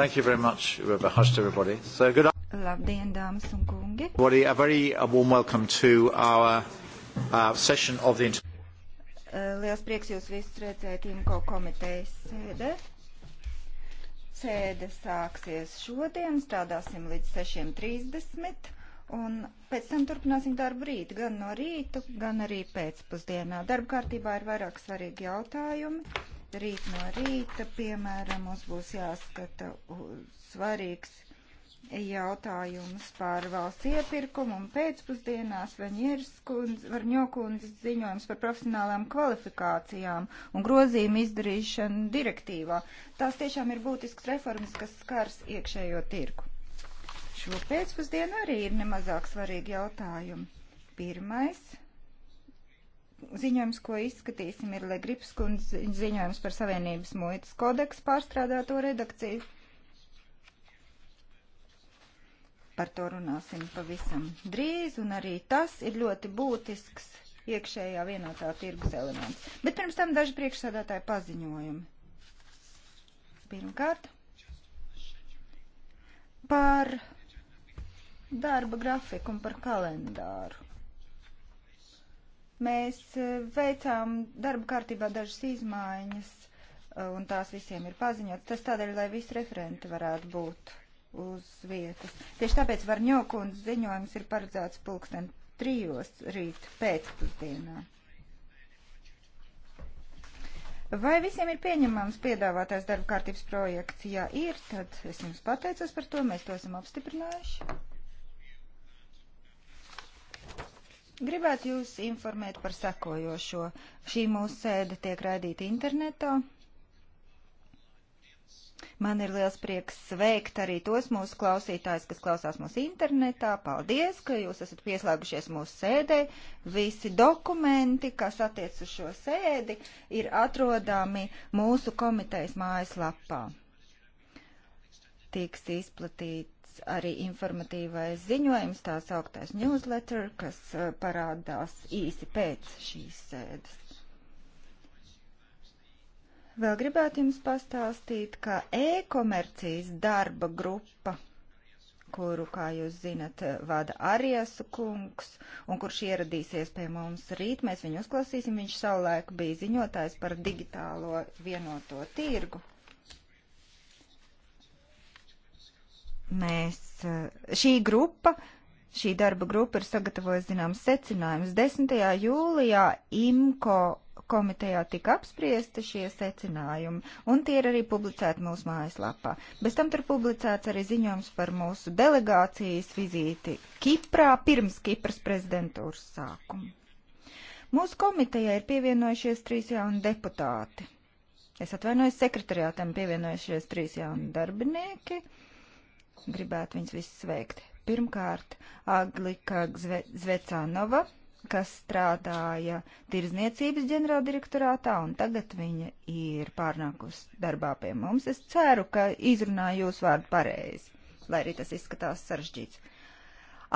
Thank you very much, whoever hushed everybody. So good Labdien, dāmas un kungi. Everybody, a very a warm welcome to our uh, session of the... Uh, liels prieks jūs visus redzēt IMCO komitejas sēdē. Sēde sāksies šodien, strādāsim līdz 6.30 un pēc tam turpināsim darbu rīt, gan no rīta, gan arī pēcpusdienā. Darba kārtībā ir vairāk svarīgi jautājumi Rīt no rīta, piemēram, mums būs jāskata svarīgs jautājums par valsts iepirkumu un pēcpusdienās Varņokundzes ziņojums par profesionālām kvalifikācijām un grozījumu izdarīšanu direktīvā. Tās tiešām ir būtisks reformas, kas skars iekšējo tirku. Šo pēcpusdienu arī ir nemazāk svarīgi jautājumi. Pirmais ziņojums, ko izskatīsim, ir Legrips kundze ziņojums par Savienības muitas kodeksu pārstrādāto redakciju. Par to runāsim pavisam drīz, un arī tas ir ļoti būtisks iekšējā vienotā tirgus elements. Bet pirms tam daži priekšsādātāji paziņojumi. Pirmkārt, par darba grafiku un par kalendāru. Mēs e, veicām darba kārtībā dažas izmaiņas, e, un tās visiem ir paziņotas. Tas tādēļ, lai visi referenti varētu būt uz vietas. Tieši tāpēc Varņokundas ziņojums ir paredzēts pulksten trijos rīt pēcpusdienā. Vai visiem ir pieņemams piedāvātais darba kārtības projekts? Ja ir, tad es jums pateicos par to, mēs to esam apstiprinājuši. Gribētu jūs informēt par sekojošo. Šī mūsu sēde tiek raidīta internetā. Man ir liels prieks sveikt arī tos mūsu klausītājus, kas klausās mūsu internetā. Paldies, ka jūs esat pieslēgušies mūsu sēdē. Visi dokumenti, kas attiec uz šo sēdi, ir atrodami mūsu komitejas mājaslapā. Tiks izplatīti arī informatīvais ziņojums, tā sauktais newsletter, kas eh, parādās īsi pēc šīs sēdes. Vēl gribētu jums pastāstīt, ka e-komercijas darba grupa, kuru, kā jūs zinat, vada Ariesu kungs, un kurš ieradīsies pie mums rīt, mēs viņu uzklausīsim, viņš savulaik bija ziņotājs par digitālo vienoto tirgu. Mēs, eh, šī grupa, šī darba grupa ir sagatavojusi zināmas secinājumus. 10. jūlijā IMCO komitejā tika apspriesti šie secinājumi, un tie ir arī publicēti mūsu mājaslapā. Bez tam tur publicēts arī ziņojums par mūsu delegācijas vizīti Kiprā pirms Kipras prezidentūras sākuma. Mūsu komitejā ir pievienojušies trīs jauni deputāti. Es atvainojos sekretariātam pievienojušies trīs jauni darbinieki. Uh, Gribētu viņus visus sveikt. Pirmkārt, Aglika Zve Zvecānova, kas strādāja tirzniecības ģenerāldirektorātā, un tagad viņa ir pārnākusi darbā pie mums. Es ceru, ka izrunāju jūsu vārdu pareizi, lai arī tas izskatās sarežģīts.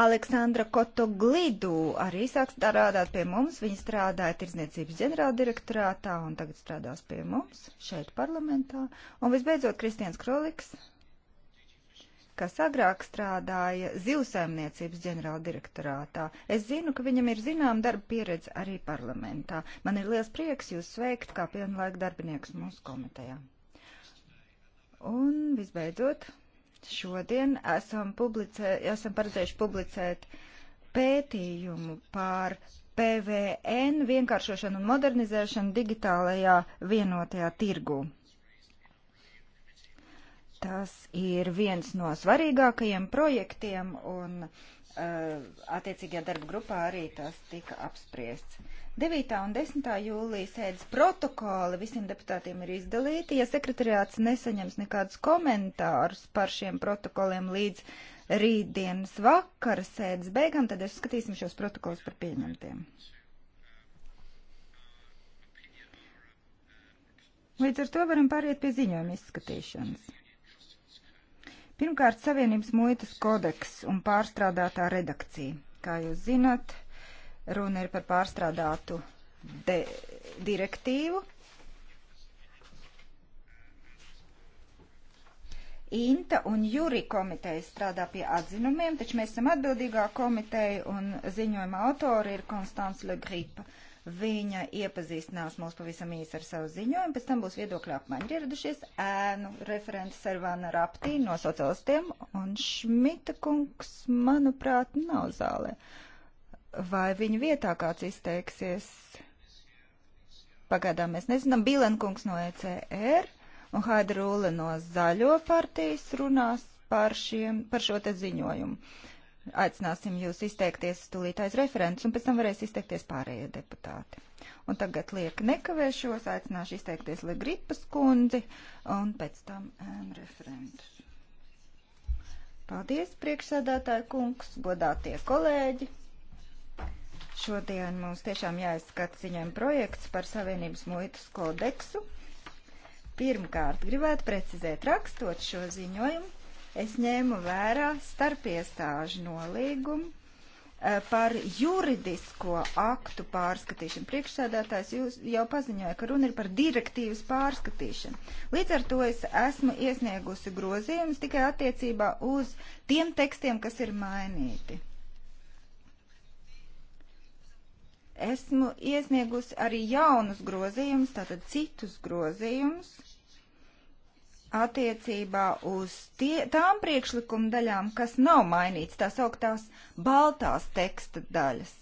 Aleksandra Kotoglidu arī sāk strādāt pie mums. Viņa strādāja Tirzniecības ģenerāldirektorātā un tagad strādās pie mums šeit parlamentā. Un visbeidzot, Kristians Kroliks, kas agrāk strādāja zivsaimniecības ģenerāldirektorātā. Es zinu, ka viņam ir zinām darba pieredze arī parlamentā. Man ir liels prieks jūs sveikt kā pilnlaika darbinieks mūsu komitejā. Un visbeidzot, šodien esam, publicē, esam paredzējuši publicēt pētījumu pār PVN vienkāršošanu un modernizēšanu digitālajā vienotajā tirgū. Tas ir viens no svarīgākajiem projektiem, un uh, attiecīgajā darba grupā arī tas tika apspriests. 9. un 10. jūlijas sēdes protokoli visiem deputātiem ir izdalīti. Ja sekretariāts nesaņems nekādus komentārus par šiem protokoliem līdz rītdienas vakara sēdes beigām, tad es skatīsim šos protokolus par pieņemtiem. Līdz ar to varam pāriet pie ziņojuma izskatīšanas. Pirmkārt, Savienības muitas kodeks un pārstrādātā redakcija. Kā jūs zināt, runa ir par pārstrādātu direktīvu. Inta un Juri komiteja strādā pie atzinumiem, taču mēs esam atbildīgā komiteja un ziņojuma autori ir Konstants Le Gripa. Uh, Viņa iepazīstinās mūs pavisam īsi ar savu ziņojumu, pēc tam būs viedokļa apmaiņa. Ieradušies ēnu referents Servāna Raptī no sociālistiem, un Šmita kungs, manuprāt, nav zālē. Vai viņa vietā kāds izteiksies? Pagaidām mēs nezinām. Bilenkungs no ECR un Haida Rūle no Zaļo partijas runās par, šiem, par šo te ziņojumu aicināsim jūs izteikties stulītais referents, un pēc tam varēs izteikties pārējie deputāti. Un tagad liek nekavēšos, aicināšu izteikties Legripas kundzi, un pēc tam um, referentus. Paldies, priekšsēdētāji kungs, godātie kolēģi! Šodien mums tiešām jāizskata ziņojuma projekts par Savienības muitas kodeksu. Pirmkārt, gribētu precizēt rakstot šo ziņojumu es ņēmu vērā starpiestāžu nolīgumu eh, par juridisko aktu pārskatīšanu. Priekšsēdētājs jūs jau paziņoja, ka runa ir par direktīvas pārskatīšanu. Līdz ar to es esmu iesniegusi grozījumus tikai attiecībā uz tiem tekstiem, kas ir mainīti. Esmu iesniegusi arī jaunus grozījumus, tātad citus grozījumus attiecībā uz tie, tām priekšlikuma daļām, kas nav mainīts, tās augtās baltās teksta daļas.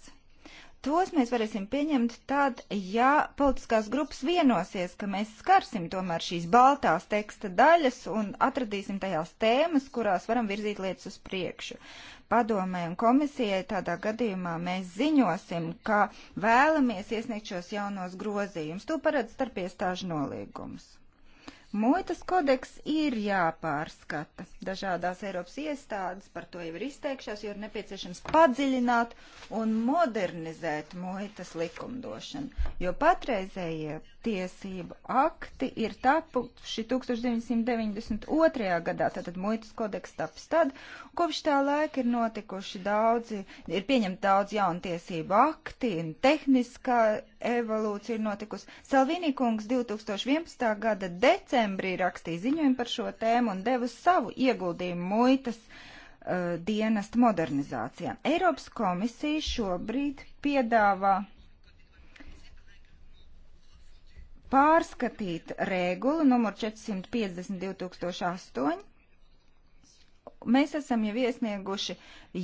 Tos mēs varēsim pieņemt tad, ja politiskās grupas vienosies, ka mēs skarsim tomēr šīs baltās teksta daļas un atradīsim tajās tēmas, kurās varam virzīt lietas uz priekšu padomē un komisijai tādā gadījumā mēs ziņosim, ka vēlamies iesniegt šos jaunos grozījumus. To paredz starpiestāžu nolīgums. Muitas kodeks ir jāpārskata. Dažādās Eiropas iestādes par to jau ir izteikšās, jo ir nepieciešams padziļināt un modernizēt muitas likumdošanu, jo patreizējie tiesību akti ir tapuši 1992. gadā, tātad muitas kodeks taps tad. Kopš tā laika ir notikuši daudzi, ir pieņemti daudz jaunu tiesību akti, un tehniskā evolūcija ir notikusi. Salvini kungs 2011. gada decembrī rakstīja ziņojumu par šo tēmu un devu savu ieguldījumu muitas uh, dienestu modernizācijā. Eiropas komisija šobrīd piedāvā pārskatīt regulu numur 450-2008. Mēs esam jau iesnieguši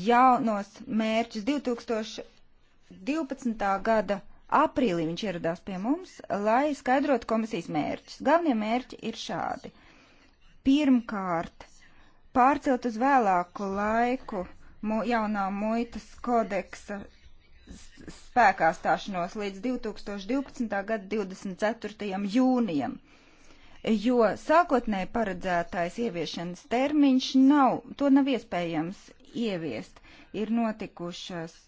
jaunos mērķus 2012. gada aprīlī viņš ieradās pie mums, lai skaidrotu komisijas mērķus. Galvenie mērķi ir šādi. Pirmkārt, pārcelt uz vēlāku laiku mu, jaunā muitas kodeksa spēkā stāšanos līdz 2012. gada 24. jūnijam, jo sākotnēji paredzētais ieviešanas termiņš nav, to nav iespējams ieviest. Ir notikušas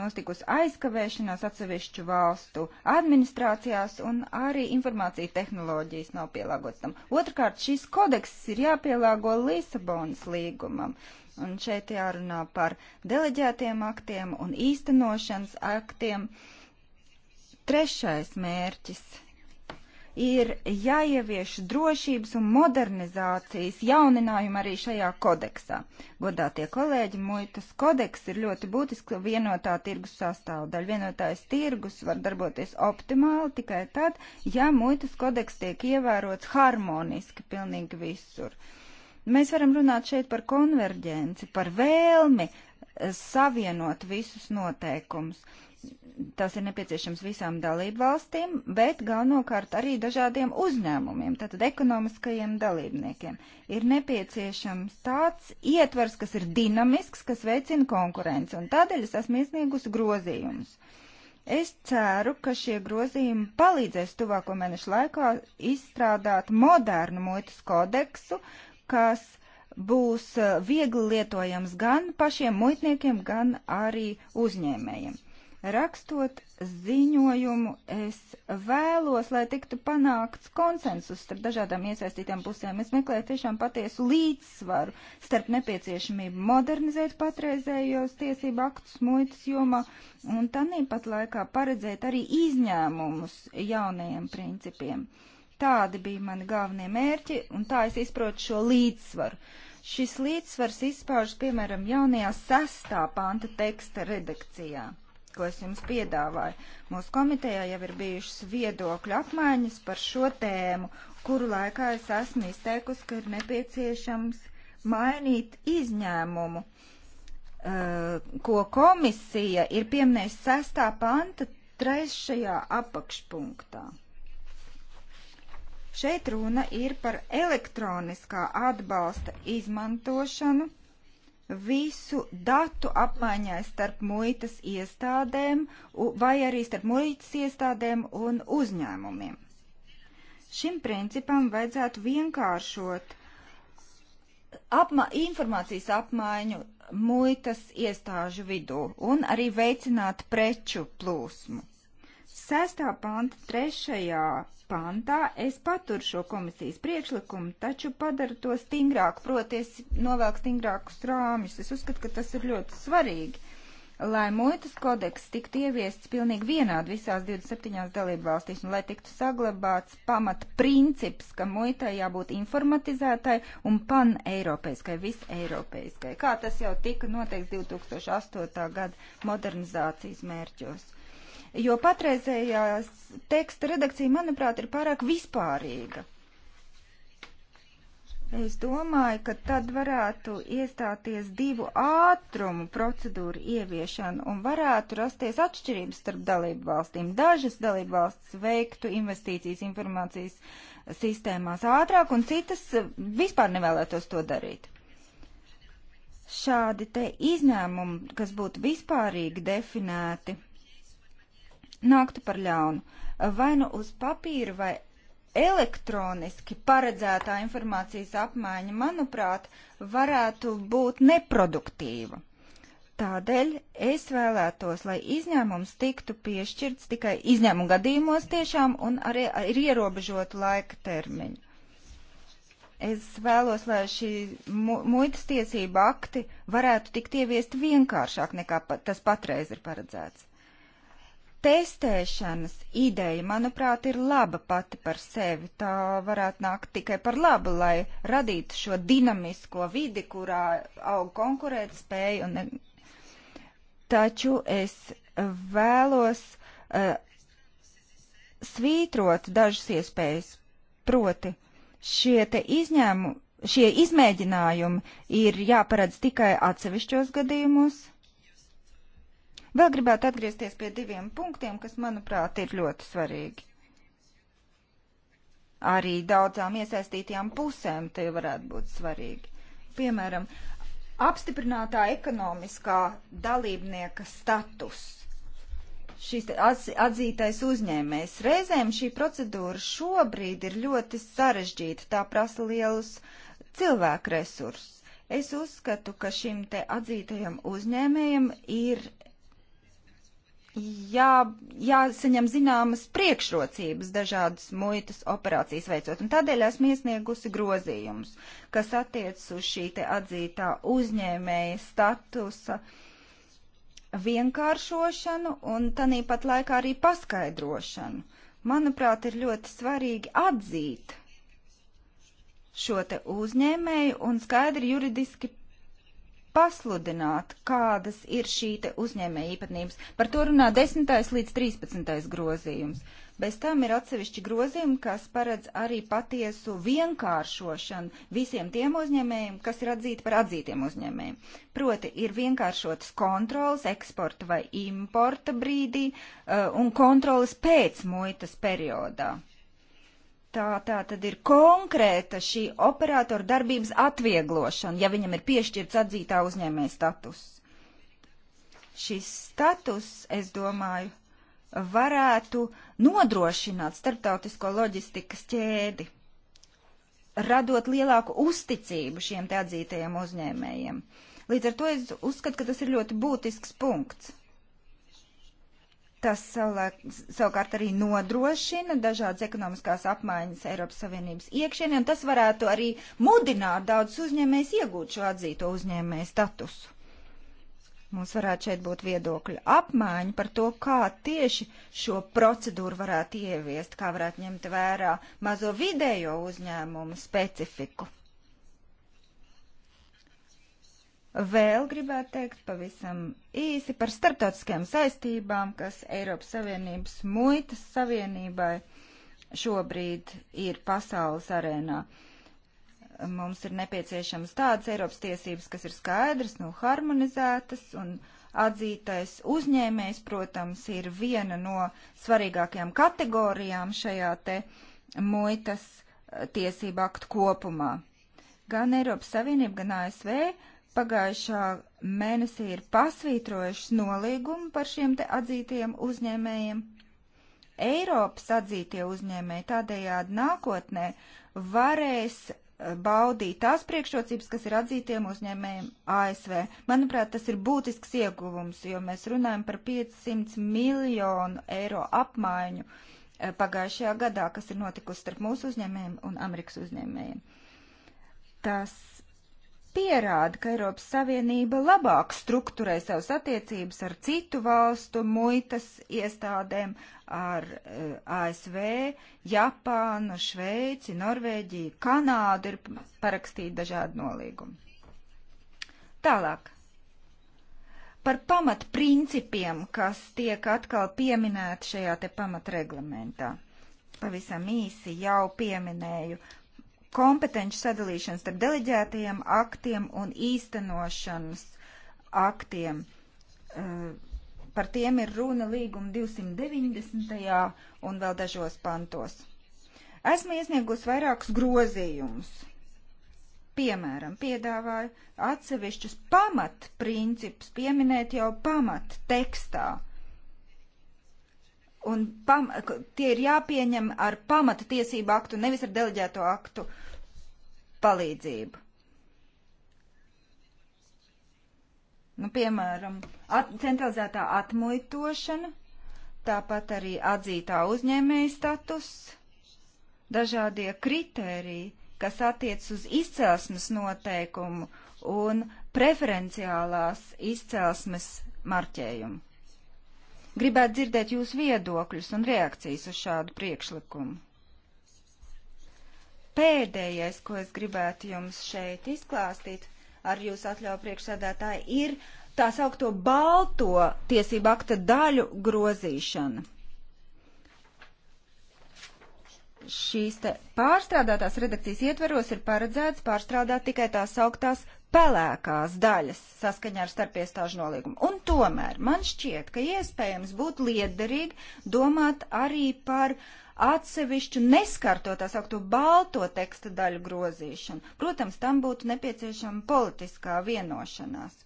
notikusi aizkavēšanās atsevišķu valstu administrācijās un arī informācija tehnoloģijas nav pielāgotas tam. Otrakārt, šīs kodeks ir jāpielāgo Lisabonas līgumam. Un šeit jārunā par deleģētiem aktiem un īstenošanas aktiem. Trešais mērķis ir jāievieš drošības un modernizācijas jauninājumi arī šajā kodeksā. Godātie kolēģi, muitas kodeks ir ļoti būtiski vienotā tirgus sastāvdaļa. Vienotais tirgus var darboties optimāli tikai tad, ja muitas kodeks tiek ievērots harmoniski pilnīgi visur. Mēs varam runāt šeit par konverģenci, par vēlmi savienot visus noteikumus tas ir nepieciešams visām dalību valstīm, bet galvenokārt arī dažādiem uzņēmumiem, tātad ekonomiskajiem dalībniekiem. Ir nepieciešams tāds ietvers, kas ir dinamisks, kas veicina konkurenci, un tādēļ es esmu iesniegusi grozījumus. Es ceru, ka šie grozījumi palīdzēs tuvāko mēnešu laikā izstrādāt modernu muitas kodeksu, kas būs eh, viegli lietojams gan pašiem muitniekiem, gan arī uzņēmējiem. Rakstot ziņojumu, es vēlos, lai tiktu panākts konsensus starp dažādām iesaistītām pusēm. Es meklēju tiešām patiesu līdzsvaru starp nepieciešamību modernizēt patreizējos tiesību aktus muitas jomā un tanīpat laikā paredzēt arī izņēmumus jaunajiem principiem. Tādi bija mani galvenie mērķi, un tā es izprotu šo līdzsvaru. Šis līdzsvars izpaužas, piemēram, jaunajā sastā panta teksta redakcijā ko es jums piedāvāju. Mūsu komitejā jau ir bijušas viedokļu apmaiņas par šo tēmu, kuru laikā es esmu izteikusi, ka ir nepieciešams mainīt izņēmumu, uh, ko komisija ir pieminējusi 6. panta 3. apakšpunktā. Šeit runa ir par elektroniskā atbalsta izmantošanu visu datu apmaiņai starp muitas iestādēm vai arī starp muitas iestādēm un uzņēmumiem. Šim principam vajadzētu vienkāršot apma informācijas apmaiņu muitas iestāžu vidū un arī veicināt preču plūsmu. Sestā panta trešajā pantā es paturu šo komisijas priekšlikumu, taču padaru to stingrāku, proties novelk stingrākus rāmjus. Es uzskatu, ka tas ir ļoti svarīgi, lai muitas kodeks tiktu ieviests pilnīgi vienādi visās 27 dalību valstīs un lai tiktu saglabāts pamat princips, ka muitai jābūt informatizētai un paneiropeiskai, viseiropeiskai, kā tas jau tika noteikts 2008. gada modernizācijas mērķos jo patreizējās teksta redakcija, manuprāt, ir pārāk vispārīga. Es domāju, ka tad varētu iestāties divu ātrumu procedūru ieviešana un varētu rasties atšķirības starp dalību valstīm. Dažas dalību valstis veiktu investīcijas informācijas sistēmās ātrāk un citas vispār nevēlētos to darīt. Šādi te izņēmumi, kas būtu vispārīgi definēti, nāktu par ļaunu. Vai nu uz papīra vai elektroniski paredzētā informācijas apmaiņa, manuprāt, varētu būt neproduktīva. Tādēļ es vēlētos, lai izņēmums tiktu piešķirts tikai izņēmumu gadījumos tiešām un arī ir ierobežotu laika termiņu. Es vēlos, lai šī mu muitas tiesība akti varētu tikt ieviest vienkāršāk nekā pa tas patreiz ir paredzēts testēšanas ideja, manuprāt, ir laba pati par sevi. Tā varētu nākt tikai par labu, lai radītu šo dinamisko vidi, kurā aug konkurēt spēju. Un... Ne... Taču es vēlos uh, svītrot dažas iespējas. Proti, šie te izņēmumi, šie izmēģinājumi ir jāparedz tikai atsevišķos gadījumos Vēl gribētu atgriezties pie diviem punktiem, kas, manuprāt, ir ļoti svarīgi. Arī daudzām iesaistītajām pusēm tie varētu būt svarīgi. Piemēram, apstiprinātā ekonomiskā dalībnieka status šis atzītais uzņēmējs. Reizēm šī procedūra šobrīd ir ļoti sarežģīta, tā prasa lielus cilvēku resursus. Es uzskatu, ka šim te atzītajam uzņēmējam ir jā, jāsaņem zināmas priekšrocības dažādas muitas operācijas veicot, un tādēļ esmu iesniegusi grozījumus, kas attiec uz šī te atzītā uzņēmēja statusa vienkāršošanu un tanīpat laikā arī paskaidrošanu. Manuprāt, ir ļoti svarīgi atzīt šo te uzņēmēju un skaidri juridiski pasludināt, kādas ir šī uzņēmēja īpatnības. Par to runā 10. līdz 13. grozījums. Bez tam ir atsevišķi grozījumi, kas paredz arī patiesu vienkāršošanu visiem tiem uzņēmējiem, kas ir atzīti par atzītiem uzņēmējiem. Proti ir vienkāršotas kontrolas eksporta vai importa brīdī uh, un kontrolas pēc muitas periodā. Tā, tā tad ir konkrēta šī operatora darbības atvieglošana, ja viņam ir piešķirts atzītā uzņēmēja status. Šis status, es domāju, varētu nodrošināt starptautisko loģistikas ķēdi, radot lielāku uzticību šiem te atzītajiem uzņēmējiem. Līdz ar to es uzskatu, ka tas ir ļoti būtisks punkts. Tas savulēk, savukārt arī nodrošina dažādas ekonomiskās apmaiņas Eiropas Savienības iekšienē, un tas varētu arī mudināt daudz uzņēmējs iegūt šo atzīto uzņēmēju statusu. Mums varētu šeit būt viedokļu apmaiņa par to, kā tieši šo procedūru varētu ieviest, kā varētu ņemt vērā mazo vidējo uzņēmumu specifiku. Vēl gribētu teikt pavisam īsi par starptautiskajām saistībām, kas Eiropas Savienības muitas savienībai šobrīd ir pasaules arēnā. Mums ir nepieciešams tādas Eiropas tiesības, kas ir skaidras, nu, harmonizētas un atzītais uzņēmējs, protams, ir viena no svarīgākajām kategorijām šajā te muitas tiesību aktu kopumā. Gan Eiropas Savienība, gan ASV pagājušā mēnesī ir pasvītrojušas nolīgumu par šiem te atzītajiem uzņēmējiem. Eiropas atzītie uzņēmēji tādējādi nākotnē varēs eh, baudīt tās priekšrocības, kas ir atzītiem uzņēmējiem ASV. Manuprāt, tas ir būtisks ieguvums, jo mēs runājam par 500 miljonu eiro apmaiņu eh, pagājušajā gadā, kas ir notikusi starp mūsu uzņēmējiem un Amerikas uzņēmējiem. Tas pierāda, ka Eiropas Savienība labāk strukturē savas attiecības ar citu valstu muitas iestādēm, ar uh, eh, ASV, Japānu, Šveici, Norvēģiju, Kanādu ir parakstīti dažādi nolīgumi. Tālāk. Par pamatprincipiem, kas tiek atkal pieminēti šajā te pamatreglamentā. Pavisam īsi jau pieminēju uh, kompetenci sadalīšanu starp deleģētajiem aktiem un īstenošanas aktiem. Eh, par tiem ir runa līguma 290. un vēl dažos pantos. Esmu iesniegusi vairākus grozījumus. Piemēram, piedāvāju atsevišķus pamatprincipus pieminēt jau pamat tekstā un pam, tie ir jāpieņem ar pamata tiesību aktu, nevis ar deleģēto aktu palīdzību. Nu, piemēram, at, centralizētā atmuitošana, tāpat arī atzītā uzņēmēja status, dažādie kritēriji, kas attiec uz izcelsmes noteikumu un preferenciālās izcelsmes marķējumu. Gribētu dzirdēt jūsu viedokļus un reakcijas uz šādu priekšlikumu. Pēdējais, ko es gribētu jums šeit izklāstīt, ar jūsu atļauju priekšsēdētāji, ir tā saukto balto tiesību akta daļu grozīšana šīs pārstrādātās redakcijas ietveros ir paredzēts pārstrādāt tikai tās augtās pelēkās daļas saskaņā ar starpiestāžu nolīgumu. Un tomēr man šķiet, ka iespējams būtu liederīgi domāt arī par atsevišķu neskarto tā sauktu balto teksta daļu grozīšanu. Protams, tam būtu nepieciešama politiskā vienošanās.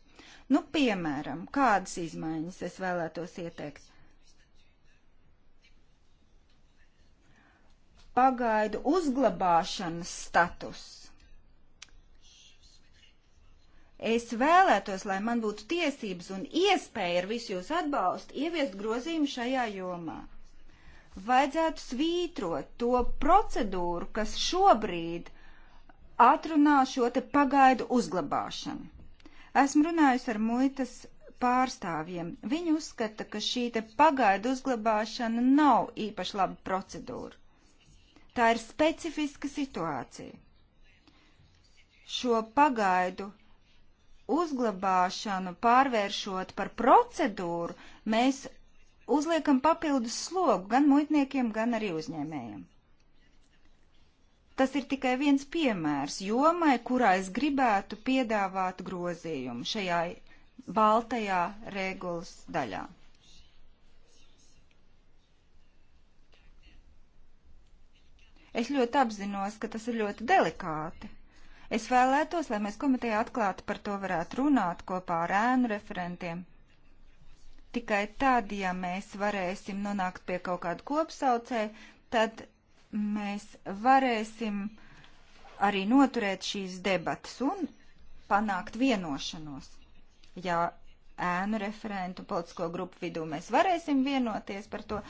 Nu, piemēram, kādas izmaiņas es vēlētos ieteikt? Pagaidu uzglabāšanas status Es vēlētos, lai man būtu tiesības un iespēja ar visu jūsu atbalstu ieviest grozījumu šajā jomā. Vajadzētu svītrot to procedūru, kas šobrīd atrunā šo te pagaidu uzglabāšanu. Esmu runājusi ar muitas pārstāvjiem. Viņi uzskata, ka šī te pagaidu uzglabāšana nav īpaši laba procedūra. Tā ir specifiska situācija. Šo pagaidu uzglabāšanu pārvēršot par procedūru, mēs uzliekam papildus slogu gan muitniekiem, gan arī uzņēmējiem. Tas ir tikai viens piemērs jomai, kurā es gribētu piedāvāt grozījumu šajā baltajā regulas daļā. Es ļoti apzinos, ka tas ir ļoti delikāti. Es vēlētos, lai mēs komitejā atklāti par to varētu runāt kopā ar ēnu referentiem. Tikai tad, ja mēs varēsim nonākt pie kaut kāda kopsaucē, tad mēs varēsim arī noturēt šīs debatas un panākt vienošanos. Ja ēnu referentu politisko grupu vidū mēs varēsim vienoties par to,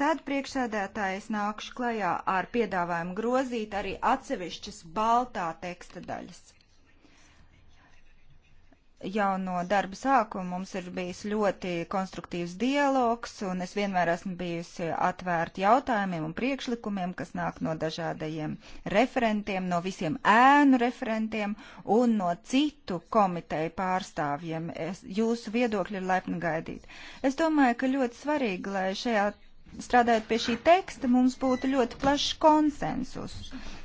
Tad priekšsēdētājs nākšu klajā ar piedāvājumu grozīt arī atsevišķas baltā teksta daļas. Jau no darba sākuma mums ir bijis ļoti konstruktīvs dialogs, un es vienmēr esmu bijusi atvērta jautājumiem un priekšlikumiem, kas nāk no dažādajiem referentiem, no visiem ēnu referentiem un no citu komiteju pārstāvjiem. Es, jūsu viedokļi ir laipni gaidīt. Es domāju, ka ļoti svarīgi, lai šajā strādājot pie šī teksta, mums būtu ļoti plašs konsensus.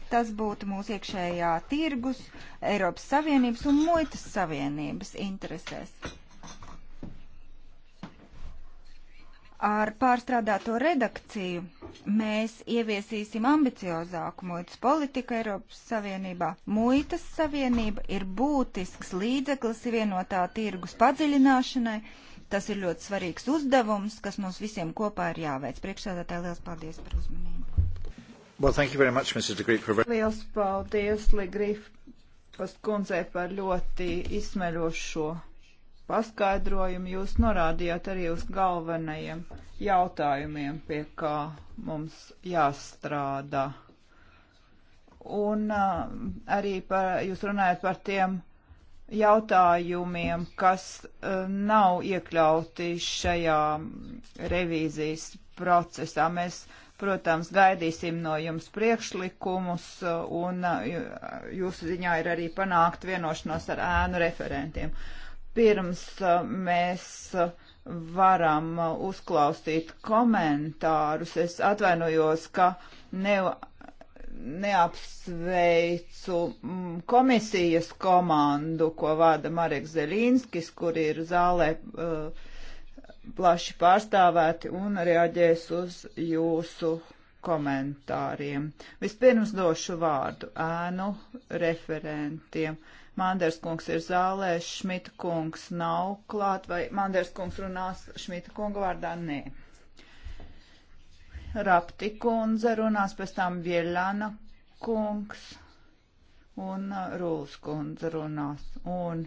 Tas būtu mūsu iekšējā tirgus, Eiropas Savienības un muitas savienības interesēs. Ar pārstrādāto redakciju mēs ieviesīsim ambiciozāku muitas politiku Eiropas Savienībā. Muitas savienība ir būtisks līdzeklis vienotā tirgus padziļināšanai Tas ir ļoti svarīgs uzdevums, kas mums visiem kopā ir jāveic. Priekšsēdētāji, liels paldies par uzmanību. Well, thank you very much, Mrs. De Grief, for... Liels paldies, Ligrif, paskundzei par ļoti izsmeļošo paskaidrojumu. Jūs norādījāt arī uz galvenajiem jautājumiem, pie kā mums jāstrādā. Un uh, arī par, jūs runājat par tiem jautājumiem, kas e, nav iekļauti šajā revīzijas procesā. Mēs, protams, gaidīsim no jums priekšlikumus, e, un e, jūsu ziņā ir arī panākt vienošanos ar ēnu referentiem. Pirms mēs varam uzklausīt komentārus, es atvainojos, ka ne neapsveicu mm, komisijas komandu, ko vada Marek Zeļīnskis, kur ir zālē uh, plaši pārstāvēti un reaģēs uz jūsu komentāriem. Vispirms došu vārdu ēnu referentiem. Manders kungs ir zālē, Šmita kungs nav klāt, vai Manders kungs runās Šmita kunga vārdā? Nē. Rapti kundze runās, pēc tam Vieļana kungs un uh, Rūls kundze runās. Un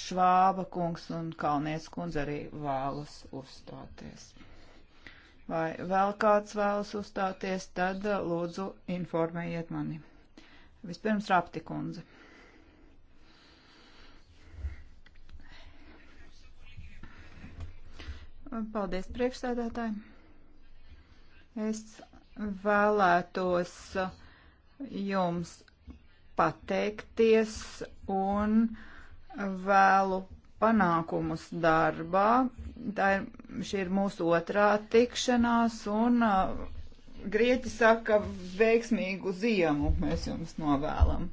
Švāba kungs un Kalnies kundze arī vēlas uzstāties. Vai vēl kāds vēlas uzstāties, tad uh, lūdzu informējiet mani. Vispirms Rapti kundze. Paldies priekšsēdētājiem! Es vēlētos jums pateikties un vēlu panākumus darbā. Tā ir, šī ir mūsu otrā tikšanās un uh, grieķi saka veiksmīgu ziemu mēs jums novēlam.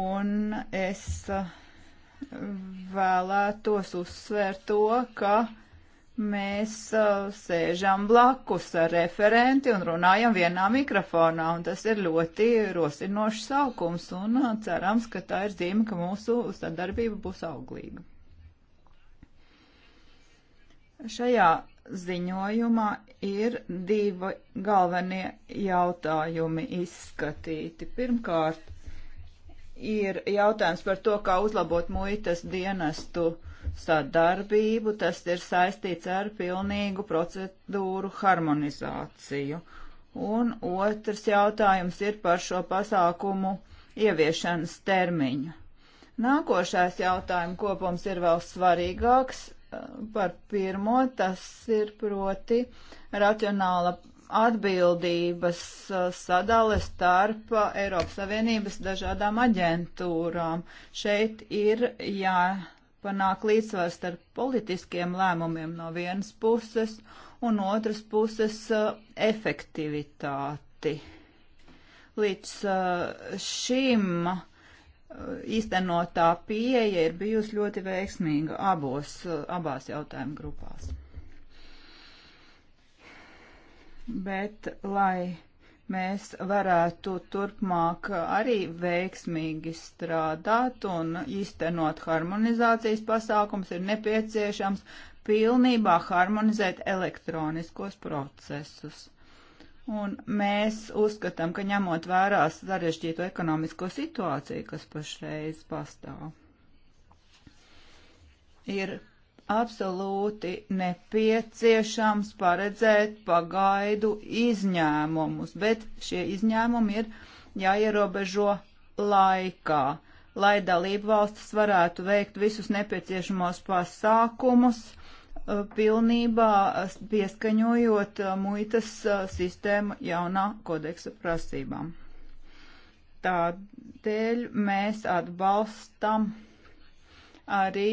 Un es uh, vēlētos uzsvērt to, ka mēs uh, sēžam blakus ar referenti un runājam vienā mikrofonā, un tas ir ļoti rosinošs sākums, un uh, cerams, ka tā ir zīme, ka mūsu sadarbība būs auglīga. Šajā ziņojumā ir divi galvenie jautājumi izskatīti. Pirmkārt, ir jautājums par to, kā uzlabot muitas dienestu uh, stāt darbību, tas ir saistīts ar pilnīgu procedūru harmonizāciju. Un otrs jautājums ir par šo pasākumu ieviešanas termiņu. Nākošais jautājuma kopums ir vēl svarīgāks eh, par pirmo, tas ir proti racionāla atbildības eh, sadale starp eh, Eiropas Savienības dažādām aģentūrām. Šeit ir jā. Ja jāpanāk līdzsvars starp politiskiem lēmumiem no vienas puses un otras puses uh, efektivitāti. Līdz uh, šim uh, īstenotā pieeja ir bijusi ļoti veiksmīga abos, abās jautājumu grupās. Bet, lai mēs varētu turpmāk arī veiksmīgi strādāt un īstenot harmonizācijas pasākums, ir nepieciešams pilnībā harmonizēt elektroniskos procesus. Un mēs uzskatām, ka ņemot vērā sarežģīto ekonomisko situāciju, kas pašreiz pastāv, ir absolūti nepieciešams paredzēt pagaidu izņēmumus, bet šie izņēmumi ir jāierobežo laikā, lai dalību valstis varētu veikt visus nepieciešamos pasākumus, pilnībā pieskaņojot muitas sistēmu jaunā kodeksa prasībām. Tādēļ mēs atbalstam arī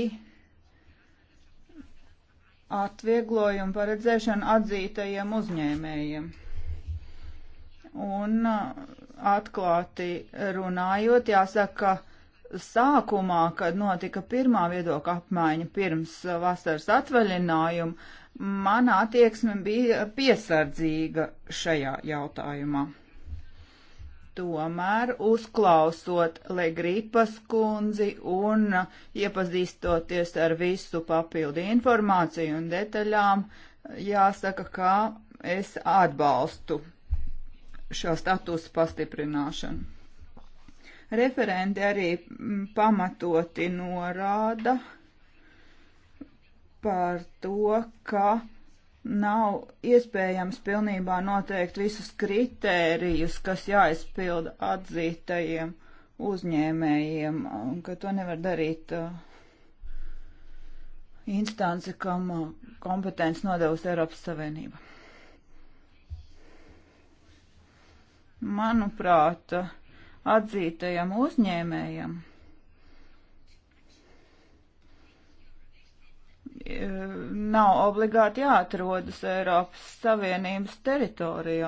atvieglojumu paredzēšanu atzītajiem uzņēmējiem. Un uh, atklāti runājot, jāsaka, sākumā, kad notika pirmā viedokļa apmaiņa pirms uh, vasaras atvaļinājuma, mana attieksme bija piesardzīga šajā jautājumā. Tomēr, uzklausot Legripas kundzi un iepazīstoties ar visu papildu informāciju un detaļām, jāsaka, ka es atbalstu šo statusu pastiprināšanu. Referenti arī pamatoti norāda par to, ka nav iespējams pilnībā noteikt visus kritērijus, kas jāizpilda atzītajiem uzņēmējiem, un ka to nevar darīt uh, instance, kam uh, kompetence nodevusi Eiropas Savienība. Manuprāt, uh, atzītajam uzņēmējam Eh, nav obligāti jāatrodas Eiropas Savienības teritorijā.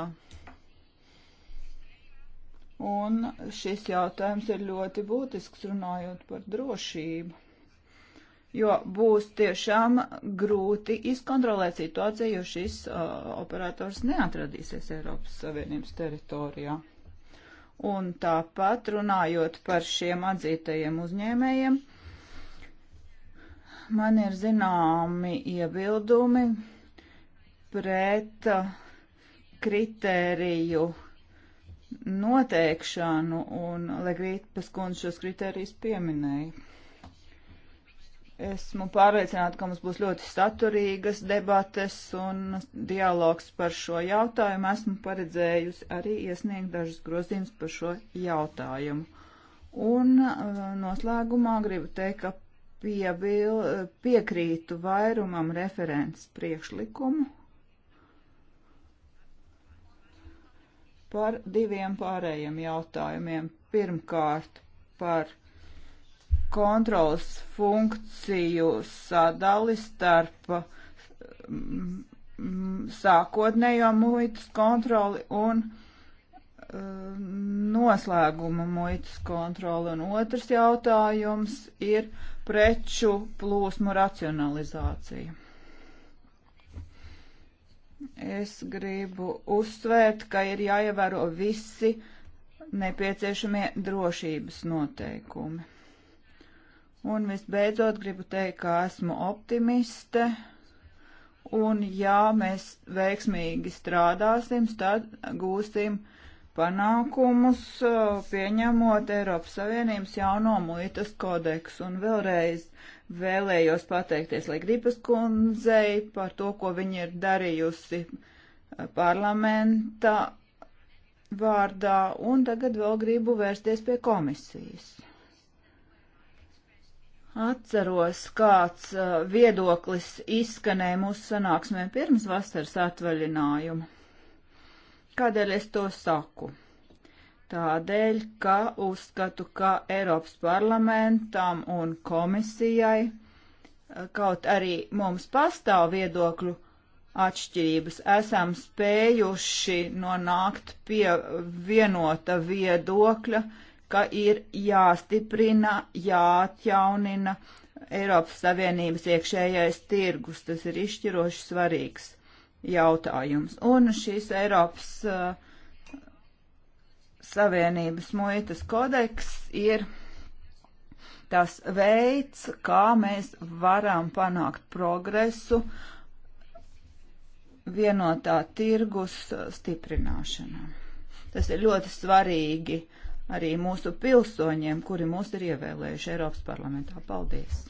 Un šis jautājums ir ļoti būtisks runājot par drošību, jo būs tiešām grūti izkontrolēt situāciju, jo šis uh, operators neatradīsies Eiropas Savienības teritorijā. Un tāpat runājot par šiem atzītajiem uzņēmējiem, uh, man ir zināmi iebildumi pret uh, kritēriju noteikšanu, un Legrītas kundze šos kritērijus pieminēja. Esmu pārliecināta, ka mums būs ļoti saturīgas debates un dialogs par šo jautājumu. Esmu paredzējusi arī iesniegt dažas grozījumus par šo jautājumu. Un uh, noslēgumā gribu teikt, ka piebil, piekrītu vairumam referents priekšlikumu par diviem pārējiem jautājumiem. Pirmkārt, par kontrols funkciju sadali starp mm, sākotnējo muitas kontroli un mm, noslēguma muitas kontroli. Un otrs jautājums ir preču plūsmu racionalizāciju. Es gribu uzsvērt, ka ir jāievēro visi nepieciešamie drošības noteikumi. Un visbeidzot gribu teikt, ka esmu optimiste, un ja mēs veiksmīgi strādāsim, tad gūsim uh, panākumus, pieņemot Eiropas Savienības jauno muitas kodeksu. Un vēlreiz vēlējos pateikties Ligripas kundzei par to, ko viņa ir darījusi parlamenta vārdā, un tagad vēl gribu vērsties pie komisijas. Atceros, kāds viedoklis izskanēja mūsu sanāksmē pirms vasaras atvaļinājumu Kādēļ es to saku? Tādēļ, ka uzskatu, ka Eiropas parlamentam un komisijai, kaut arī mums pastāv viedokļu atšķirības, esam spējuši nonākt pie vienota viedokļa, ka ir jāstiprina, jāatjaunina Eiropas Savienības iekšējais tirgus. Tas ir izšķiroši svarīgs jautājums. Un šīs Eiropas uh, Savienības muitas kodeks ir tas veids, kā mēs varam panākt progresu vienotā tirgus stiprināšanā. Tas ir ļoti svarīgi arī mūsu pilsoņiem, kuri mūs ir ievēlējuši Eiropas parlamentā. Paldies!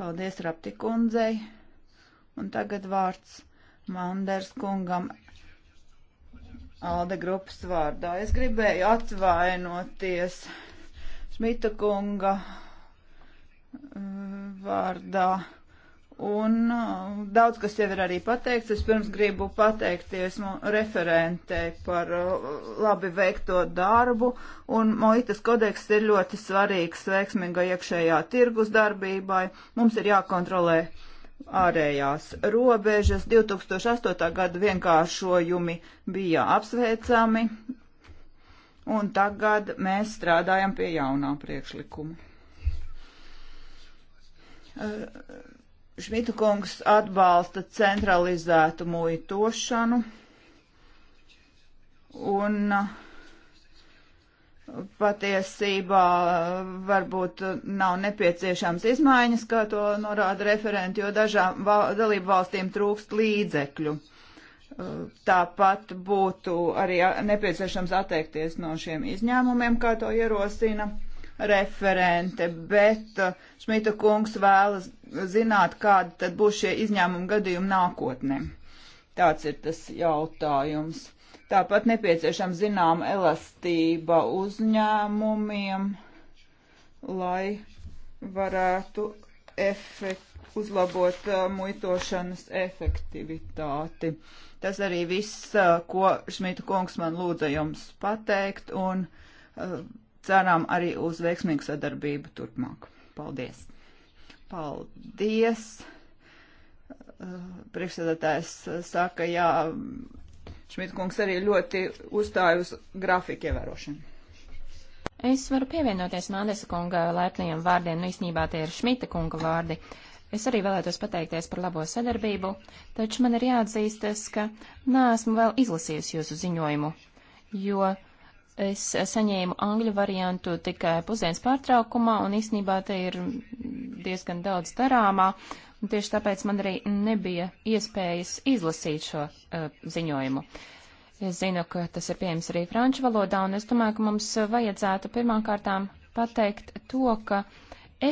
Paldies Raptikundzei! Un tagad vārds Manders kungam Alde grupas vārdā. Es gribēju atvainoties Šmita kunga uh, vārdā. Un uh, daudz, kas jau ir arī pateikts, es pirms gribu pateikties referentei par uh, labi veikto darbu, un Moitas kodeks ir ļoti svarīgs veiksmīga iekšējā tirgus darbībai. Mums ir jākontrolē uh, ārējās robežas. 2008. gada vienkāršojumi bija apsveicami, un tagad mēs strādājam pie jaunā priekšlikuma. Eh, Šmita kungs atbalsta centralizētu muitošanu un uh, patiesībā eh, varbūt nav nepieciešams izmaiņas, kā to norāda referenti, jo dažām val dalību valstīm trūkst līdzekļu. Eh, tāpat būtu arī nepieciešams atteikties no šiem izņēmumiem, kā to ierosina referente, bet eh, Šmita kungs vēlas zināt, kāda tad būs šie izņēmumi gadījumi nākotnē. Tāds ir tas jautājums. Tāpat nepieciešama zinām elastība uzņēmumiem, lai varētu efekt, uzlabot uh, muitošanas efektivitāti. Tas arī viss, uh, ko Šmita kungs man lūdza jums pateikt, un uh, ceram arī uz veiksmīgu sadarbību turpmāk. Paldies! Paldies! Uh, priekšsēdētājs uh, saka, jā, Šmitkungs arī ļoti uzstāja uz grafiku ievērošanu. Es varu pievienoties Mandesa kunga laipniem vārdiem, nu īstenībā tie ir Šmita kunga vārdi. Es arī vēlētos pateikties par labo sadarbību, taču man ir jāatzīstas, ka nāsmu vēl izlasījusi jūsu ziņojumu, jo uh, Es saņēmu angļu variantu tikai pusdienas pārtraukumā, un īsnībā te ir diezgan daudz darāmā, un tieši tāpēc man arī nebija iespējas izlasīt šo uh, ziņojumu. Es zinu, ka tas ir pieejams arī franču valodā, un es domāju, ka mums vajadzētu pirmkārtām pateikt to, ka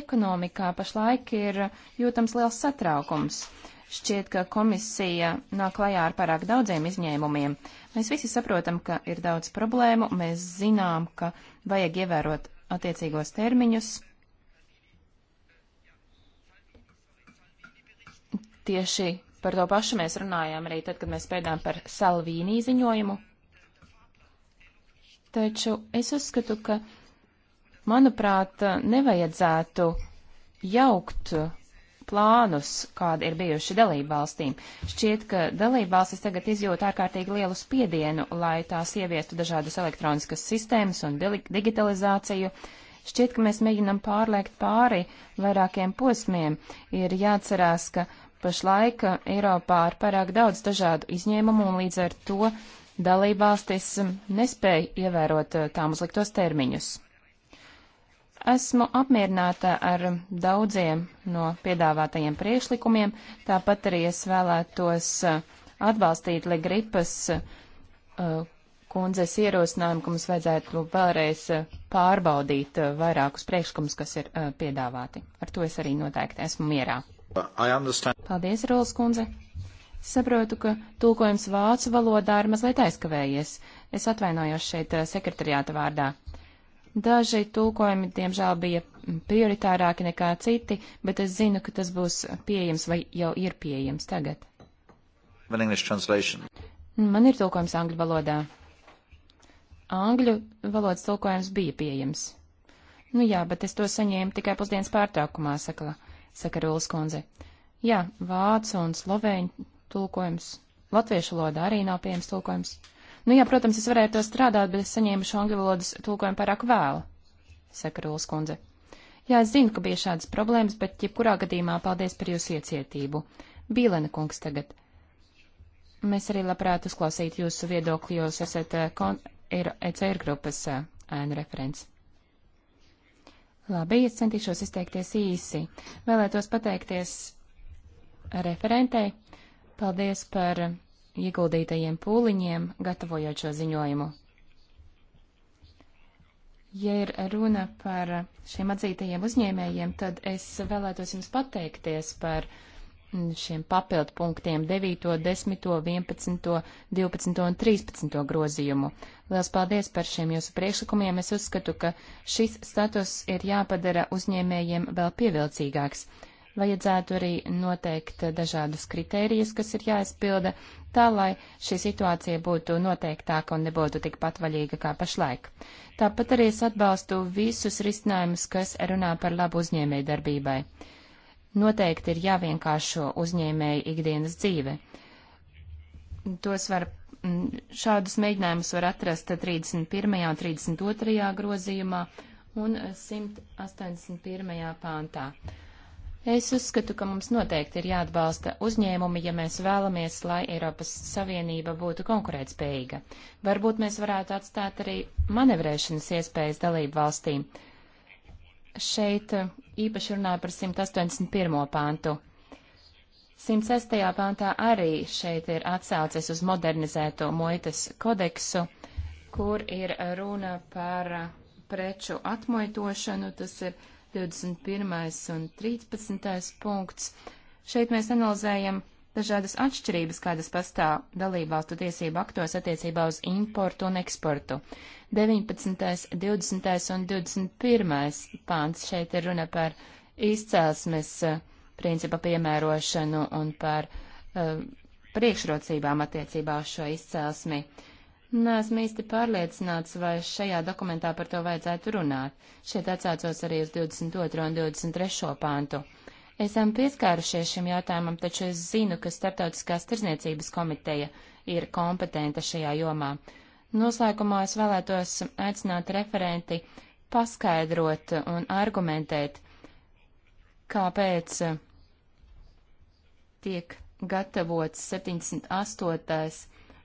ekonomikā pašlaik ir jūtams liels satraukums. Uh, Šķiet, ka komisija nāk klajā ar pārāk daudziem izņēmumiem. Mēs visi saprotam, ka ir daudz problēmu, mēs zinām, ka vajag ievērot attiecīgos termiņus. Tieši par to pašu mēs runājām arī tad, kad mēs spēdām par Salvīnī ziņojumu. Taču es uzskatu, ka, manuprāt, nevajadzētu jaukt plānus, kādi ir bijuši dalībvalstīm. Šķiet, ka dalībvalstis tagad izjūt ārkārtīgi lielu spiedienu, lai tās ieviestu dažādas elektroniskas sistēmas un digitalizāciju. Šķiet, ka mēs mēģinam pārliekt pāri vairākiem posmiem. Ir jāatcerās, ka pašlaik Eiropā ir pārāk daudz dažādu izņēmumu un līdz ar to dalībvalstis nespēja ievērot tām uzliktos termiņus. Esmu apmierināta ar daudziem no piedāvātajiem priekšlikumiem, tāpat arī es vēlētos uh, atbalstīt Ligripas uh, kundzes ierosinājumu, ka mums vajadzētu vēlreiz uh, pārbaudīt uh, vairākus priekšlikumus, kas ir uh, piedāvāti. Ar to es arī noteikti esmu mierā. Paldies, Rolas kundze. Saprotu, ka tulkojums vācu valodā ir mazliet aizkavējies. Es atvainojos šeit uh, sekretariāta vārdā. Daži tulkojumi, diemžēl, bija prioritārāki nekā citi, bet es zinu, ka tas būs pieejams vai jau ir pieejams tagad. Man ir tulkojums angļu valodā. Angļu valodas tulkojums bija pieejams. Nu jā, bet es to saņēmu tikai pusdienas pārtraukumā, sakla, saka Rūlas kundze. Jā, vācu un slovēņu tulkojums. Latviešu valodā arī nav pieejams tulkojums. Nu jā, protams, es varēju to strādāt, bet es saņēmu šo angļu valodas tulkojumu pārāk vēlu, saka Rūlas kundze. Jā, es zinu, ka bija šādas problēmas, bet jebkurā gadījumā paldies par jūsu iecietību. Bīlena kungs tagad. Mēs arī labprāt uzklausītu jūsu viedokli, jūs esat eh, kon... ECR e grupas eh, ēnu referents. Labi, es centīšos izteikties īsi. Vēlētos pateikties referentei. Paldies par ieguldītajiem pūliņiem, gatavojot šo ziņojumu. Ja ir runa par šiem atzītajiem uzņēmējiem, tad es vēlētos jums pateikties par šiem papildu punktiem 9, 10, 11, 12 un 13 grozījumu. Lielas paldies par šiem jūsu priekšlikumiem. Es uzskatu, ka šis status ir jāpadara uzņēmējiem vēl pievilcīgāks. Vajadzētu arī noteikt dažādas kritērijas, kas ir jāizpilda, tā lai šī situācija būtu noteiktāka un nebūtu tik patvaļīga kā pašlaik. Tāpat arī es atbalstu visus risinājumus, kas runā par labu uzņēmēju darbībai. Noteikti ir jāvienkāršo uzņēmēju ikdienas dzīve. Tos var, šādus mēģinājumus var atrast 31. un 32. grozījumā un 181. pāntā. Es uzskatu, ka mums noteikti ir jāatbalsta uzņēmumi, ja mēs vēlamies, lai Eiropas Savienība būtu konkurētspējīga. Varbūt mēs varētu atstāt arī manevrēšanas iespējas dalību valstīm. Šeit uh, īpaši runāju par 181. pāntu. 106. pāntā arī šeit ir atsaucies uz modernizēto muitas kodeksu, kur ir runa par uh, preču atmoitošanu. Tas ir 21. un 13. punkts. Šeit mēs analizējam dažādas atšķirības, kādas pastāv dalībvalstu tiesību aktos attiecībā uz importu un eksportu. 19., 20. un 21. pāns šeit ir runa par izcelsmes eh, principa piemērošanu un par uh, priekšrocībām attiecībā uz šo izcelsmi. Uh, Nesmu īsti pārliecināts, vai šajā dokumentā par to vajadzētu runāt. Šeit atsācos arī uz 22. un 23. pāntu. Esam pieskārušies šim jautājumam, taču es zinu, ka Startautiskās tirzniecības komiteja ir kompetenta šajā jomā. Noslēgumā es vēlētos aicināt referenti paskaidrot un argumentēt, kāpēc tiek gatavots 78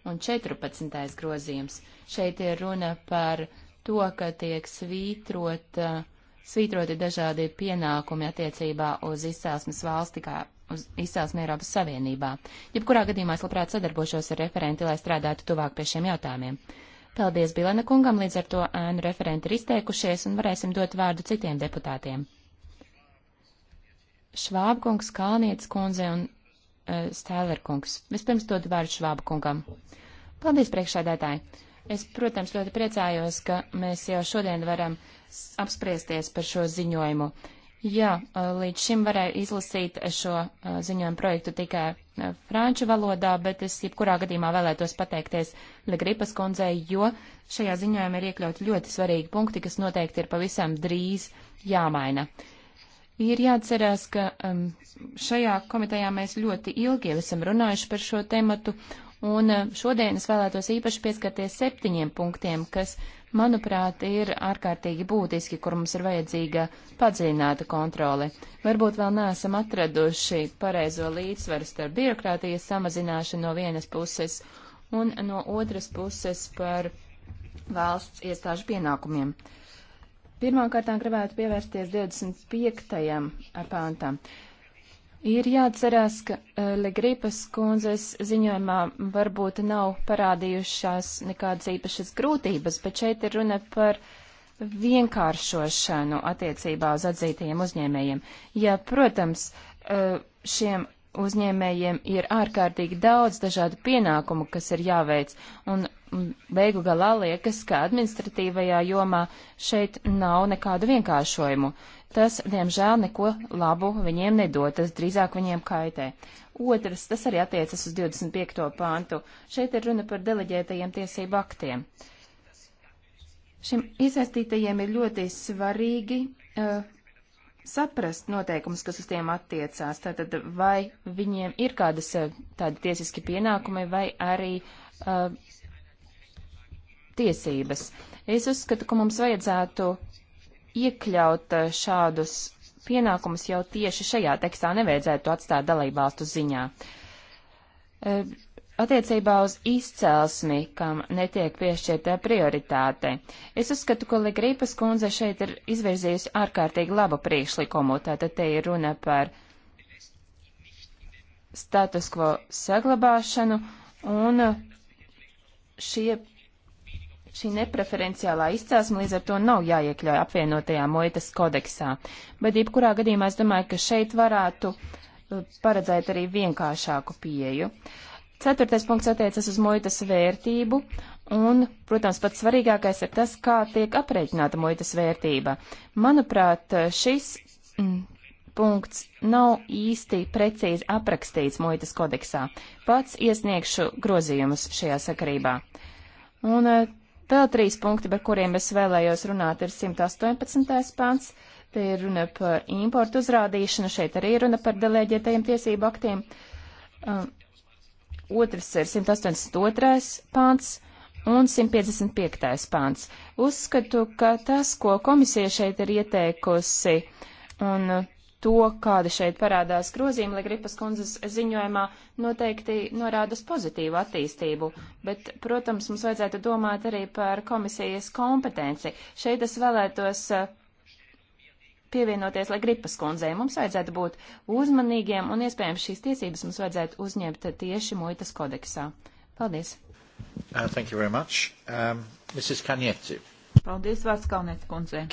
un 14. grozījums. Šeit ir runa par to, ka tiek svītrot, eh, svītroti dažādi pienākumi attiecībā uz izcelsmes valsti, kā uz izcelsmi Eiropas Savienībā. Jebkurā gadījumā es labprāt sadarbošos ar referenti, lai strādātu tuvāk pie šiem jautājumiem. Paldies Bilena kungam, līdz ar to ēnu referenti ir izteikušies un varēsim dot vārdu citiem deputātiem. Švābkungs, Kalnietis kundze un Eh, Stēlerkungs. Vispirms dodu vārdu Švāba kungam. Paldies, priekšsēdētāji! Es, protams, ļoti priecājos, ka mēs jau šodien varam apspriesties par šo ziņojumu. Jā, eh, līdz šim varēju izlasīt šo eh, ziņojumu projektu tikai franču valodā, bet es jebkurā gadījumā vēlētos pateikties Legripas kundzei, jo šajā ziņojumā ir iekļauti ļoti svarīgi punkti, kas noteikti ir pavisam drīz jāmaina. Ir jāatcerās, ka um, šajā komitejā mēs ļoti ilgi jau esam runājuši par šo tematu, un um, šodien es vēlētos īpaši pieskarties septiņiem punktiem, kas, manuprāt, ir ārkārtīgi būtiski, kur mums ir vajadzīga padziļināta kontrole. Varbūt vēl neesam atraduši pareizo līdzsvaru starp birokrātijas samazināšanu no vienas puses un no otras puses par valsts iestāžu pienākumiem. Uh, Pirmkārtām gribētu pievērsties 25. pāntam. Ir jāatcerās, ka eh, Legripas kundzes ziņojumā varbūt nav parādījušās nekādas īpašas grūtības, bet šeit ir runa par vienkāršošanu attiecībā uz atzītajiem uzņēmējiem. Ja, protams, eh, šiem uzņēmējiem ir ārkārtīgi daudz dažādu pienākumu, kas ir jāveic, un beigu galā liekas, ka administratīvajā jomā šeit nav nekādu vienkāršojumu. Tas, diemžēl, neko labu viņiem nedod, tas drīzāk viņiem kaitē. Otrs, tas arī attiecas uz 25. pāntu. Šeit ir runa par deleģētajiem tiesību aktiem. Šim iesaistītajiem ir ļoti svarīgi uh, saprast noteikumus, kas uz tiem attiecās. Tātad, vai viņiem ir kādas eh, tādi tiesiski pienākumi, vai arī uh, tiesības. Es uzskatu, ka mums vajadzētu iekļaut eh, šādus pienākumus jau tieši šajā tekstā, nevajadzētu atstāt dalībvalstu ziņā. Eh, attiecībā uz izcelsmi, kam netiek piešķirta prioritāte, es uzskatu, ka Ligrīpas kundze šeit ir izvirzījusi ārkārtīgi labu priekšlikumu, tātad te ir runa par status quo saglabāšanu, un šie Šī nepreferenciālā izcelsme līdz ar to nav jāiekļauj apvienotajā moitas kodeksā. Bet jebkurā gadījumā es domāju, ka šeit varētu uh, paredzēt arī vienkāršāku pieeju. Ceturtais punkts attiecas uz moitas vērtību, un, protams, pats svarīgākais ir tas, kā tiek aprēķināta moitas vērtība. Manuprāt, šis mm, punkts nav īsti precīzi aprakstīts muitas kodeksā. Pats iesniegšu grozījumus šajā sakarībā. Un uh, Vēl trīs punkti, par kuriem es vēlējos runāt, ir 118. pāns. Te ir runa par importu uzrādīšanu, šeit arī runa par delēģētajiem tiesību aktiem. Um, otrs ir 182. pāns un 155. pāns. Uzskatu, ka tas, ko komisija šeit ir ieteikusi, un to, kāda šeit parādās grozījuma Ligripas kundzes ziņojumā, noteikti norādas pozitīvu attīstību, bet, protams, mums vajadzētu domāt arī par komisijas kompetenci. Šeit es vēlētos eh, pievienoties Ligripas kundzei. Mums vajadzētu būt uzmanīgiem un iespējams šīs tiesības mums vajadzētu uzņemt tieši muitas kodeksā. Paldies! Uh, thank you very much. Um, Mrs. Kanieti. Paldies, Vārts Kalnietis kundze.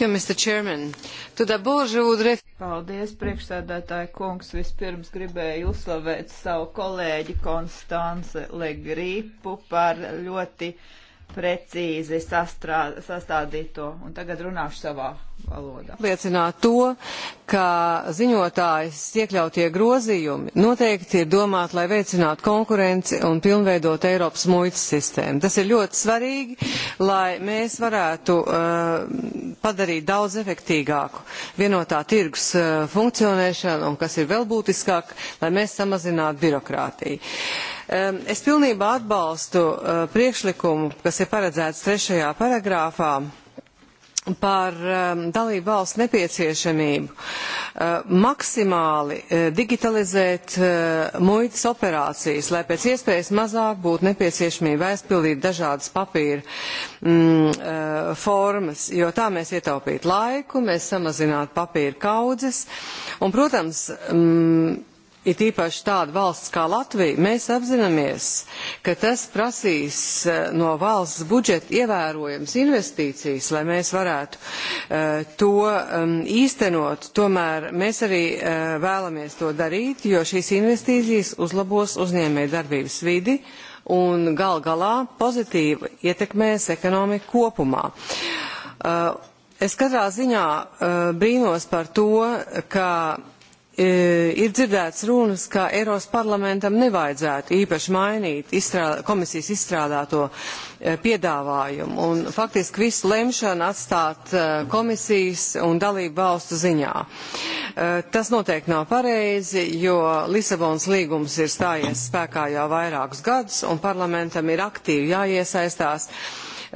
Paldies, priekšsēdētāji kungs. Vispirms gribēju uzslavēt savu kolēģi Konstance Legripu par ļoti precīzi sastrā, sastādīto. Un tagad runāšu savā valodā. Liecināt to, ka ziņotājs iekļautie grozījumi noteikti ir domāti, lai veicinātu konkurenci un pilnveidot Eiropas muitas sistēmu. Tas ir ļoti svarīgi, lai mēs varētu uh, padarīt daudz efektīgāku vienotā tirgus uh, funkcionēšanu un, kas ir vēl būtiskāk, lai mēs samazinātu birokrātiju. Um, es pilnībā atbalstu uh, priekšlikumu, kas ir paredzēts trešajā paragrāfā par um, dalību valsts nepieciešamību uh, maksimāli uh, digitalizēt uh, muitas operācijas, lai pēc iespējas mazāk būtu nepieciešamība aizpildīt dažādas papīra mm, uh, formas, jo tā mēs ietaupītu laiku, mēs samazinātu papīra kaudzes un, protams, mm, it īpaši tāda valsts kā Latvija, mēs apzināmies, ka tas prasīs eh, no valsts budžeta ievērojams investīcijas, lai mēs varētu uh, to um, īstenot. Tomēr mēs arī uh, vēlamies to darīt, jo šīs investīcijas uzlabos uzņēmē darbības vidi un gal galā pozitīvi ietekmēs ekonomiku kopumā. Uh, es katrā ziņā brīnos par to, ka E, ir dzirdēts runas, ka Eiropas parlamentam nevajadzētu īpaši mainīt izstrā, komisijas izstrādāto e, piedāvājumu un faktiski visu lemšanu atstāt e, komisijas un dalību valstu ziņā. Tas noteikti nav pareizi, jo Lisabonas līgums ir stājies spēkā jau vairākus gadus un parlamentam ir aktīvi jāiesaistās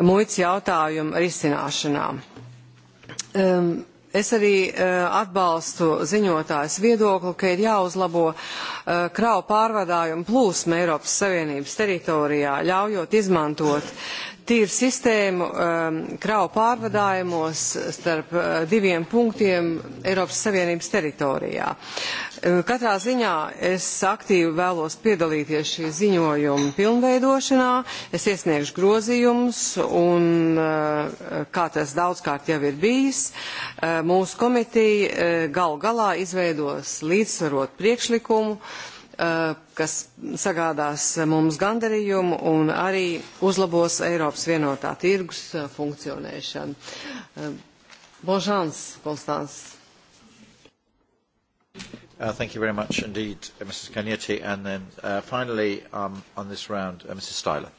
muitas jautājumu risināšanā. Um, Es arī uh, atbalstu ziņotājas viedokli, ka ir jāuzlabo uh, kravu pārvadājumu plūsma Eiropas Savienības teritorijā, ļaujot izmantot tīru sistēmu um, kravu pārvadājumos starp uh, diviem punktiem Eiropas Savienības teritorijā. Uh, katrā ziņā es aktīvi vēlos piedalīties šī ziņojuma pilnveidošanā, es iesniegšu grozījumus un, uh, kā tas daudzkārt jau ir bijis, uh, mūsu komitija uh, gal galā izveidos līdzsvarot priekšlikumu, uh, Eh, kas sagādās mums gandarījumu un arī uzlabos Eiropas vienotā tirgus eh, funkcionēšanu. Eh, Bonžāns, Konstants. Uh, thank you very much indeed, uh, Mrs. Cagnette. And then uh, finally, um, on this round, uh, Mrs. Styler.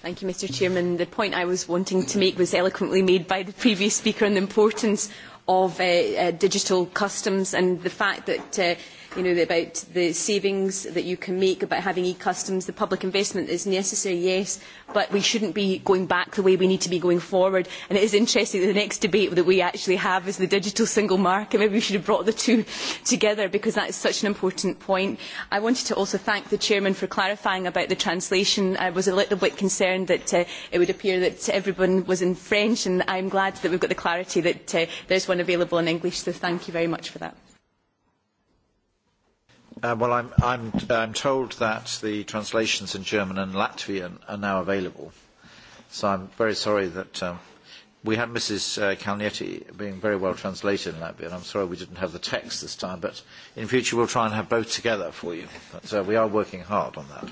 Thank you, Mr. Chairman. The point I was wanting to make was eloquently made by the previous speaker on the importance of uh, uh, digital customs and the fact that uh, you know, about the savings that you can make, about having e-customs. The public investment is necessary, yes, but we shouldn't be going back the way we need to be going forward. And it is interesting that the next debate that we actually have is the digital single market. Maybe we should have brought the two together because that is such an important point. I wanted to also thank the Chairman for clarifying about the translation. I was a little bit concerned that uh, it would appear that everyone was in French, and I'm glad that we've got the clarity that uh, there's one available in English, so thank you very much for that. Uh, well, I'm, I'm, I'm told that the translations in German and Latvian are now available. So I'm very sorry that um, we had Mrs. Uh, Calnietti being very well translated in Latvian. I'm sorry we didn't have the text this time, but in future we'll try and have both together for you. But uh, we are working hard on that.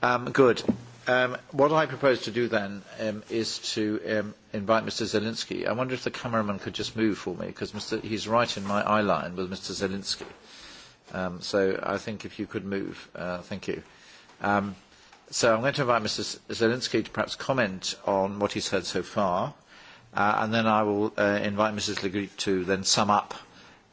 Um, good. Um, what I propose to do then um, is to um, invite Mr. Zelinsky. I wonder if the cameraman could just move for me, because he's right in my eye line with Mr. Zelinsky. Uh, Um, so I think if you could move, uh, thank you. Um, so I'm going to invite Mr. Zelinsky to perhaps comment on what he's heard so far, uh, and then I will uh, invite Mrs. Legrip to then sum up,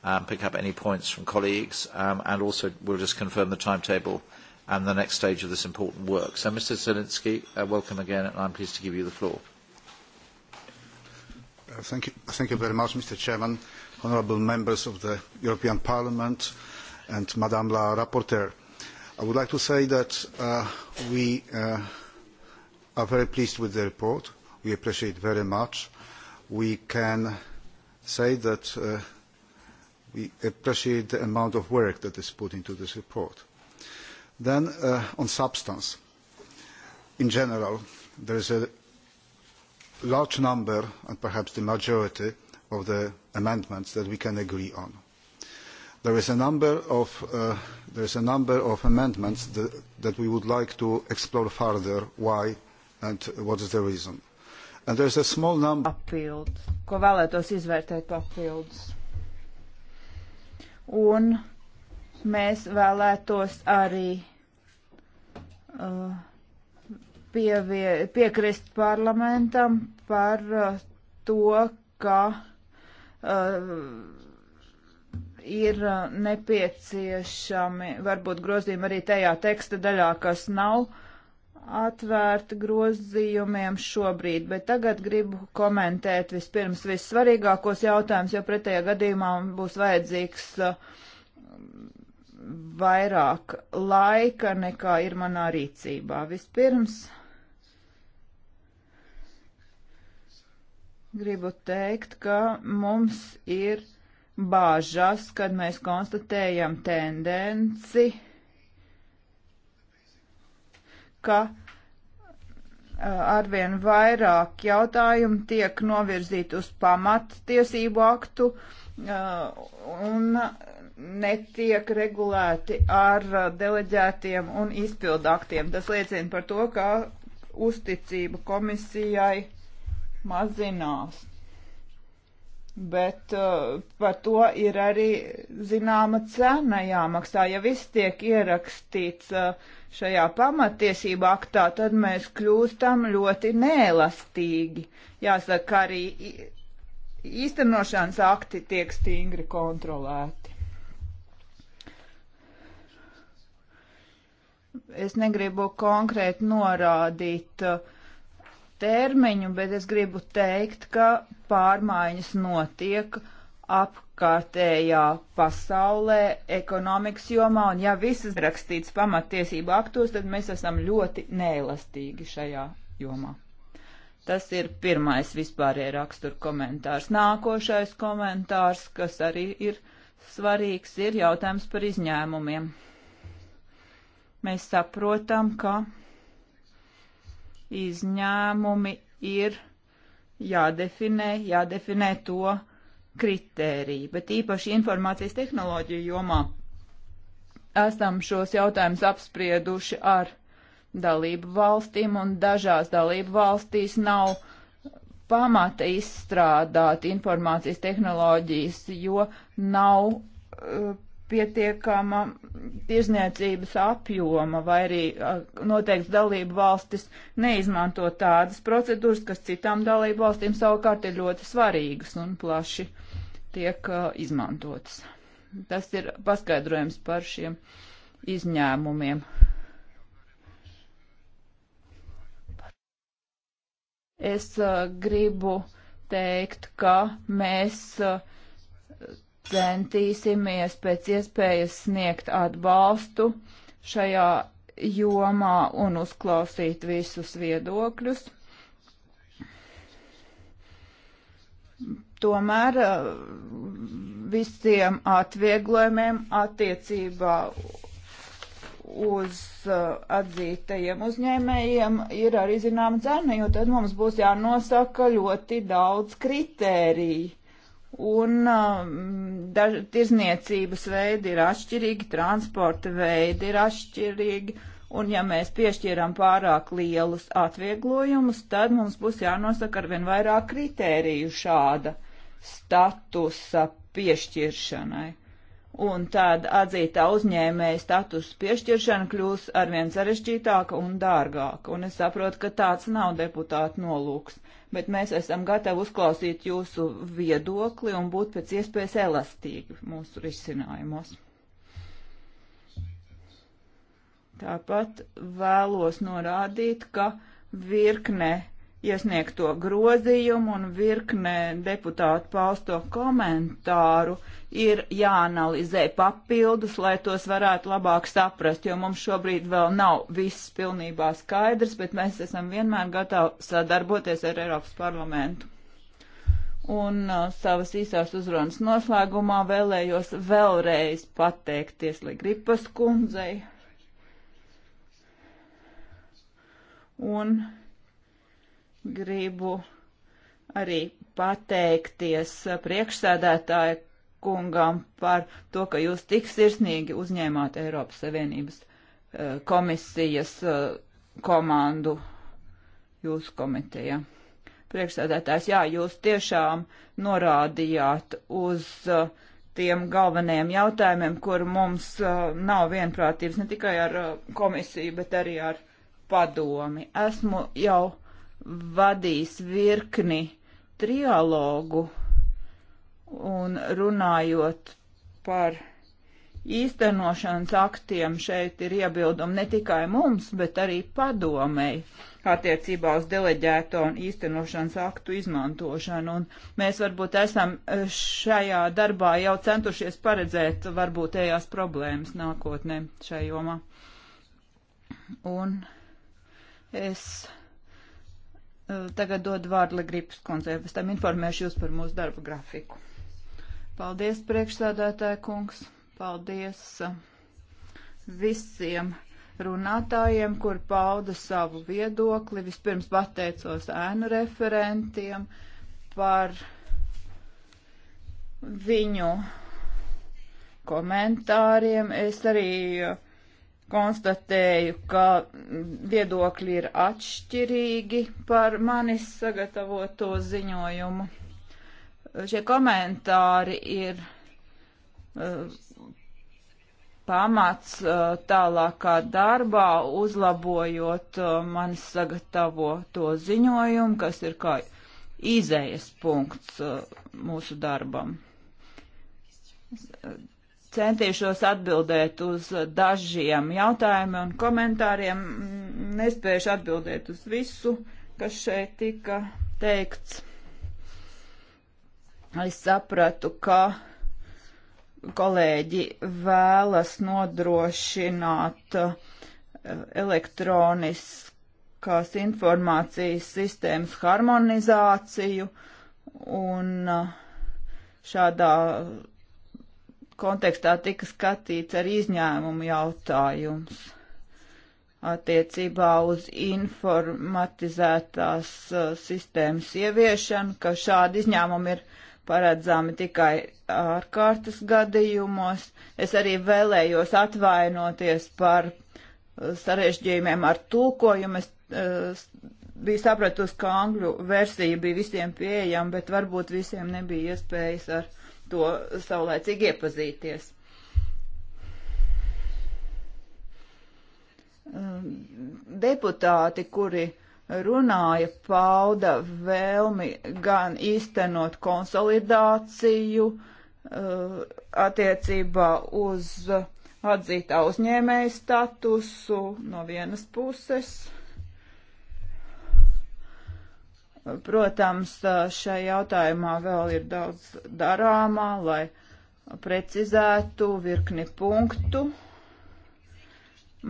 um, pick up any points from colleagues, um, and also we'll just confirm the timetable and the next stage of this important work. So Mr. Zelinsky, uh, welcome again, and I'm pleased to give you the floor. Uh, thank, you, thank you very much, Mr. Chairman, honourable members of the European Parliament. Uh, and Madame la Rapporteur. I would like to say that uh, we uh, are very pleased with the report. We appreciate it very much. We can say that uh, we appreciate the amount of work that is put into this report. Then uh, on substance. In general, there is a large number, and perhaps the majority, of the amendments that we can agree on There is a number of, uh, there is a number of amendments that, that we would like to explore further why and what is the reason. And there's a small number... Papildus. Ko vēlētos izvērtēt papildus. Un mēs vēlētos arī uh, pievie, piekrist parlamentam par uh, to, ka uh, ir uh, nepieciešami varbūt grozījumi arī tajā teksta daļā, kas nav atvērti grozījumiem šobrīd, bet tagad gribu komentēt vispirms vissvarīgākos jautājumus, jo pretējā gadījumā būs vajadzīgs uh, vairāk laika nekā ir manā rīcībā. Vispirms gribu teikt, ka mums ir bāžas, kad mēs konstatējam tendenci, ka arvien vairāk jautājumu tiek novirzīti uz pamattiesību aktu un netiek regulēti ar deleģētiem un izpildaktiem. Tas liecina par to, ka uzticība komisijai mazinās bet uh, par to ir arī zināma cena jāmaksā. Ja viss tiek ierakstīts uh, šajā pamatiesība aktā, tad mēs kļūstam ļoti nēlastīgi. Jāsaka, arī īstenošanas akti tiek stingri kontrolēti. Es negribu konkrēti norādīt uh, termiņu, bet es gribu teikt, ka pārmaiņas notiek apkārtējā pasaulē, ekonomikas jomā, un ja visas rakstīts pamattiesību aktos, tad mēs esam ļoti neelastīgi šajā jomā. Tas ir pirmais vispārējais rakstura komentārs. Nākošais komentārs, kas arī ir svarīgs, ir jautājums par izņēmumiem. Mēs saprotam, ka izņēmumi ir jādefinē, jādefinē to kritēriju, bet īpaši informācijas tehnoloģiju jomā esam šos jautājumus apsprieduši ar dalību valstīm, un dažās dalību valstīs nav pamata izstrādāt informācijas tehnoloģijas, jo nav uh, pietiekama tirzniecības apjoma, vai arī noteikts dalību valstis neizmanto tādas procedūras, kas citām dalību valstīm savukārt ir ļoti svarīgas un plaši tiek uh, izmantotas. Tas ir paskaidrojums par šiem izņēmumiem. Es uh, gribu teikt, ka mēs uh, centīsimies pēc iespējas sniegt atbalstu šajā jomā un uzklausīt visus viedokļus. Tomēr eh, visiem atvieglojumiem attiecībā uz eh, atzītajiem uzņēmējiem ir arī zināma cena, jo tad mums būs jānosaka ļoti daudz kritēriju Un um, daži tirzniecības veidi ir atšķirīgi, transporta veidi ir atšķirīgi, un ja mēs piešķiram pārāk lielus atvieglojumus, tad mums būs jānosaka arvien vairāk kritēriju šāda statusa piešķiršanai. Un tad atzītā uzņēmēja statusa piešķiršana kļūs arvien sarežģītāka un dārgāka, un es saprotu, ka tāds nav deputāta nolūks bet mēs esam gatavi uzklausīt jūsu viedokli un būt pēc iespējas elastīgi mūsu risinājumos. Tāpat vēlos norādīt, ka virkne iesniegto grozījumu un virkne deputātu pausto komentāru uh, ir jāanalizē papildus, lai tos varētu labāk saprast, jo mums šobrīd vēl nav viss pilnībā skaidrs, bet mēs esam vienmēr gatavi sadarboties ar Eiropas parlamentu. Un uh, savas īsās uzrunas noslēgumā vēlējos vēlreiz pateikties Ligripas kundzei. Un gribu arī pateikties priekšsēdētāja kungam par to, ka jūs tik sirsnīgi uzņēmāt Eiropas Savienības eh, komisijas eh, komandu jūsu komiteja. Priekšsēdētājs, jā, jūs tiešām norādījāt uz eh, tiem galvenajiem jautājumiem, kur mums nav vienprātības ne tikai ar komisiju, bet arī ar padomi. Esmu jau vadījis virkni trialogu Un runājot par īstenošanas aktiem, šeit ir iebildumi ne tikai mums, bet arī padomei attiecībā uz deleģēto un īstenošanas aktu izmantošanu. Un mēs varbūt esam šajā darbā jau centušies paredzēt varbūt ejās problēmas nākotnē šajā jomā. Un es eh, tagad dodu vārdu Ligripas kundzei, pēc tam informēšu jūs par mūsu darba grafiku. Paldies, priekšsēdētāja kungs. Paldies uh, visiem runātājiem, kur pauda savu viedokli. Vispirms pateicos ēnu referentiem par viņu komentāriem. Es arī uh, konstatēju, ka viedokļi ir atšķirīgi par manis sagatavoto ziņojumu šie komentāri ir uh, pamats uh, tālākā darbā, uzlabojot uh, manis sagatavo to ziņojumu, kas ir kā izējas punkts mūsu darbam. Centīšos atbildēt uz dažiem jautājumiem un komentāriem. Nespējuši atbildēt uz visu, kas šeit tika teikts es sapratu, ka kolēģi vēlas nodrošināt uh, elektroniskās informācijas sistēmas harmonizāciju un uh, šādā kontekstā tika skatīts ar izņēmumu jautājums attiecībā uz informatizētās uh, sistēmas ieviešanu, ka šādi izņēmumi ir uh, paredzami tikai ārkārtas gadījumos. Es arī vēlējos atvainoties par uh, sarežģījumiem ar tulkojumu. Es uh, biju sapratusi, ka angļu versija bija visiem pieejama, bet varbūt visiem nebija iespējas ar to saulēcīgi iepazīties. Um, deputāti, kuri uh, runāja, pauda vēlmi gan īstenot konsolidāciju uh, attiecībā uz atzītā uzņēmēja statusu no vienas puses. Protams, šai jautājumā vēl ir daudz darāmā, lai precizētu virkni punktu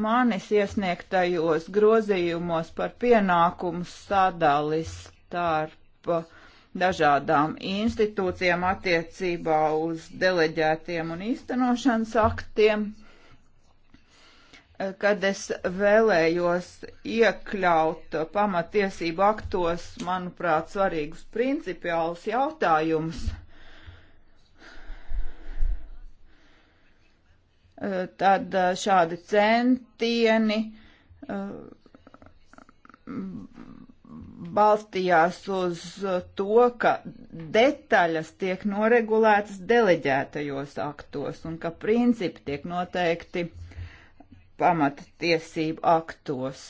manis iesniegtajos grozījumos par pienākumu sadali starp dažādām institūcijām attiecībā uz deleģētiem un īstenošanas aktiem, kad es vēlējos iekļaut pamatiesību aktos, manuprāt, svarīgus principiālus jautājumus tad eh, šādi centieni eh, balstījās uz to, ka detaļas tiek noregulētas deleģētajos aktos un ka principi tiek noteikti pamata tiesību aktos.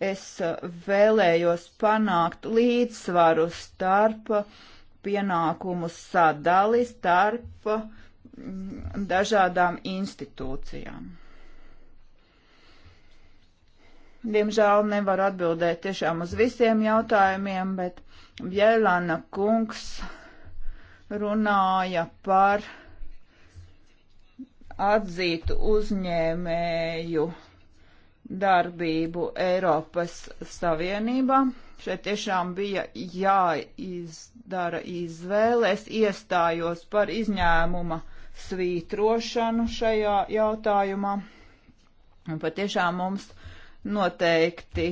Es eh, vēlējos panākt līdzsvaru starp pienākumu sadali, starp uh, Mm, dažādām institūcijām. Diemžēl nevar atbildēt tiešām uz visiem jautājumiem, bet Bjelāna kungs runāja par atzītu uzņēmēju darbību Eiropas Savienībā. Šeit tiešām bija jāizdara izvēle. Es iestājos par izņēmuma uh, svītrošanu šajā jautājumā. Un patiešām mums noteikti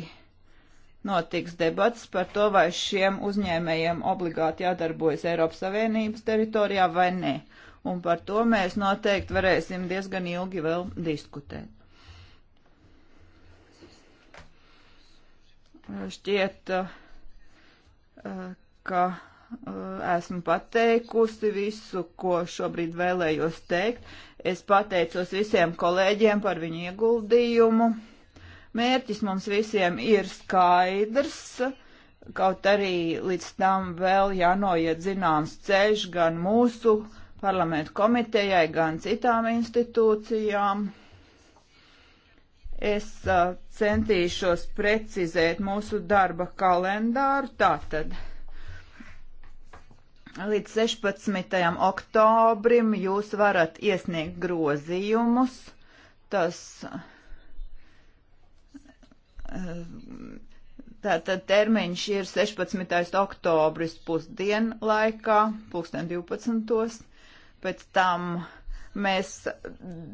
notiks debats par to, vai šiem uzņēmējiem obligāti jādarbojas Eiropas Savienības teritorijā vai nē. Un par to mēs noteikti varēsim diezgan ilgi vēl diskutēt. Šķiet, eh, ka Eh, esmu pateikusi visu, ko šobrīd vēlējos teikt. Es pateicos visiem kolēģiem par viņu ieguldījumu. Mērķis mums visiem ir skaidrs, kaut arī līdz tam vēl jānoiet zināms ceļš gan mūsu parlamentu komitejai, gan citām institūcijām. Es uh, centīšos precizēt mūsu darba kalendāru tātad. Līdz 16. oktobrim jūs varat iesniegt grozījumus. Tas eh, tātad termiņš ir 16. oktobris pusdienlaikā, pulksten 12. Pēc tam mēs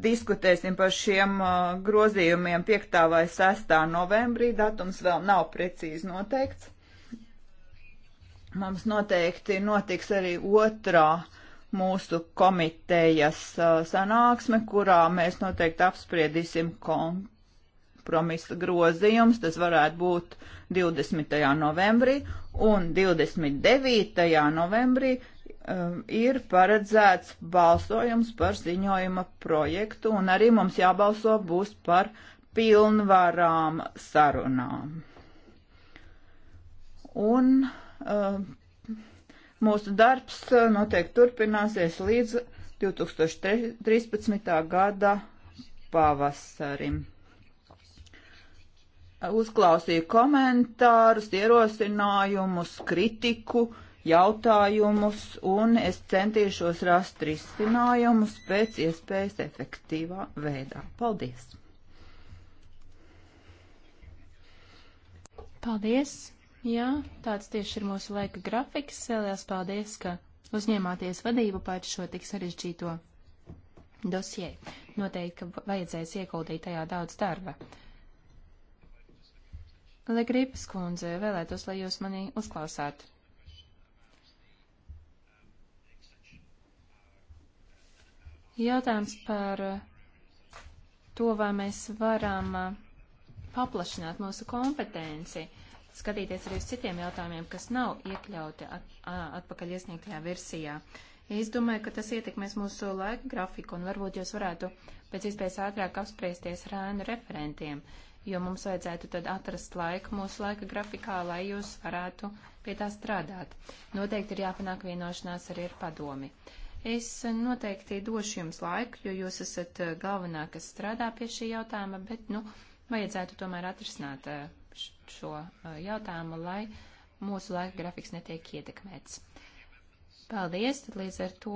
diskutēsim par šiem eh, grozījumiem 5. vai 6. novembrī. Datums vēl nav precīzi noteikts. Mums noteikti notiks arī otrā mūsu komitejas sanāksme, kurā mēs noteikti apspriedīsim kompromisa grozījums. Tas varētu būt 20. novembrī un 29. novembrī um, ir paredzēts balsojums par ziņojuma projektu un arī mums jābalso būs par pilnvarām sarunām. Un Uh, mūsu darbs uh, noteikti turpināsies līdz 2013. gada pavasarim. Uzklausīju komentārus, ierosinājumus, kritiku, jautājumus, un es centīšos rast risinājumus pēc iespējas efektīvā veidā. Paldies! Paldies! Jā, tāds tieši ir mūsu laika grafiks. Liels paldies, ka uzņēmāties vadību pār šo tik sarežģīto dosie. Noteikti, ka vajadzēs ieguldīt tajā daudz darba. Legripas kundze, vēlētos, lai jūs mani uzklausāt. Jautājums par eh, to, vai mēs varam eh, paplašināt mūsu kompetenci. Uh, skatīties arī uz citiem jautājumiem, kas nav iekļauti at, atpakaļ iesniegtajā versijā. Es domāju, ka tas ietekmēs mūsu laika grafiku, un varbūt jūs varētu pēc iespējas ātrāk apspriesties ar ēnu referentiem, jo mums vajadzētu tad atrast laiku mūsu laika grafikā, lai jūs varētu pie tā strādāt. Noteikti ir jāpanāk vienošanās arī ar padomi. Es noteikti došu jums laiku, jo jūs esat galvenā, kas strādā pie šī jautājuma, bet, nu, vajadzētu tomēr atrisināt šo uh, jautājumu, lai mūsu laika grafiks netiek ietekmēts. Paldies, tad līdz ar to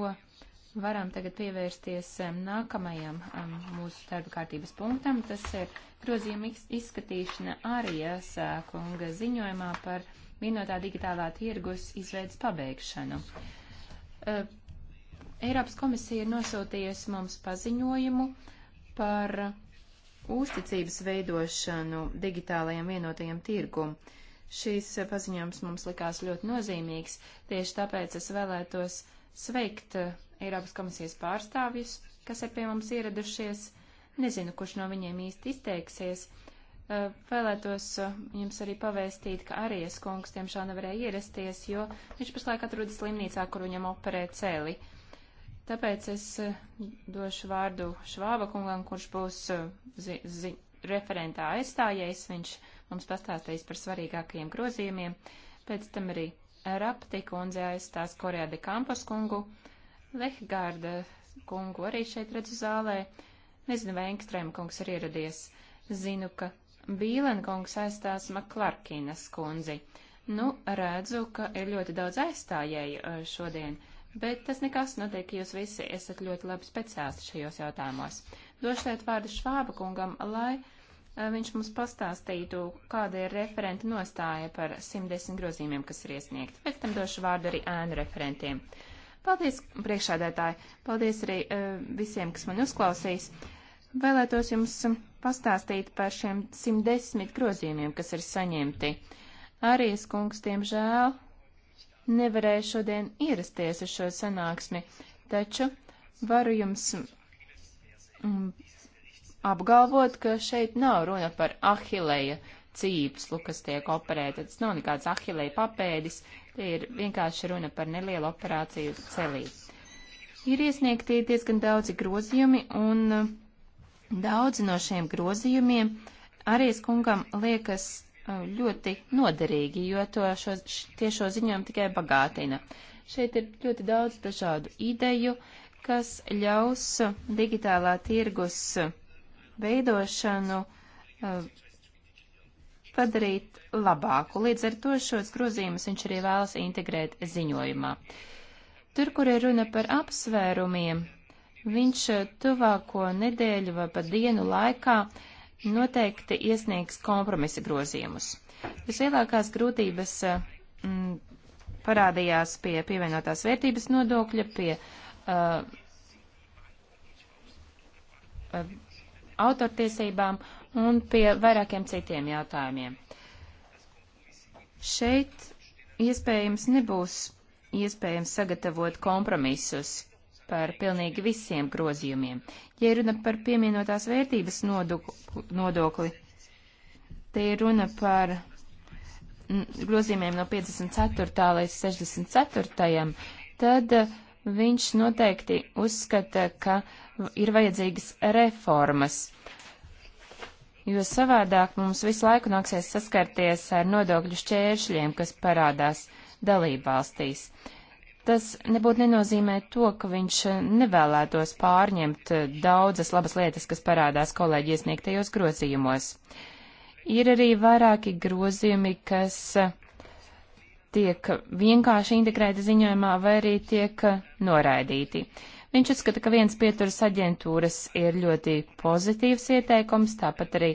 varam tagad pievērsties um, nākamajam um, mūsu darba kārtības punktam. Tas ir grozījuma izskatīšana arī jāsākunga uh, ziņojumā par vienotā digitālā tirgus izveidas pabeigšanu. Uh, Eiropas komisija ir nosūtījusi mums paziņojumu par uzticības veidošanu digitālajiem vienotajiem tirgum. Šīs paziņojums mums likās ļoti nozīmīgs, tieši tāpēc es vēlētos sveikt eh, Eiropas komisijas pārstāvjus, kas ir pie mums ieradušies. Nezinu, kurš no viņiem īsti izteiksies. Eh, vēlētos eh, jums arī pavēstīt, ka arī es kungs tiemžēl nevarēju ierasties, jo viņš pašlaik atrodas slimnīcā, kur viņam operē cēli. Uh, Tāpēc es eh, došu vārdu Švāba kungam, kurš būs eh, zi, zi, referentā aizstājies. Viņš mums pastāstīs par svarīgākajiem grozījumiem. Pēc tam arī Rapti kundze aizstās Korejā de Kampos kungu. Lehgārda eh, kungu arī šeit redzu zālē. Nezinu, vai Engstrēma kungs ir ieradies. Zinu, ka Bīlen kungs aizstās Maklarkinas kundzi. Nu, redzu, ka ir ļoti daudz aizstājēju šodien. Uh, Bet tas nekas notiek, ka jūs visi esat ļoti labi speciālisti šajos jautājumos. Došu liet vārdu Švāba kungam, lai eh, viņš mums pastāstītu, kāda ir referenta nostāja par 110 grozījumiem, kas ir iesniegti. Pēc tam došu vārdu arī ēnu referentiem. Paldies, priekšādētāji! Paldies arī eh, visiem, kas man uzklausīs. Vēlētos jums pastāstīt par šiem 110 grozījumiem, kas ir saņemti. Arī es, kungs, diemžēl, nevarēju šodien ierasties uz šo sanāksmi, taču varu jums mm, apgalvot, ka šeit nav runa par ahileja cīpslu, kas tiek operēta. Tas nav nekāds ahileja papēdis, tie ir vienkārši runa par nelielu operāciju celī. Ir iesniegti diezgan daudzi grozījumi, un mm, daudzi no šiem grozījumiem arī skungam liekas Uh, ļoti noderīgi, jo to šo, tiešo ziņojumu tikai bagātina. Šeit ir ļoti daudz dažādu ideju, kas ļaus digitālā tirgus veidošanu uh, padarīt labāku. Līdz ar to šos grozījumus viņš arī vēlas integrēt ziņojumā. Tur, kur ir runa par apsvērumiem, viņš uh, tuvāko nedēļu vai pat dienu laikā uh, noteikti iesniegs kompromisa grozījumus. Vislielākās grūtības eh, m, parādījās pie pievienotās vērtības nodokļa, pie uh, autortiesībām un pie vairākiem citiem jautājumiem. Šeit iespējams nebūs iespējams sagatavot kompromisus par pilnīgi visiem grozījumiem. Ja runa par pieminotās vērtības nodokli, te ir runa par grozījumiem no 54. līdz 64. tad eh, viņš noteikti uzskata, ka ir vajadzīgas reformas, jo savādāk mums visu laiku nāksies saskarties ar nodokļu šķēršļiem, kas parādās dalībvalstīs. valstīs. Tas nebūtu nenozīmē to, ka viņš eh, nevēlētos pārņemt eh, daudzas labas lietas, kas parādās kolēģi iesniegtajos grozījumos. Ir arī vairāki grozījumi, kas eh, tiek vienkārši integrēti ziņojumā vai arī tiek noraidīti. Viņš uzskata, ka viens pieturas aģentūras ir ļoti pozitīvs ieteikums, tāpat arī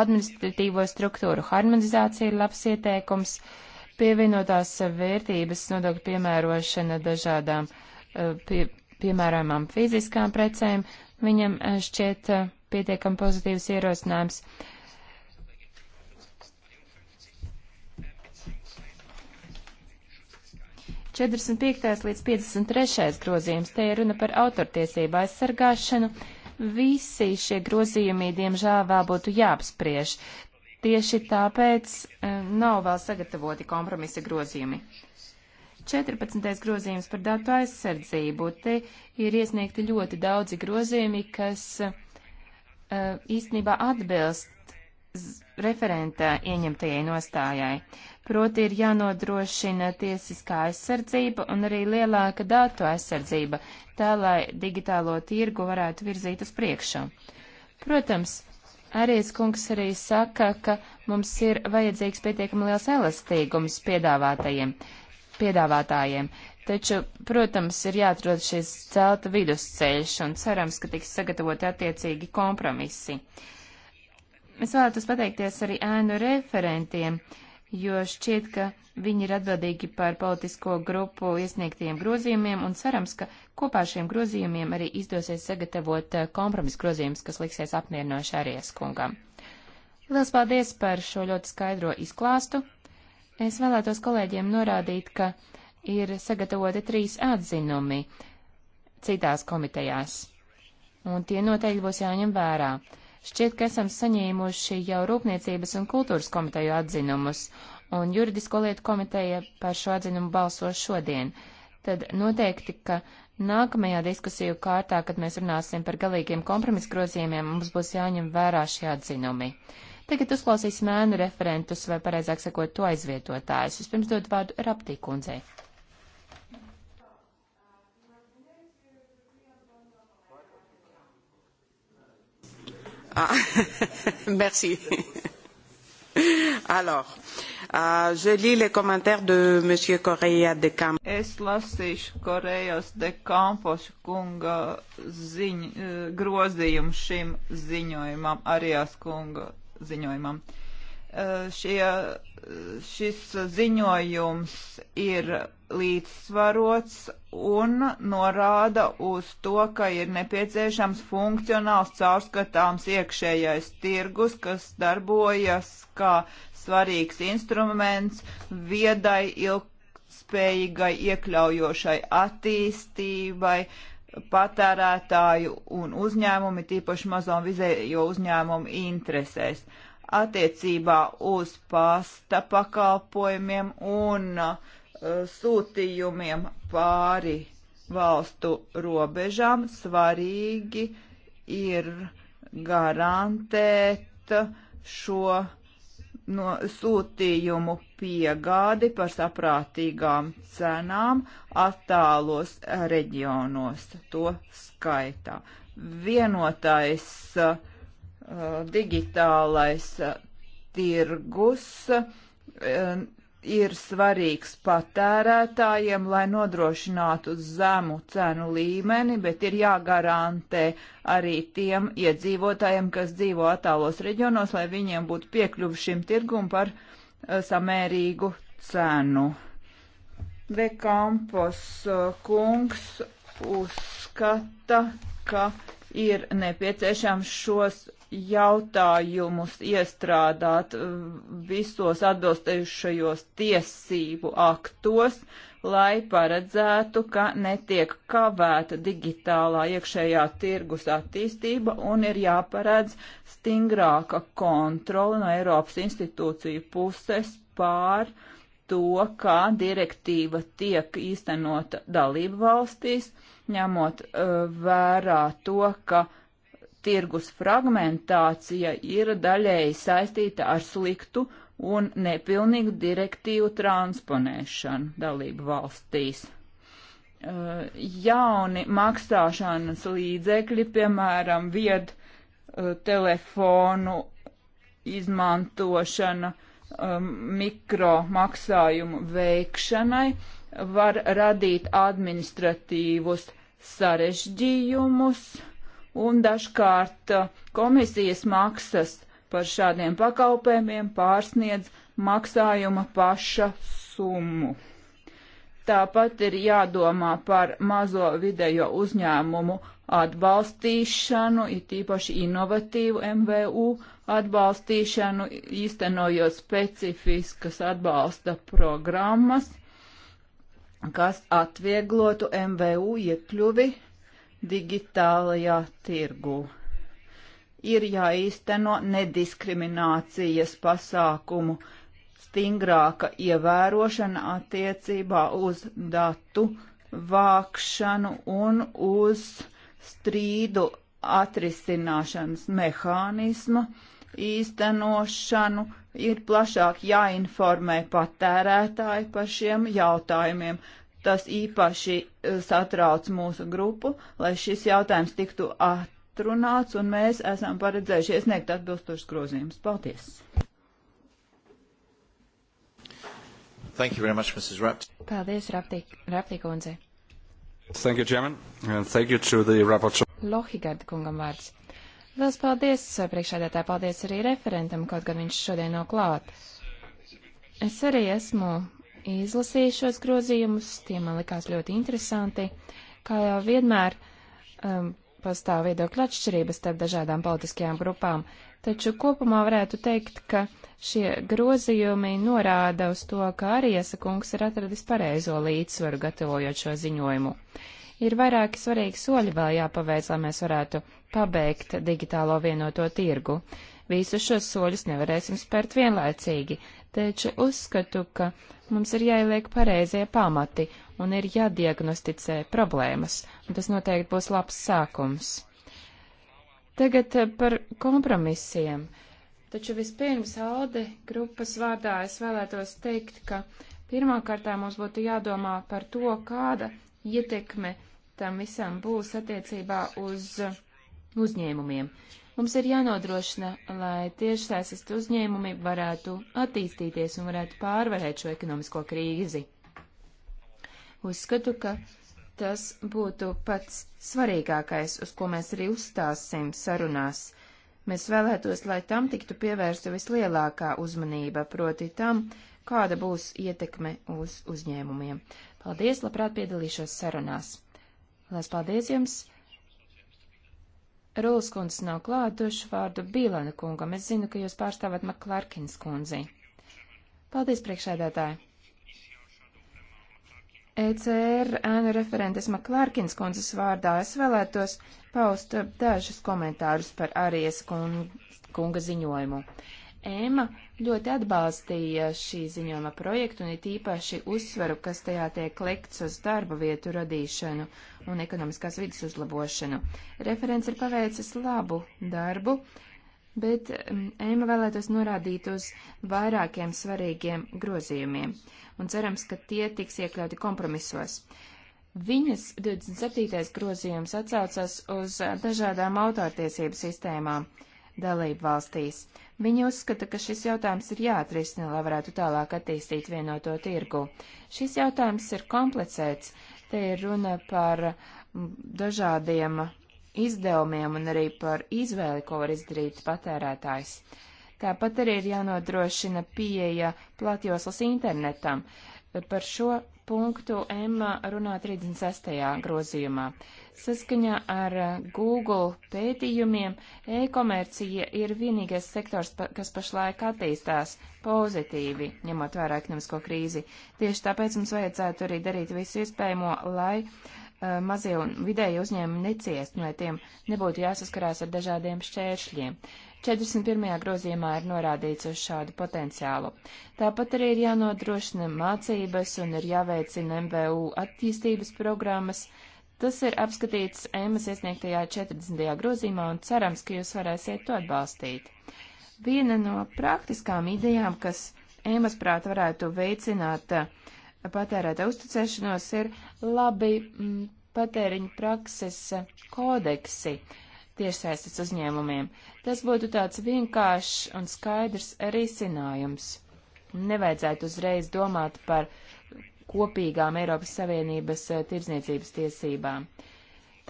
administratīvo struktūru harmonizācija ir labs ieteikums. Uh, Pievienotās vērtības nodokļu piemērošana dažādām eh, pie, piemērojumām fiziskām precēm, viņam eh, šķiet eh, pietiekam pozitīvs ierosinājums. Četrdesmit piektais līdz piecdesmit trešais grozījums, te ir runa par autortiesību aizsargāšanu. Visi šie grozījumi, diemžēl, vēl būtu jāapspriež. Tieši tāpēc e, nav vēl sagatavoti kompromisa grozījumi. 14. grozījums par datu aizsardzību. Te ir iesniegti ļoti daudzi grozījumi, kas e, īstenībā atbilst referenta ieņemtajai nostājai. Proti ir jānodrošina tiesiskā aizsardzība un arī lielāka datu aizsardzība, tā lai digitālo tirgu varētu virzīt uz priekšu. Protams, Arijas kungs arī saka, ka mums ir vajadzīgs pietiekami liels elastīgums piedāvātajiem, piedāvātājiem. Taču, protams, ir jāatrod šis celta vidusceļš un cerams, ka tiks sagatavoti attiecīgi kompromisi. Es vēlētos pateikties arī ēnu referentiem. Uh, jo šķiet, ka viņi ir atbildīgi par politisko grupu iesniegtajiem grozījumiem un cerams, ka kopā ar šiem grozījumiem arī izdosies sagatavot eh, kompromisu grozījumus, kas liksies apmierinoši arī skungam. Lielas paldies par šo ļoti skaidro izklāstu. Es vēlētos kolēģiem norādīt, ka ir sagatavoti trīs atzinumi citās komitejās, un tie noteikti būs jāņem vērā. Šķiet, ka esam saņēmuši jau Rūpniecības un kultūras komiteju atzinumus, un juridisko lietu komiteja par šo atzinumu balso šodien. Tad noteikti, ka nākamajā diskusiju kārtā, kad mēs runāsim par galīgiem kompromisu grozījumiem, mums būs jāņem vērā šie atzinumi. Tagad uzklausīsim ēnu referentus, vai pareizāk sakot, to aizvietotājus. Vispirms dod vārdu Raptī kundzei. Ah, merci. Alors, uh, je lis les commentaires de M. Correa de Campos. Es lasīšu Korejas de Campos kunga ziņ, eh, grozījumu šim ziņojumam, Arijas kunga ziņojumam. Uh, šie, eh, šis ziņojums ir līdzsvarots un norāda uz to, ka ir nepieciešams funkcionāls caurskatāms iekšējais tirgus, kas darbojas kā svarīgs instruments viedai, ilgspējīgai, iekļaujošai attīstībai, patērētāju un uzņēmumi, tīpaši mazo un vizējo uzņēmumu interesēs. Attiecībā uz pasta pakalpojumiem un uh, sūtījumiem pāri valstu robežām svarīgi ir garantēt šo no sūtījumu piegādi par saprātīgām cenām attālos reģionos to skaitā. Vienotais uh, digitālais uh, tirgus uh, ir svarīgs patērētājiem, lai nodrošinātu zemu cenu līmeni, bet ir jāgarantē arī tiem iedzīvotājiem, kas dzīvo attālos reģionos, lai viņiem būtu piekļuvi šim tirgum par uh, samērīgu cenu. De Campos uh, kungs uzskata, ka ir nepieciešams šos jautājumus iestrādāt uh, visos atbilstējušajos tiesību aktos, lai paredzētu, ka netiek kavēta digitālā iekšējā tirgus attīstība un ir jāparedz stingrāka kontrola no Eiropas institūciju puses pār to, kā direktīva tiek īstenota dalību valstīs, ņemot uh, vērā to, ka uh, tirgus fragmentācija ir daļēji saistīta ar sliktu un nepilnīgu direktīvu transponēšanu dalību valstīs. Uh, jauni maksāšanas līdzekļi, piemēram, vied uh, telefonu izmantošana, um, mikro maksājumu veikšanai var radīt administratīvus sarežģījumus, uh, un dažkārt uh, komisijas maksas par šādiem pakalpojumiem pārsniedz maksājuma paša summu. Tāpat ir jādomā par mazo vidējo uzņēmumu atbalstīšanu, it īpaši inovatīvu MVU atbalstīšanu, īstenojot specifiskas atbalsta programmas, kas atvieglotu MVU iekļuvi digitālajā tirgu. Ir jāīsteno nediskriminācijas pasākumu stingrāka ievērošana attiecībā uz datu vākšanu un uz strīdu atrisināšanas mehānismu īstenošanu. Ir plašāk jāinformē patērētāji par šiem jautājumiem. Tas īpaši e, satrauc mūsu grupu, lai šis jautājums tiktu atrunāts, un mēs esam paredzējuši iesniegt atbilstošas grozījumus. Paldies! Thank you very much, Mrs. Rapt. Paldies, Raptī, Raptī kundze. Thank you, Chairman, and thank you to the rapporteur. Lohigard kungam vārds. Liels paldies, priekšādētāji, paldies arī referentam, kaut gan viņš šodien nav klāt. Es arī esmu izlasīju šos grozījumus, tie man likās ļoti interesanti. Kā jau vienmēr um, pastāv viedokļa atšķirības starp dažādām politiskajām grupām, taču kopumā varētu teikt, ka šie grozījumi norāda uz to, ka Ariesa kungs ir atradis pareizo līdzsvaru gatavojot šo ziņojumu. Ir vairāki svarīgi soļi vēl jāpaveic, lai mēs varētu pabeigt digitālo vienoto tirgu. Uh, visus šos soļus nevarēsim spērt vienlaicīgi, taču uzskatu, ka mums ir jāieliek pareizie pamati un ir jādiagnosticē problēmas, un tas noteikti būs labs sākums. Tagad eh, par kompromisiem. Taču vispirms Alde grupas vārdā es vēlētos teikt, ka pirmkārtā mums būtu jādomā par to, kāda ietekme tam visam būs attiecībā uz uzņēmumiem. Uh, Mums ir jānodrošina, lai tiešsaistes uzņēmumi varētu attīstīties un varētu pārvarēt šo ekonomisko krīzi. Uzskatu, ka tas būtu pats svarīgākais, uz ko mēs arī uzstāsim sarunās. Mēs vēlētos, lai tam tiktu pievērsta vislielākā uzmanība, proti tam, kāda būs ietekme uz uzņēmumiem. Paldies, labprāt piedalīšos sarunās. Lās paldies jums! Rūlas kundze nav klāt, došu vārdu Bīlana kungam. Es zinu, ka jūs pārstāvat Maklārkins kundzi. Paldies, priekšēdētāji! ECR ēnu referentes Maklārkins kundzes vārdā es vēlētos paust dažus komentārus par Arijas kunga ziņojumu. Ēma ļoti atbalstīja šī ziņojuma projektu un it īpaši uzsveru, kas tajā tiek likts uz darba vietu radīšanu un ekonomiskās vidas uzlabošanu. Referents ir paveicis labu darbu, bet mm, Ēma vēlētos norādīt uz vairākiem svarīgiem grozījumiem un cerams, ka tie tiks iekļauti kompromisos. Viņas 27. grozījums atsaucas uz dažādām autortiesību sistēmām dalību valstīs. Viņi uzskata, ka šis jautājums ir jāatrisina, lai varētu tālāk attīstīt vienoto tirgu. Šis jautājums ir komplicēts. Te ir runa par mm, dažādiem izdevumiem un arī par izvēli, ko var izdarīt patērētājs. Tāpat arī ir jānodrošina pieeja platjoslas internetam. Par šo punktu M runā 36. grozījumā. Saskaņā ar Google pētījumiem e-komercija ir vienīgais sektors, kas pašlaik attīstās pozitīvi, ņemot vērā ekonomisko krīzi. Tieši tāpēc mums vajadzētu arī darīt visu iespējamo, lai uh, mazie un vidēji uzņēmumi neciest, lai tiem nebūtu jāsaskarās ar dažādiem šķēršļiem. Uh, 41. grozījumā ir norādīts uz šādu potenciālu. Tāpat arī ir jānodrošina mācības un ir jāveicina MVU attīstības programmas. Tas ir apskatīts ēmas iesniegtajā 40. grozījumā un cerams, ka jūs varēsiet to atbalstīt. Viena no praktiskām idejām, kas ēmas prāt varētu veicināt eh, patērēta uzticēšanos, ir labi m, mm, patēriņu prakses kodeksi tiešsaistes uzņēmumiem. Tas būtu tāds vienkāršs un skaidrs risinājums. Nevajadzētu uzreiz domāt par kopīgām Eiropas Savienības eh, tirdzniecības tiesībām.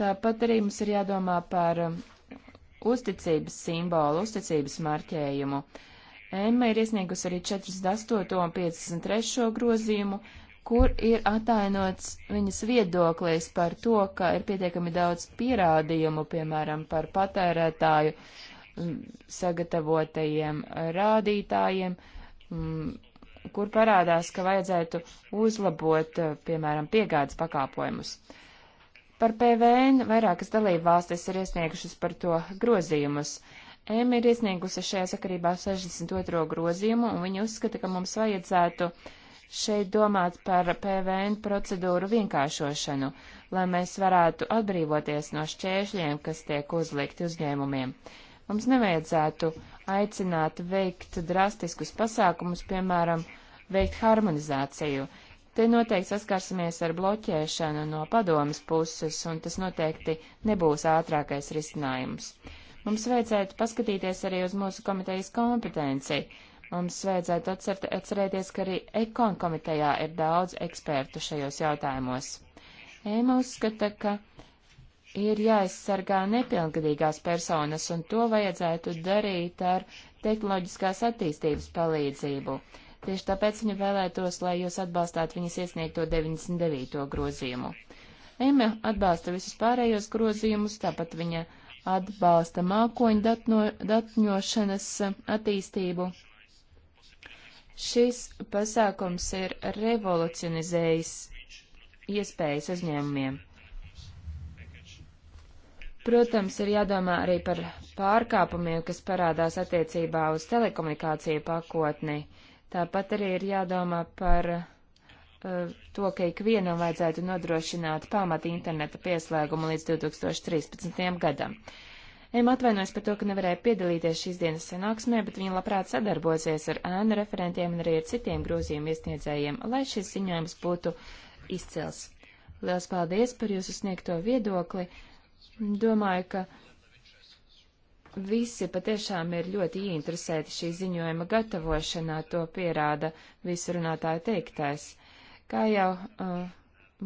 Tāpat arī mums ir jādomā par um, uzticības simbolu, uzticības marķējumu. Emma ir iesniegusi arī 48. un 53. grozījumu, kur ir atainots viņas viedoklis par to, ka ir pietiekami daudz pierādījumu, piemēram, par patērētāju uh, sagatavotajiem rādītājiem, mm, kur parādās, ka vajadzētu uzlabot, eh, piemēram, piegādes pakāpojumus. Par PVN vairākas dalība valstis ir iesniegušas par to grozījumus. M ir iesniegusi šajā sakarībā 62. grozījumu, un viņa uzskata, ka mums vajadzētu šeit domāt par PVN procedūru vienkāršošanu, lai mēs varētu atbrīvoties no šķēršļiem, kas tiek uzlikti uzņēmumiem. Uh, Mums nevajadzētu aicināt veikt drastiskus pasākumus, piemēram, veikt harmonizāciju. Te noteikti saskarsimies ar bloķēšanu no padomas puses, un tas noteikti nebūs ātrākais risinājums. Mums vajadzētu paskatīties arī uz mūsu komitejas kompetenci. Mums vajadzētu atcert, atcerēties, ka arī ekon komitejā ir daudz ekspertu šajos jautājumos. Ēma uzskata, ka ir jāaizsargā nepilngadīgās personas, un to vajadzētu darīt ar tehnoloģiskās attīstības palīdzību. Tieši tāpēc viņa vēlētos, lai jūs atbalstāt viņas iesniegto 99. grozījumu. Emma atbalsta visus pārējos grozījumus, tāpat viņa atbalsta mākoņu datno, datņošanas attīstību. Šis pasākums ir revolucionizējis iespējas uzņēmumiem. Protams, ir jādomā arī par pārkāpumiem, kas parādās attiecībā uz telekomunikāciju pakotni. Tāpat arī ir jādomā par uh, to, ka ikvienam vajadzētu nodrošināt pamati interneta pieslēgumu līdz 2013. gadam. Em atvainojas par to, ka nevarēja piedalīties šīs dienas sanāksmē, bet viņa labprāt sadarbosies ar ēnu referentiem un arī ar citiem grozījumu iesniedzējiem, lai šis ziņojums būtu izcils. Liels paldies par jūsu sniegto viedokli! Domāju, ka visi patiešām ir ļoti ieinteresēti šī ziņojuma gatavošanā, to pierāda visu runātāju teiktais. Kā jau uh,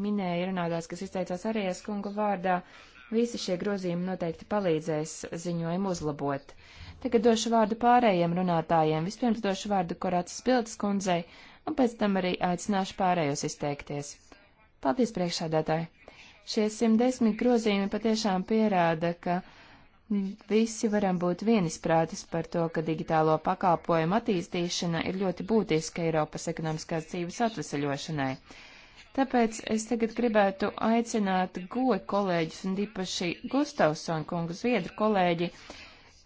minēja runātājs, kas izteicās arī es kungu vārdā, visi šie grozījumi noteikti palīdzēs ziņojumu uzlabot. Tagad došu vārdu pārējiem runātājiem. Vispirms došu vārdu Korātas Piltas kundzei, un pēc tam arī aicināšu pārējos izteikties. Paldies priekšādātāji! Šie 110 grozījumi patiešām pierāda, ka visi varam būt vienisprātis par to, ka digitālo pakalpojumu attīstīšana ir ļoti būtiska Eiropas ekonomiskās dzīves atvesaļošanai. Tāpēc es tagad gribētu aicināt goju kolēģus un īpaši Gustavsonu kungu zviedru kolēģi,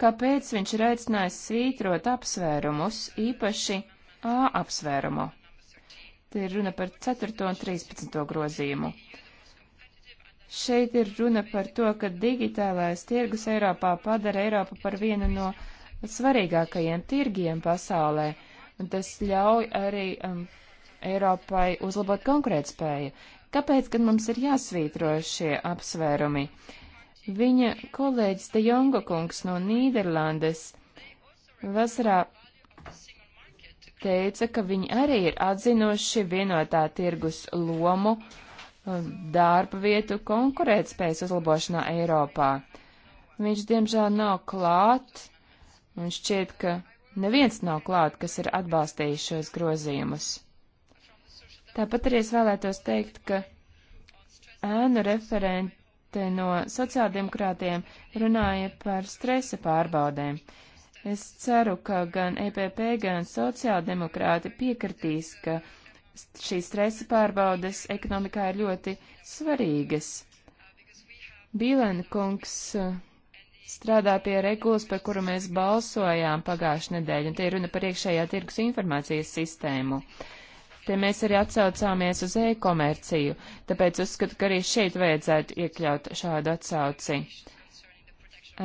kāpēc viņš ir aicinājis svītrot apsvērumus, īpaši A apsvērumu. Te ir runa par 4. un 13. grozījumu. Šeit ir runa par to, ka digitālais tirgus Eiropā padara Eiropu par vienu no svarīgākajiem tirgiem pasaulē, un tas ļauj arī um, Eiropai uzlabot konkurētspēju. Kāpēc, kad mums ir jāsvītro šie apsvērumi? Viņa kolēģis De Jonga kungs no Nīderlandes vasarā teica, ka viņi arī ir atzinoši vienotā tirgus lomu uh, Um, darba vietu konkurētspējas uzlabošanā Eiropā. Viņš, diemžēl, nav klāt, un šķiet, ka neviens nav klāt, kas ir atbalstījis šos grozījumus. Tāpat arī es vēlētos teikt, ka ēnu referente no sociāldemokrātiem runāja par stresa pārbaudēm. Es ceru, ka gan EPP, gan sociāldemokrāti piekritīs, ka šīs stresa pārbaudes ekonomikā ir ļoti svarīgas. Bīlēna kungs eh, strādā pie regulas, par kuru mēs balsojām pagājušajā nedēļā, un te ir runa par iekšējā tirgus informācijas sistēmu. Te mēs arī atsaucāmies uz e-komerciju, tāpēc uzskatu, ka arī šeit vajadzētu iekļaut šādu atsauci.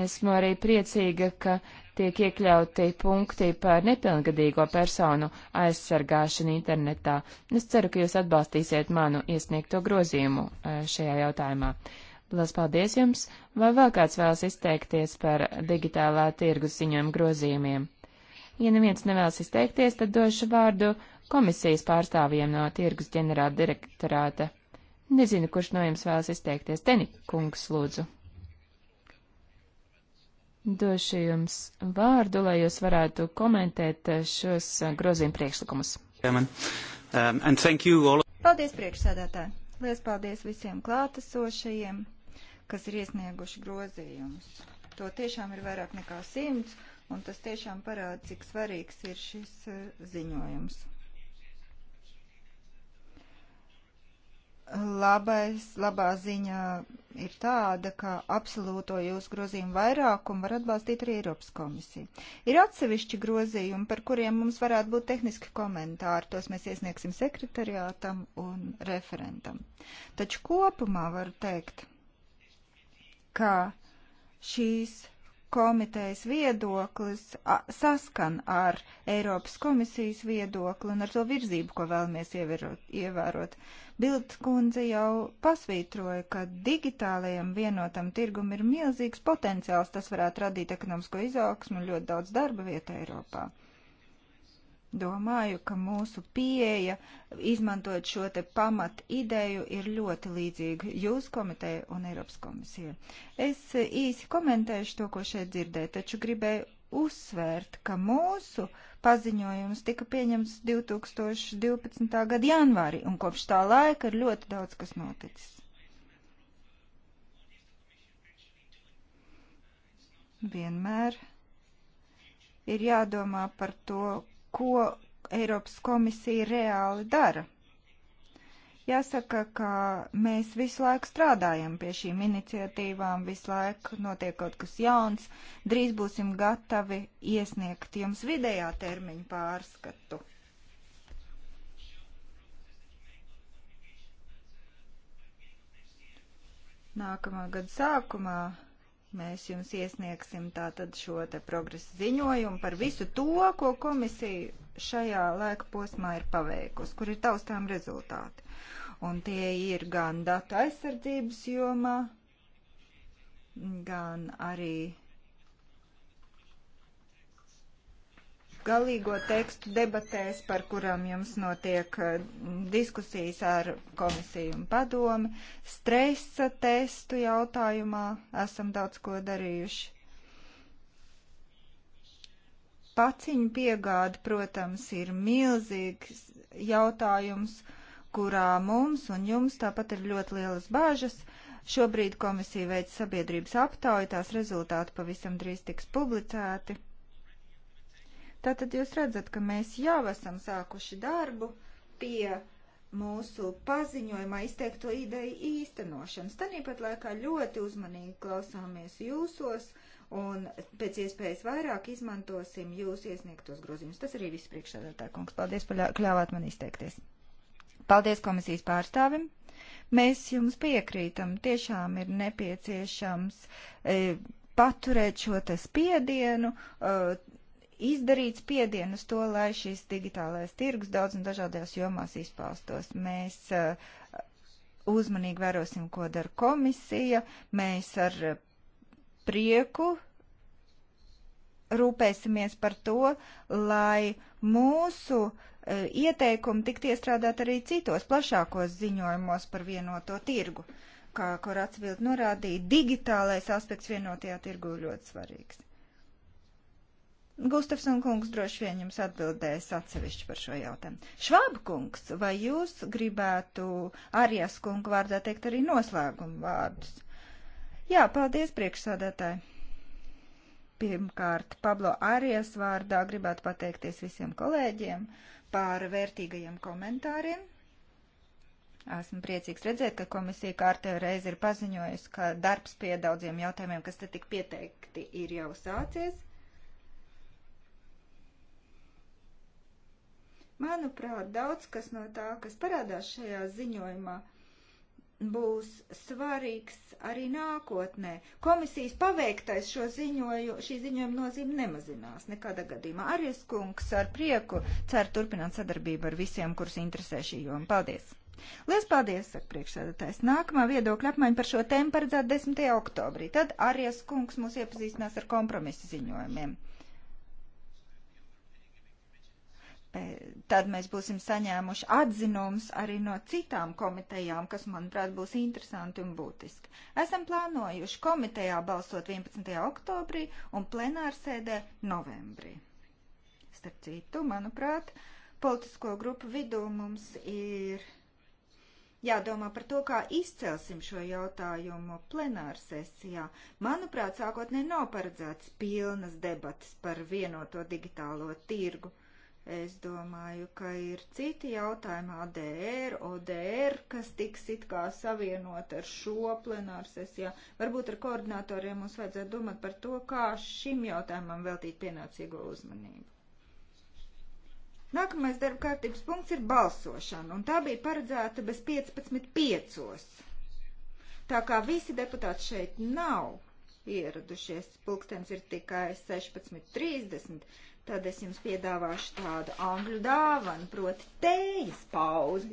Esmu arī priecīga, ka tiek iekļauti punkti par nepilngadīgo personu aizsargāšanu internetā. Es ceru, ka jūs atbalstīsiet manu iesniegto grozījumu eh, šajā jautājumā. Lielas paldies jums! Vai vēl kāds vēlas izteikties par digitālā tirgus ziņojumu grozījumiem? Ja neviens nevēlas izteikties, tad došu vārdu komisijas pārstāvjiem no tirgus ģenerāla direktorāta. Nezinu, kurš no jums vēlas izteikties. Teni, kungs, lūdzu. Došu jums vārdu, lai jūs varētu komentēt šos grozījuma priekšlikumus. Um, paldies priekšsēdētāji! Lielas paldies visiem klātesošajiem, kas ir iesnieguši grozījumus. To tiešām ir vairāk nekā simts, un tas tiešām parāda, cik svarīgs ir šis uh, ziņojums. labais, labā ziņa ir tāda, ka absolūto jūsu grozījumu vairākumu var atbalstīt arī Eiropas komisija. Ir atsevišķi grozījumi, par kuriem mums varētu būt tehniski komentāri, tos mēs iesniegsim sekretariātam un referentam. Taču kopumā varu teikt, ka šīs komitejas viedoklis saskan ar Eiropas komisijas viedokli un ar to virzību, ko vēlamies ievērot. ievērot. Uh, Bild kundze jau pasvītroja, ka digitālajam vienotam tirgum ir milzīgs potenciāls, tas varētu radīt ekonomisko izaugsmu un ļoti daudz darba vietu Eiropā. Domāju, ka mūsu pieeja, izmantojot šo te pamat ideju, ir ļoti līdzīga jūsu komiteja un Eiropas komisija. Es īsi komentēšu to, ko šeit dzirdēju, taču gribēju uzsvērt, ka mūsu uh, Paziņojums tika pieņemts 2012. gada janvārī, un kopš tā laika ir ļoti daudz kas noticis. Vienmēr ir jādomā par to, ko Eiropas komisija reāli dara Jāsaka, ka mēs visu laiku strādājam pie šīm iniciatīvām, visu laiku notiek kaut kas jauns. Drīz būsim gatavi iesniegt jums vidējā termiņa pārskatu. Nākamā gada sākumā Mēs jums iesniegsim tātad šo te progresa ziņojumu par visu to, ko komisija šajā laika posmā ir paveikusi, kur ir taustām rezultāti. Un tie ir gan datu aizsardzības jomā, gan arī galīgo tekstu debatēs, par kurām jums notiek eh, diskusijas ar komisiju un padomi. Stresa testu jautājumā esam daudz ko darījuši. Paciņu piegāde, protams, ir milzīgs jautājums, kurā mums un jums tāpat ir ļoti lielas bāžas. Šobrīd komisija veic sabiedrības aptauju, tās rezultāti pavisam drīz tiks publicēti. Tātad jūs redzat, ka mēs jau esam sākuši darbu pie mūsu paziņojumā izteikto ideju īstenošanas. Tanīpat laikā ļoti uzmanīgi klausāmies jūsos un pēc iespējas vairāk izmantosim jūs iesniegtos grozījumus. Tas arī viss priekšsēdētāji kungs. Paldies, paļāvāt man izteikties. Paldies komisijas pārstāvim. Mēs jums piekrītam, tiešām ir nepieciešams e, paturēt šo te spiedienu, e, izdarīt spiedienu uz to, lai šis digitālais tirgus daudz un dažādās jomās izpaustos. Mēs uh, uzmanīgi vērosim, ko dara komisija. Mēs ar prieku rūpēsimies par to, lai mūsu uh, ieteikumi tiktu iestrādāt arī citos plašākos ziņojumos par vienoto tirgu. Kā Korats vēl norādīja, digitālais aspekts vienotajā tirgu ļoti svarīgs. Gustafsson kungs droši vien jums atbildēs atsevišķi par šo jautājumu. Švāb kungs, vai jūs gribētu Arijas kungu vārdā teikt arī noslēgumu vārdus? Jā, paldies priekšsādātāji. Pirmkārt, Pablo Arijas vārdā gribētu pateikties visiem kolēģiem par vērtīgajiem komentāriem. Esmu priecīgs redzēt, ka komisija kārtējo reizi ir paziņojusi, ka darbs pie daudziem jautājumiem, kas te tik pieteikti, ir jau sācies. Manuprāt, daudz kas no tā, kas parādās šajā ziņojumā, būs svarīgs arī nākotnē. Komisijas paveiktais šo ziņoju, šī ziņojuma nozīme nemazinās nekādā gadījumā. Arijas kungs ar prieku cer turpināt sadarbību ar visiem, kurus interesē šī joma. Paldies! Lielas paldies, saka priekšsēdētājs. Nākamā viedokļa apmaiņa par šo tēmu paredzēta 10. oktobrī. Tad Arijas kungs mūs iepazīstinās ar kompromisu ziņojumiem. E, tad mēs būsim saņēmuši atzinums arī no citām komitejām, kas, manuprāt, būs interesanti un būtiski. Esam plānojuši komitejā balsot 11. oktobrī un plenārsēdē novembrī. Starp citu, manuprāt, politisko grupu vidū mums ir jādomā par to, kā izcelsim šo jautājumu plenāra sesijā. Manuprāt, sākotnēji nav paredzēts pilnas debatas par vienoto digitālo tirgu. Es domāju, ka ir citi jautājumi ADR, ODR, kas tiks it kā savienot ar šo plenāru sesijā. Varbūt ar koordinatoriem mums vajadzētu domāt par to, kā šim jautājumam veltīt pienācīgo uzmanību. Nākamais darba kārtības punkts ir balsošana, un tā bija paredzēta bez 15.5. Tā kā visi deputāti šeit nav ieradušies, pulkstens ir tikai 16.30 tad es jums piedāvāšu tādu angļu dāvanu, proti tējas pauzi.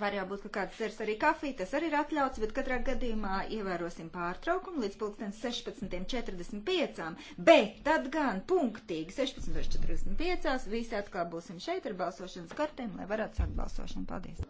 Var jau būt, ka kāds dzers arī kafiju, tas arī ir atļauts, bet katrā gadījumā ievērosim pārtraukumu līdz pulksten 16.45, bet tad gan punktīgi 16.45 visi atkal būsim šeit ar balsošanas kartēm, lai varētu sākt balsošanu. Paldies!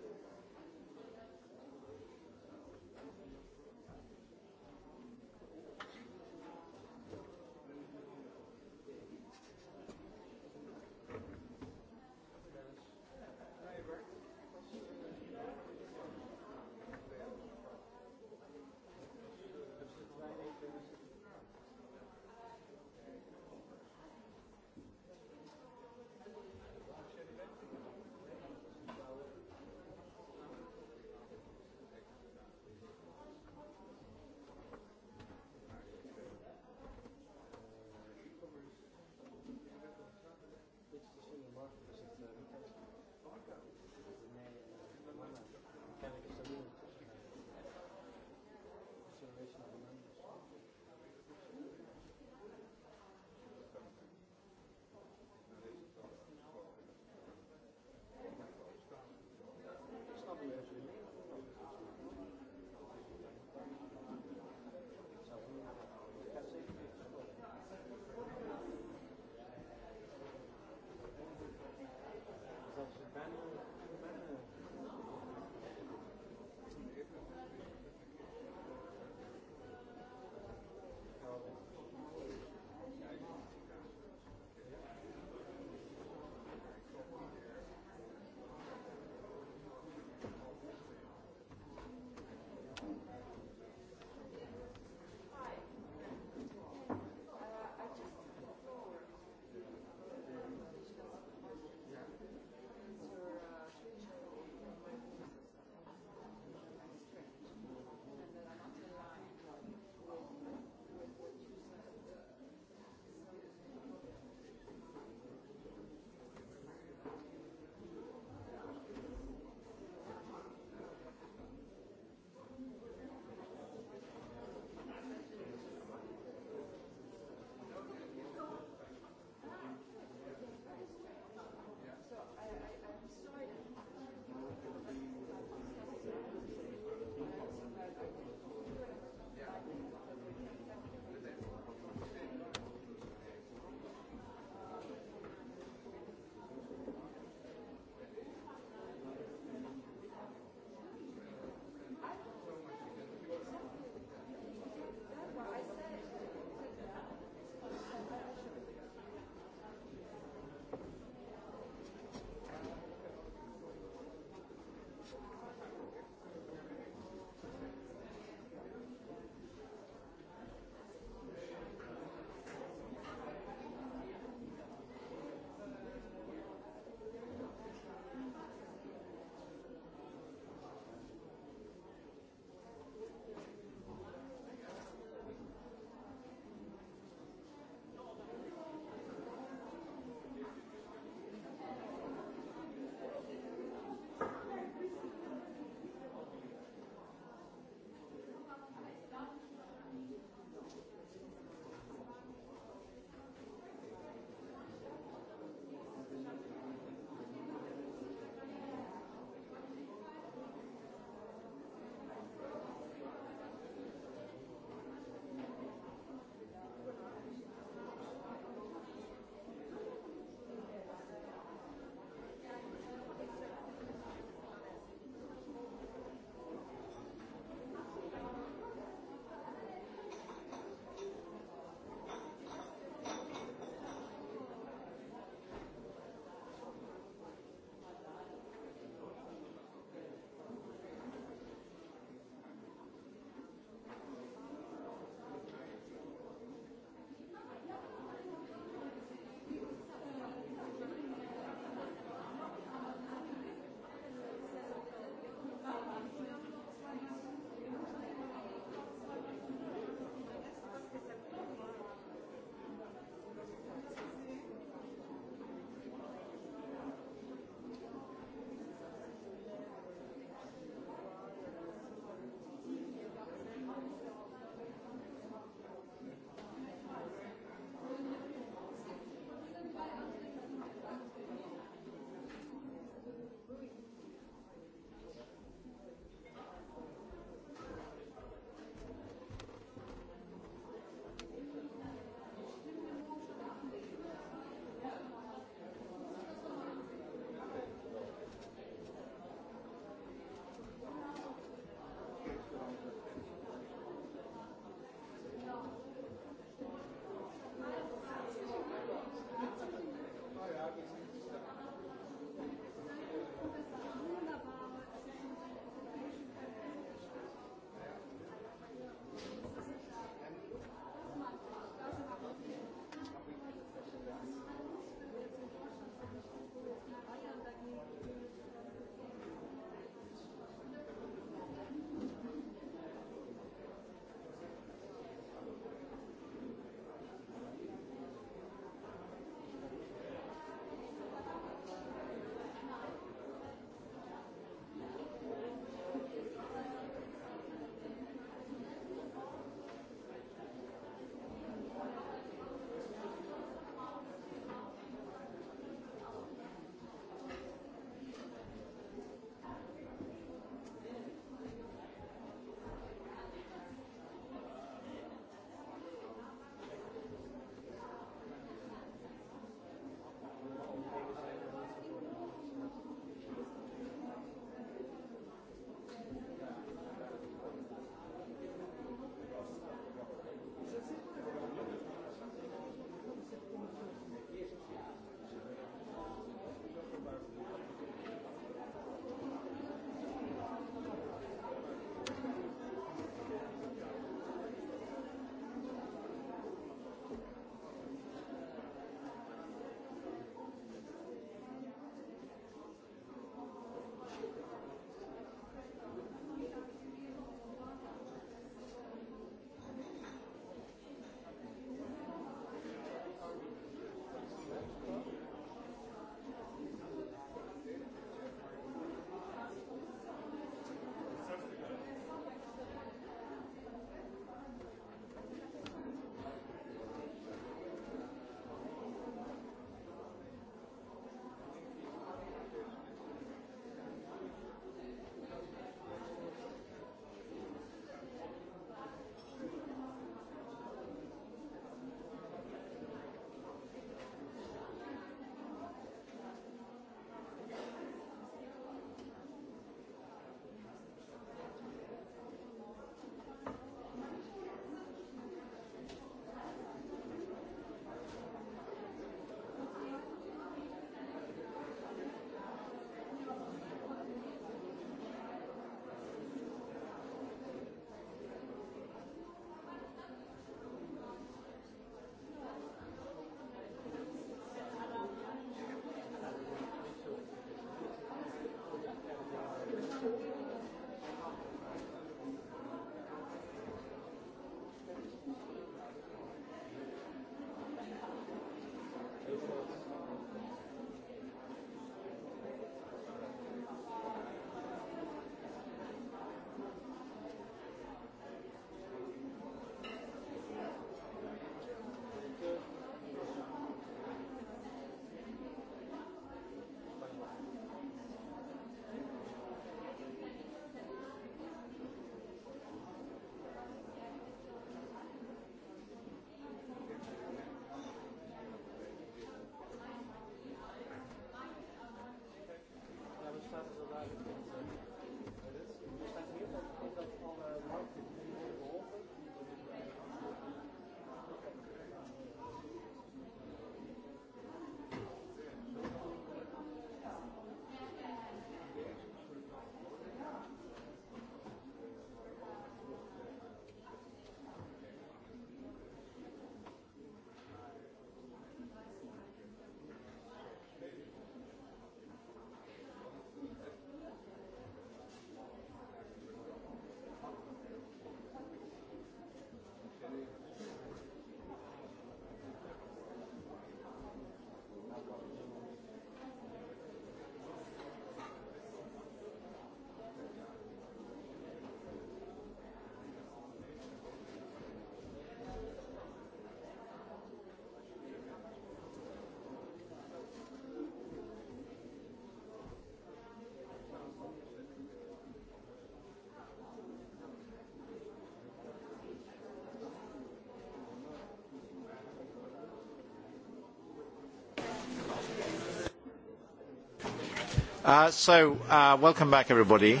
Uh, so, uh, welcome back, everybody.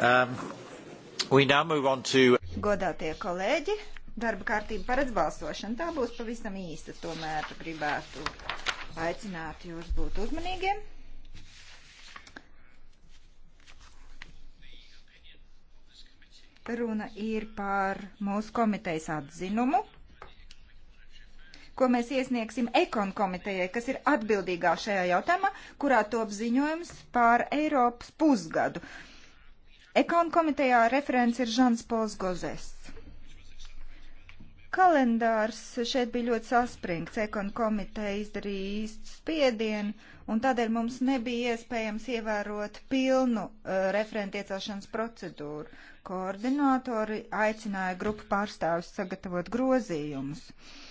Um, we now move on to. Godātie kolēģi, darba kārtība paredz balsošanu. Tā būs pavisam īsta, tomēr gribētu aicināt jūs būt uzmanīgiem. Runa ir par mūsu komitejas atzinumu ko mēs iesniegsim ekon komitejai, kas ir atbildīgā šajā jautājumā, kurā top ziņojums pār Eiropas pusgadu. Ekon komitejā referents ir Žans Pols Gozes. Kalendārs šeit bija ļoti saspringts. Ekon komiteja izdarīja īstu spiedienu, un tādēļ mums nebija iespējams ievērot pilnu uh, referentu iecelšanas procedūru. Koordinātori aicināja grupu pārstāvis sagatavot grozījumus. Uh,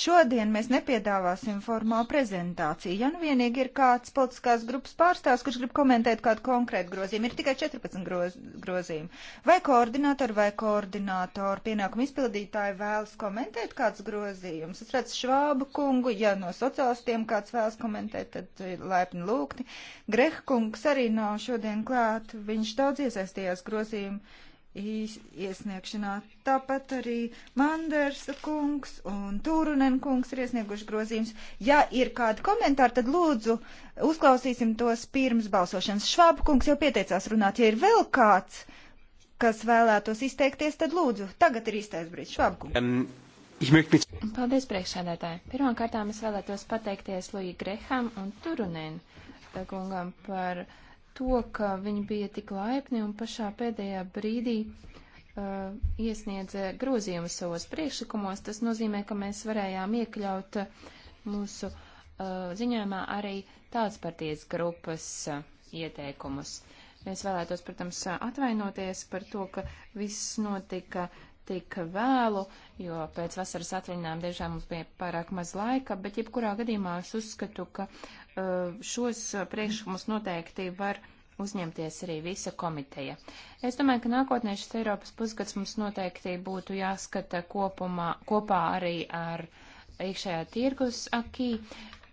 Šodien mēs nepiedāvāsim formālu prezentāciju. Ja nu vienīgi ir kāds politiskās grupas pārstāvs, kurš grib komentēt kādu konkrētu grozījumu, ir tikai 14 groz, grozījumi. Vai koordinātori vai koordinātori pienākumu izpildītāji vēlas komentēt kāds grozījums? Es redzu Švābu kungu, ja no sociālistiem kāds vēlas komentēt, tad ir laipni lūgti. Greha kungs arī nav šodien klāt, viņš daudz iesaistījās grozījumu iesniegšanā. Tāpat arī Mandersa kungs un Tūrunen kungs ir iesnieguši grozījums. Ja ir kādi komentāri, tad lūdzu uzklausīsim tos pirms balsošanas. Švāba kungs jau pieteicās runāt. Ja ir vēl kāds, kas vēlētos izteikties, tad lūdzu, tagad ir īstais brīdis. Švāba kungs. Um. Paldies, priekšsēdētāji. Pirmkārtām es vēlētos pateikties Lūija Greham un Turunēn kungam par uh, to, ka viņi bija tik laipni un pašā pēdējā brīdī uh, iesniedza grozījumus savos priekšlikumos. Tas nozīmē, ka mēs varējām iekļaut mūsu uh, ziņojumā arī tāds partijas grupas uh, ieteikumus. Mēs vēlētos, protams, uh, atvainoties par to, ka viss notika tik vēlu, jo pēc vasaras atvaļinājuma diemžēl mums bija pārāk maz laika, bet jebkurā gadījumā es uzskatu, ka Eh, šos eh, priekšlikumus noteikti var uzņemties arī visa komiteja. Es domāju, ka nākotnē šis Eiropas pusgads mums noteikti būtu jāskata kopumā, kopā arī ar iekšējā tirgus akī.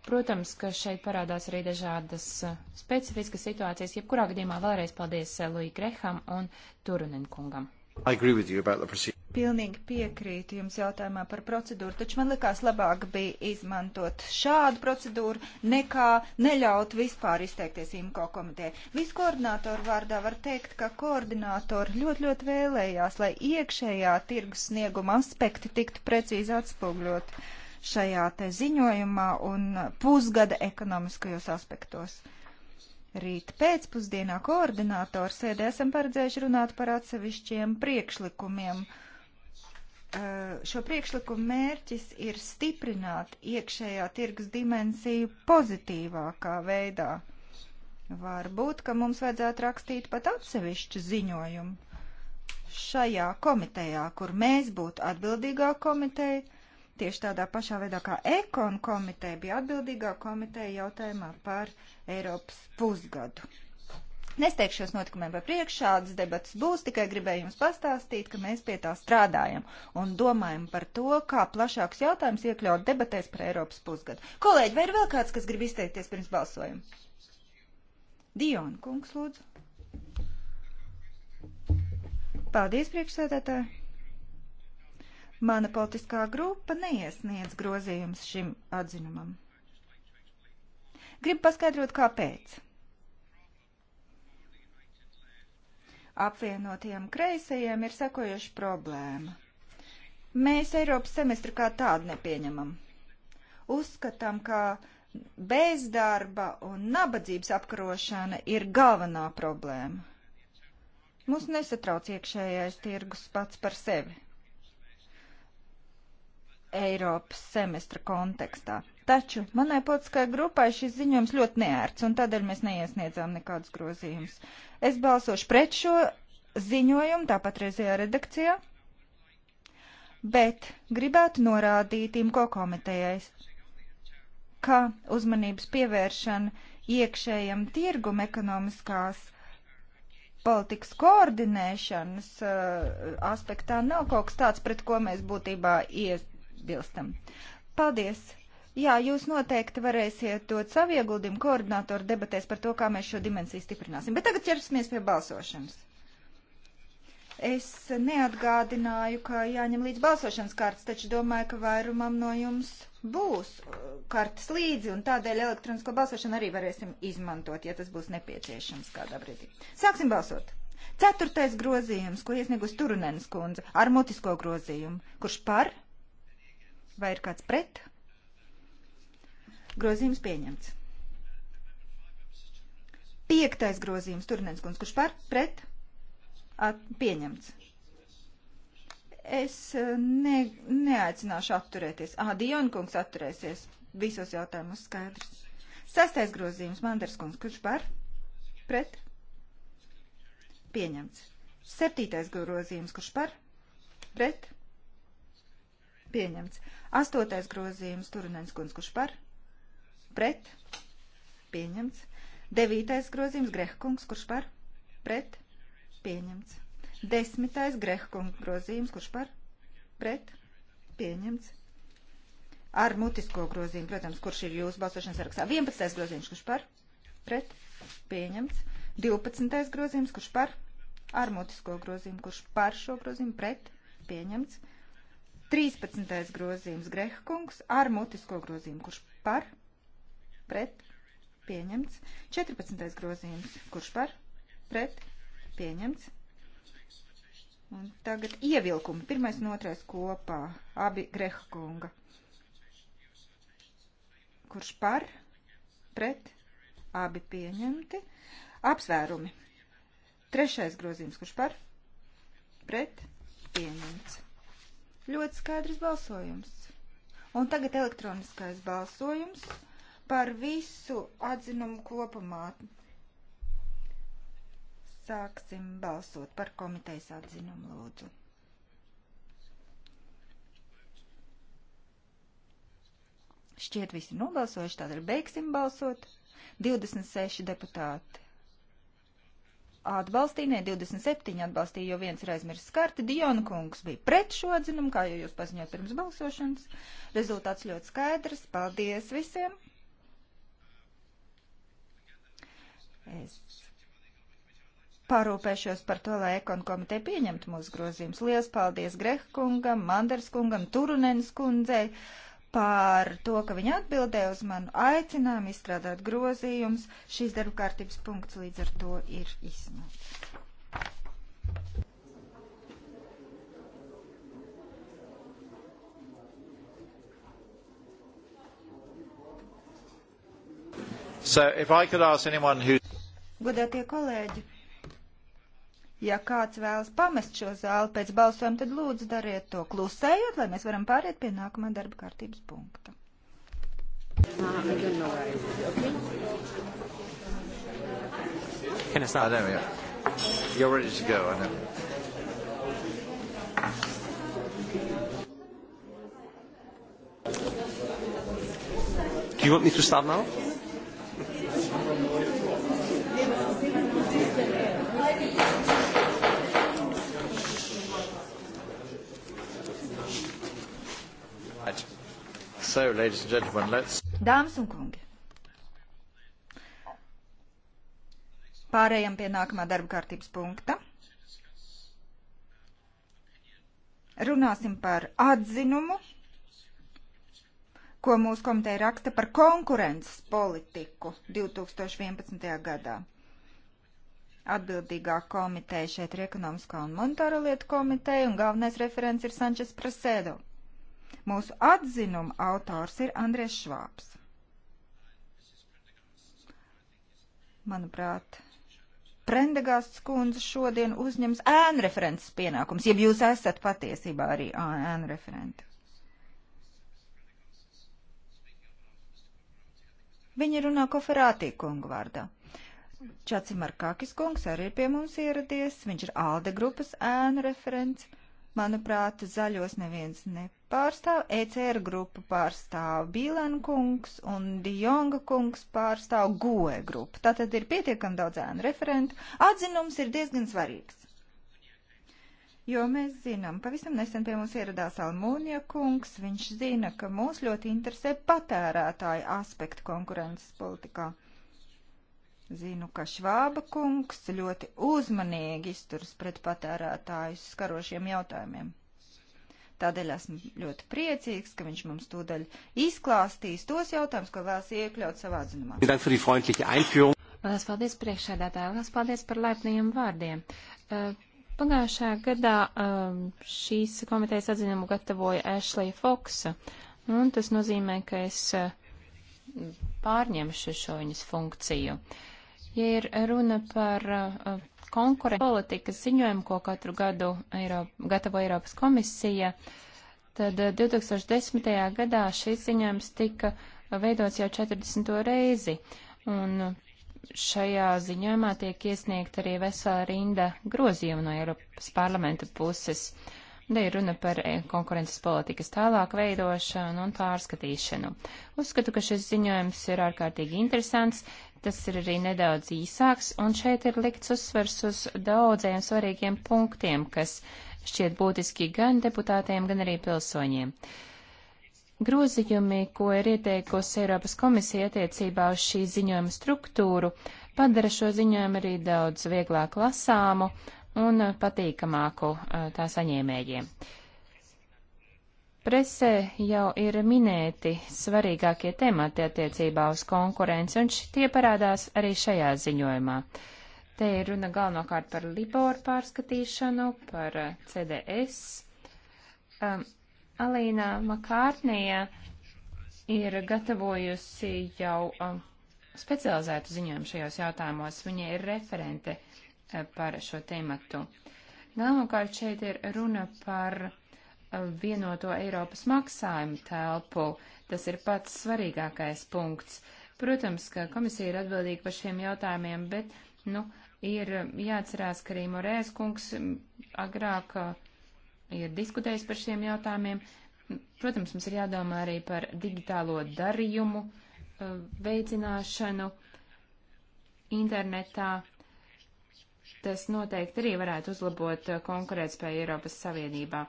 Protams, ka šeit parādās arī dažādas eh, specifiskas situācijas. Jebkurā gadījumā vēlreiz paldies Lui Greham un Turunen kungam. I agree with you about the procedure pilnīgi piekrītu jums jautājumā par procedūru, taču man likās labāk bija izmantot šādu procedūru, nekā neļaut vispār izteikties IMCO komitē. Visu koordinātoru vārdā var teikt, ka koordinātori ļoti, ļoti vēlējās, lai iekšējā tirgus snieguma aspekti tiktu precīzi atspūgļot šajā te ziņojumā un pusgada ekonomiskajos aspektos. Rīt pēcpusdienā koordinātoru sēdē esam paredzējuši runāt par atsevišķiem priekšlikumiem. Uh, Eh, šo priekšlikumu mērķis ir stiprināt iekšējā tirgus dimensiju pozitīvākā veidā. Varbūt, ka mums vajadzētu rakstīt pat atsevišķu ziņojumu šajā komitejā, kur mēs būtu atbildīgā komiteja, tieši tādā pašā veidā kā ekonu komiteja bija atbildīgā komiteja jautājumā par Eiropas pusgadu. Nesteigšos notikumiem pa priekš, šādas debatas būs, tikai gribēju jums pastāstīt, ka mēs pie tā strādājam un domājam par to, kā plašāks jautājums iekļaut debatēs par Eiropas pusgadu. Kolēģi, vai ir vēl kāds, kas grib izteikties pirms balsojuma? Diona kungs, lūdzu. Paldies, priekšsēdētāji! Mana politiskā grupa neiesniedz grozījumus šim atzinumam. Gribu paskaidrot, kāpēc. apvienotajiem kreisajiem ir sekojoša problēma. Mēs Eiropas semestru kā tādu nepieņemam. Uzskatām, ka bezdarba un nabadzības apkarošana ir galvenā problēma. Mūs nesatrauc iekšējais tirgus pats par sevi. Eiropas semestra kontekstā. Taču manai politiskajai grupai šis ziņojums ļoti neērts, un tādēļ mēs neiesniedzām nekādus grozījumus. Es balsošu pret šo ziņojumu, tā patreizajā redakcijā, bet gribētu norādīt imko komitejai, ka uzmanības pievēršana iekšējam tirgum ekonomiskās politikas koordinēšanas uh, aspektā nav kaut kas tāds, pret ko mēs būtībā iebilstam. Paldies! Jā, jūs noteikti varēsiet dot savu ieguldījumu koordinātoru debatēs par to, kā mēs šo dimensiju stiprināsim. Bet tagad ķersimies pie balsošanas. Es neatgādināju, ka jāņem līdz balsošanas kārtas, taču domāju, ka vairumam no jums būs uh, kartas līdzi, un tādēļ elektronisko balsošanu arī varēsim izmantot, ja tas būs nepieciešams kādā brīdī. Sāksim balsot! Ceturtais grozījums, ko iesniegus Turunenes kundze ar mutisko grozījumu. Kurš par? Vai ir kāds pret? Grozījums pieņemts. Piektais grozījums Turnēns kundz, kurš par pret at, pieņemts. Es eh, ne, neaicināšu atturēties. Ah, Dionkungs atturēsies visos jautājumos skaidrs. Sastais grozījums Manderskungs, kurš par pret pieņemts. Septītais grozījums, kurš par pret pieņemts. Astotais grozījums Turnēns kundz, kurš par pret pret, pieņemts. Devītais grozījums Grehkungs, kurš par, pret, pieņemts. Desmitais Grehkungs grozījums, kurš par, pret, pieņemts. Ar mutisko grozījumu, protams, kurš ir jūsu balsošanas sarakstā. 11. grozījums, kurš par, pret, pieņemts. 12. grozījums, kurš par, ar mutisko grozījumu, kurš par šo grozījumu, pret, pieņemts. 13. grozījums Grehkungs ar mutisko grozījumu, kurš par, pret, pieņemts. 14. grozījums, kurš par, pret, pieņemts. Un tagad ievilkumi, pirmais un otrais kopā, abi Greha kunga. Kurš par, pret, abi pieņemti. Apsvērumi. Trešais grozījums, kurš par, pret, pieņemts. Ļoti skaidrs balsojums. Un tagad elektroniskais balsojums par visu atzinumu kopumā. Sāksim balsot par komitejas atzinumu lūdzu. Šķiet visi nobalsojuši, tādēļ beigsim balsot. 26 deputāti atbalstīja, ne 27 atbalstīja, jo viens ir aizmirsis karti. Diona kungs bija pret šo atzinumu, kā jau jūs paziņojat pirms balsošanas. Rezultāts ļoti skaidrs. Paldies visiem! Es parūpēšos par to, lai ekon komiteja pieņemtu mūsu grozījumus. Lielas paldies Grehkungam, Manderskungam, Turunenes kundzei par to, ka viņi atbildēja uz manu aicinājumu izstrādāt grozījumus. Šīs darba kārtības punkts līdz ar to ir izsmelts. So if I could ask anyone who Godātie kolēģi, ja kāds vēlas pamest šo zāli pēc balsojuma, tad lūdzu dariet to klusējot, lai mēs varam pāriet pie nākamā darba kārtības punkta. Can I start? Oh, there we are. You're ready to go, I know. Do you want me to start now? So, ladies and gentlemen, let's... Dāmas un kungi. Pārējām pie nākamā darba kārtības punkta. Runāsim par atzinumu, ko mūsu komiteja raksta par konkurences politiku 2011. gadā. Atbildīgā komiteja šeit ir ekonomiskā un monetāra lieta komiteja, un galvenais referents ir Sančes Prasēdo. Mūsu atzinuma autors ir Andrēs Švāps. Manuprāt, Prendegasts kundze šodien uzņems ēnreferences pienākums, ja jūs esat patiesībā arī ēnreferenti. Viņa runā koferātī kungu vārdā. Čacimar Kakis kungs arī ir pie mums ieradies, viņš ir Alde grupas ēnu referents. Manuprāt, zaļos neviens nepārstāv. ECR grupu pārstāv Bīlenkungs un Dijonga kungs pārstāv GOE grupu. Tātad ir pietiekami daudz ēnu referentu. Atzinums ir diezgan svarīgs. Jo mēs zinām, pavisam nesen pie mums ieradās Almūnija kungs, viņš zina, ka mūs ļoti interesē patērētāju aspektu konkurences politikā. Zinu, ka Švāba kungs ļoti uzmanīgi izturs pret patērētājus skarošiem jautājumiem. Tādēļ esmu ļoti priecīgs, ka viņš mums tūdaļ izklāstīs tos jautājumus, ko vēlas iekļaut savā atzinumā. Lielas paldies priekšsēdētāji, lielas paldies par laipniem vārdiem. Eh, pagājušā gadā eh, šīs komitejas atzinumu gatavoja Ashley Foksa, un tas nozīmē, ka es eh, pārņemšu šo viņas funkciju. Uh, Ja ir runa par uh, konkurences politikas ziņojumu, ko katru gadu Eiropa, gatavo Eiropas komisija, tad 2010. Uh, gadā šis ziņojums tika veidots jau 40. reizi. Un šajā ziņojumā tiek iesniegt arī vesela rinda grozījumu no Eiropas parlamenta puses. Te ir runa par eh, konkurences politikas tālāk veidošanu un pārskatīšanu. Uzskatu, ka šis ziņojums ir ārkārtīgi interesants tas ir arī nedaudz īsāks, un šeit ir likts uzsvers uz daudziem svarīgiem punktiem, kas šķiet būtiski gan deputātiem, gan arī pilsoņiem. Grozījumi, ko ir ieteikusi Eiropas komisija attiecībā uz šī ziņojuma struktūru, padara šo ziņojumu arī daudz vieglāk lasāmu un patīkamāku uh, tā saņēmējiem. Uh, Presē jau ir minēti svarīgākie temati attiecībā uz konkurenci, un tie parādās arī šajā ziņojumā. Te ir runa galvenokārt par Liboru pārskatīšanu, par CDS. Um, Alīna Makārtnija ir gatavojusi jau um, specializētu ziņojumu šajos jautājumos. Viņa ir referente uh, par šo tematu. Galvenokārt šeit ir runa par vienoto Eiropas maksājumu telpu. Tas ir pats svarīgākais punkts. Protams, ka komisija ir atbildīga par šiem jautājumiem, bet, nu, ir jāatcerās, ka arī Morēs kungs agrāk uh, ir diskutējis par šiem jautājumiem. Protams, mums ir jādomā arī par digitālo darījumu uh, veicināšanu internetā. Tas noteikti arī varētu uzlabot uh, konkurētspēju Eiropas Savienībā.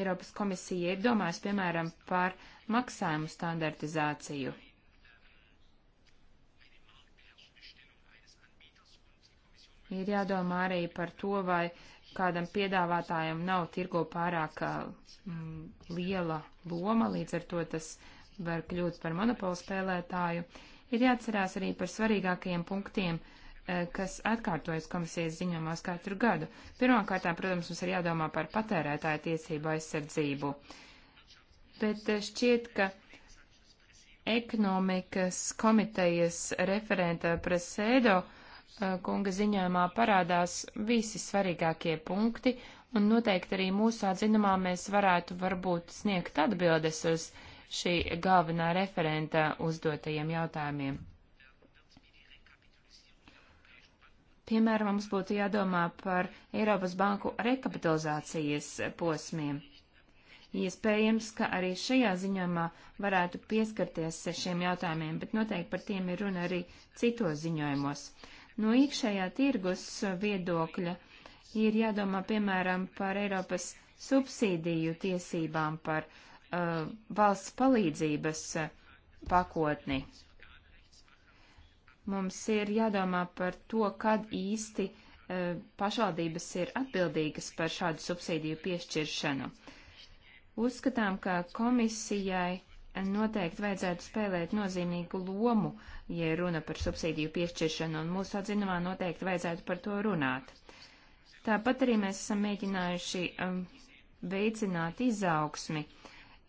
Eiropas komisija ir domājusi, piemēram, par maksājumu standartizāciju. Ir jādomā arī par to, vai kādam piedāvātājam nav tirgo pārāk uh, m, mm, liela loma, līdz ar to tas var kļūt par monopolu spēlētāju. Ir jāatcerās arī par svarīgākajiem punktiem uh, Eh, kas atkārtojas komisijas ziņojumos katru gadu. Pirmkārt, protams, mums ir jādomā par patērētāju tiesību aizsardzību. Bet eh, šķiet, ka ekonomikas komitejas referenta Presēdo eh, kunga ziņojumā parādās visi svarīgākie punkti, un noteikti arī mūsu atzinumā mēs varētu varbūt sniegt atbildes uz šī galvenā referenta uzdotajiem jautājumiem. Piemēram, mums būtu jādomā par Eiropas banku rekapitalizācijas posmiem. Iespējams, ka arī šajā ziņojumā varētu pieskarties šiem jautājumiem, bet noteikti par tiem ir runa arī citos ziņojumos. No iekšējā tirgus viedokļa ir jādomā, piemēram, par Eiropas subsīdiju tiesībām, par uh, valsts palīdzības pakotni. Mums ir jādomā par to, kad īsti uh, pašvaldības ir atbildīgas par šādu subsīdiju piešķiršanu. Uzskatām, ka komisijai noteikti vajadzētu spēlēt nozīmīgu lomu, ja runa par subsīdiju piešķiršanu, un mūsu atzinumā noteikti vajadzētu par to runāt. Tāpat arī mēs esam mēģinājuši um, veicināt izaugsmi,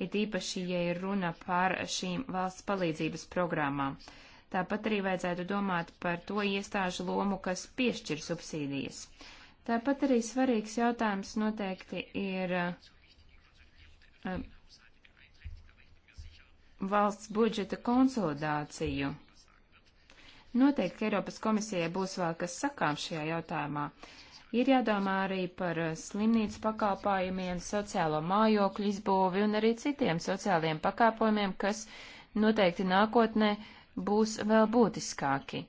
it īpaši, ja ir runa par šīm valsts palīdzības programmām. Uh, Tāpat arī vajadzētu domāt par to iestāžu lomu, kas piešķir subsīdijas. Tāpat arī svarīgs jautājums noteikti ir uh, valsts budžeta konsolidāciju. Noteikti, ka Eiropas komisijai būs vēl kas sakām šajā jautājumā. Ir jādomā arī par eh, slimnīcu pakalpājumiem, sociālo mājokļu izbūvi un arī citiem sociālajiem pakāpojumiem, kas noteikti nākotnē uh, būs vēl būtiskāki.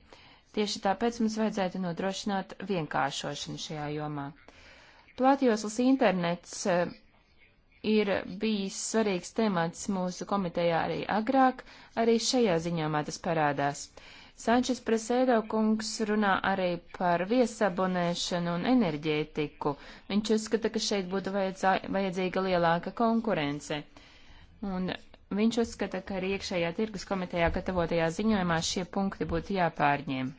Tieši tāpēc mums vajadzētu nodrošināt vienkāršošanu šajā jomā. Platjoslas internets e, ir bijis svarīgs temats mūsu komitejā arī agrāk, arī šajā ziņojumā tas parādās. Sančes Presēdo kungs runā arī par viesabonēšanu un enerģētiku. Viņš uzskata, ka šeit būtu vajadzā, vajadzīga lielāka konkurence. Un Viņš uzskata, ka arī iekšējā tirgus komitejā gatavotajā ziņojumā šie punkti būtu jāpārņem.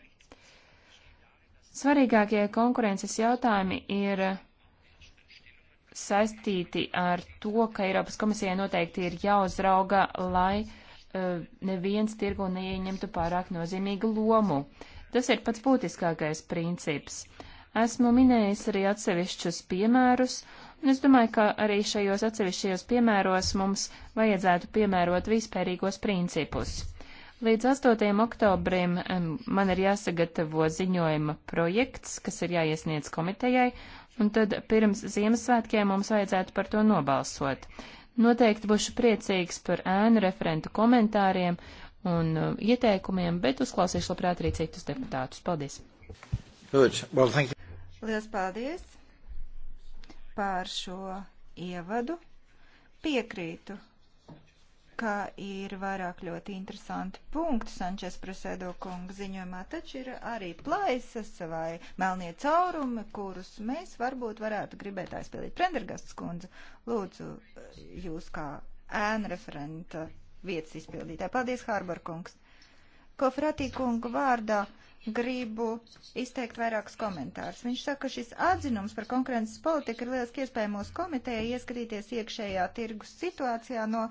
Svarīgākie konkurences jautājumi ir saistīti ar to, ka Eiropas komisijai noteikti ir jāuzrauga, lai uh, neviens tirgu neieņemtu pārāk nozīmīgu lomu. Tas ir pats būtiskākais princips. Esmu minējis arī atsevišķus piemērus, Un es domāju, ka arī šajos atsevišķajos piemēros mums vajadzētu piemērot vispārīgos principus. Līdz 8. oktobrim man ir jāsagatavo ziņojuma projekts, kas ir jāiesniedz komitejai, un tad pirms Ziemassvētkiem mums vajadzētu par to nobalsot. Noteikti būšu priecīgs par ēnu referentu komentāriem un e, ieteikumiem, bet uzklausīšu labprāt arī citus deputātus. Paldies! Good. Well, Lielas paldies! par šo ievadu. Piekrītu, ka ir vairāk ļoti interesanti punkti Sančes Prasēdo kunga ziņojumā, taču ir arī plaisas vai melnie caurumi, kurus mēs varbūt varētu gribēt aizpildīt. Prendergasts kundze, lūdzu jūs kā ēna referenta vietas izpildītāji. Paldies, Hārbar kungs! Kofratī kunga vārdā gribu izteikt vairākus komentārus. Viņš saka, ka šis atzinums par konkurences politiku ir lieliski iespēja mūsu komitejai ieskatīties iekšējā tirgus situācijā no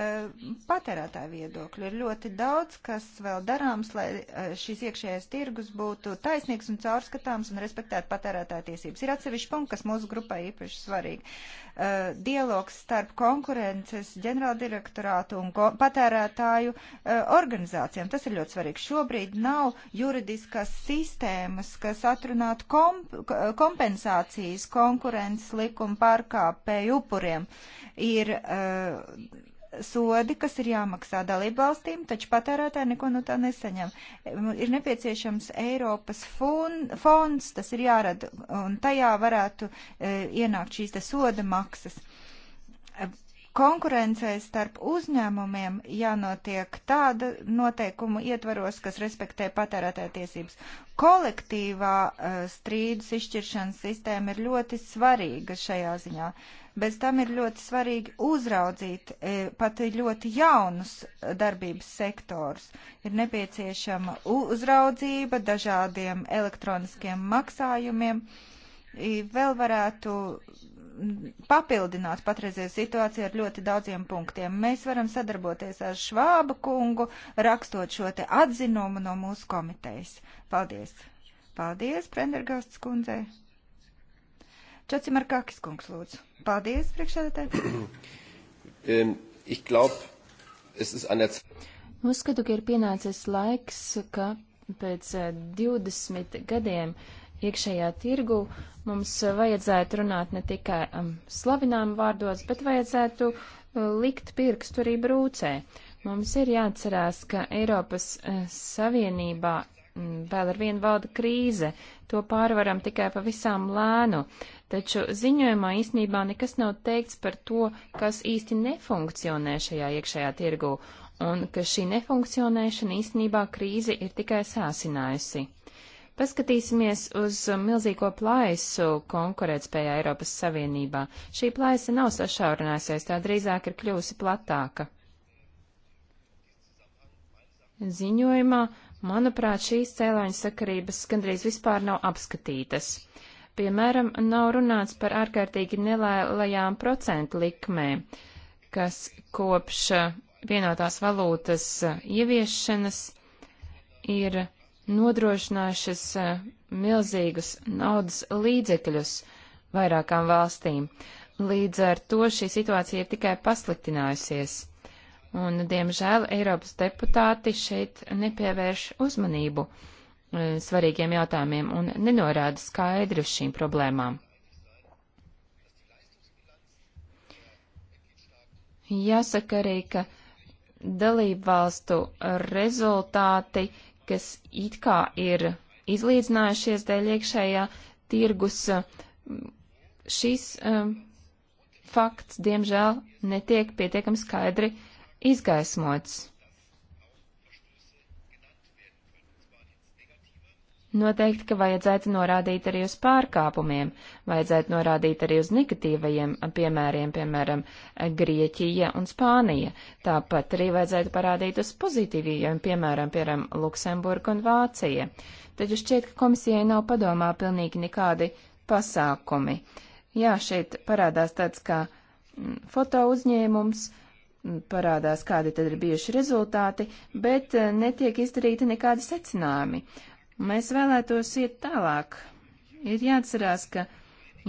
Eh, patērētāju viedokļu. Ir ļoti daudz, kas vēl darāms, lai eh, šīs iekšējais tirgus būtu taisnīgs un caurskatāms un respektētu patērētāju tiesības. Ir atsevišķi punkti, kas mūsu grupai īpaši svarīgi. Eh, dialogs starp konkurences ģenerāldirektorātu un patērētāju organizācijām. Tas ir ļoti svarīgi. Šobrīd nav juridiskas sistēmas, kas atrunātu komp kompensācijas konkurences likuma pārkāpēju upuriem. Ir uh, sodi, kas ir jāmaksā dalībvalstīm, taču patērētāji neko no tā nesaņem. Ir nepieciešams Eiropas fun, fonds, tas ir jārada, un tajā varētu e, ienākt šīs te soda maksas. Konkurencei starp uzņēmumiem jānotiek tāda noteikumu ietvaros, kas respektē patērētāja tiesības. Kolektīvā uh, strīdus izšķiršanas sistēma ir ļoti svarīga šajā ziņā. Bez tam ir ļoti svarīgi uzraudzīt e, pat ļoti jaunus eh, darbības sektors. Ir nepieciešama uzraudzība dažādiem elektroniskiem maksājumiem. E, vēl varētu papildinās patreizēju situāciju ar ļoti daudziem punktiem. Mēs varam sadarboties ar Švāba kungu, rakstot šo te atzinumu no mūsu komitejas. Paldies! Paldies, Prendergasts kundzei! Čacimar Kakis kungs, lūdzu. Paldies, priekšsēdētāji. Uzskatu, ka ir pienācis laiks, ka pēc 20 eh, gadiem uh, iekšējā tirgu mums vajadzētu runāt ne tikai um, slavinām vārdos, bet vajadzētu uh, likt pirkstu arī brūcē. Mums ir jāatcerās, ka Eiropas uh, Savienībā mm, vēl ar vienu valda krīze, to pārvaram tikai pavisam lēnu, taču ziņojumā īsnībā nekas nav teikts par to, kas īsti nefunkcionē šajā iekšējā tirgu, un ka šī nefunkcionēšana īsnībā krīzi ir tikai sāsinājusi. Paskatīsimies uz um, milzīgo plaisu konkurētspējā Eiropas Savienībā. Šī plaisa nav sašaurinājusies, tā drīzāk ir kļūsi platāka. Ziņojumā, manuprāt, šīs cēloņa sakarības gandrīz vispār nav apskatītas. Piemēram, nav runāts par ārkārtīgi nelēlajām procentu likmēm, kas kopš vienotās valūtas ieviešanas ir nodrošinājušas eh, milzīgus naudas līdzekļus vairākām valstīm. Līdz ar to šī situācija ir tikai pasliktinājusies. Un, diemžēl, Eiropas deputāti šeit nepievērš uzmanību eh, svarīgiem jautājumiem un nenorāda skaidri uz šīm problēmām. Jāsaka arī, ka dalībvalstu rezultāti kas it kā ir izlīdzinājušies dēļ iekšējā tirgus, šis um, fakts, diemžēl, netiek pietiekami skaidri izgaismots. Noteikti, ka vajadzētu norādīt arī uz pārkāpumiem, vajadzētu norādīt arī uz negatīvajiem piemēriem, piemēram, Grieķija un Spānija. Tāpat arī vajadzētu parādīt uz pozitīvajiem, piemēram, piemēram, Luksemburga un Vācija. Taču šķiet, ka komisijai nav padomā pilnīgi nekādi pasākumi. Jā, šeit parādās tāds kā mm, foto uzņēmums, mm, parādās, kādi tad ir bijuši rezultāti, bet eh, netiek izdarīti nekādi secinājumi. Mēs vēlētos iet tālāk. Ir jāatcerās, ka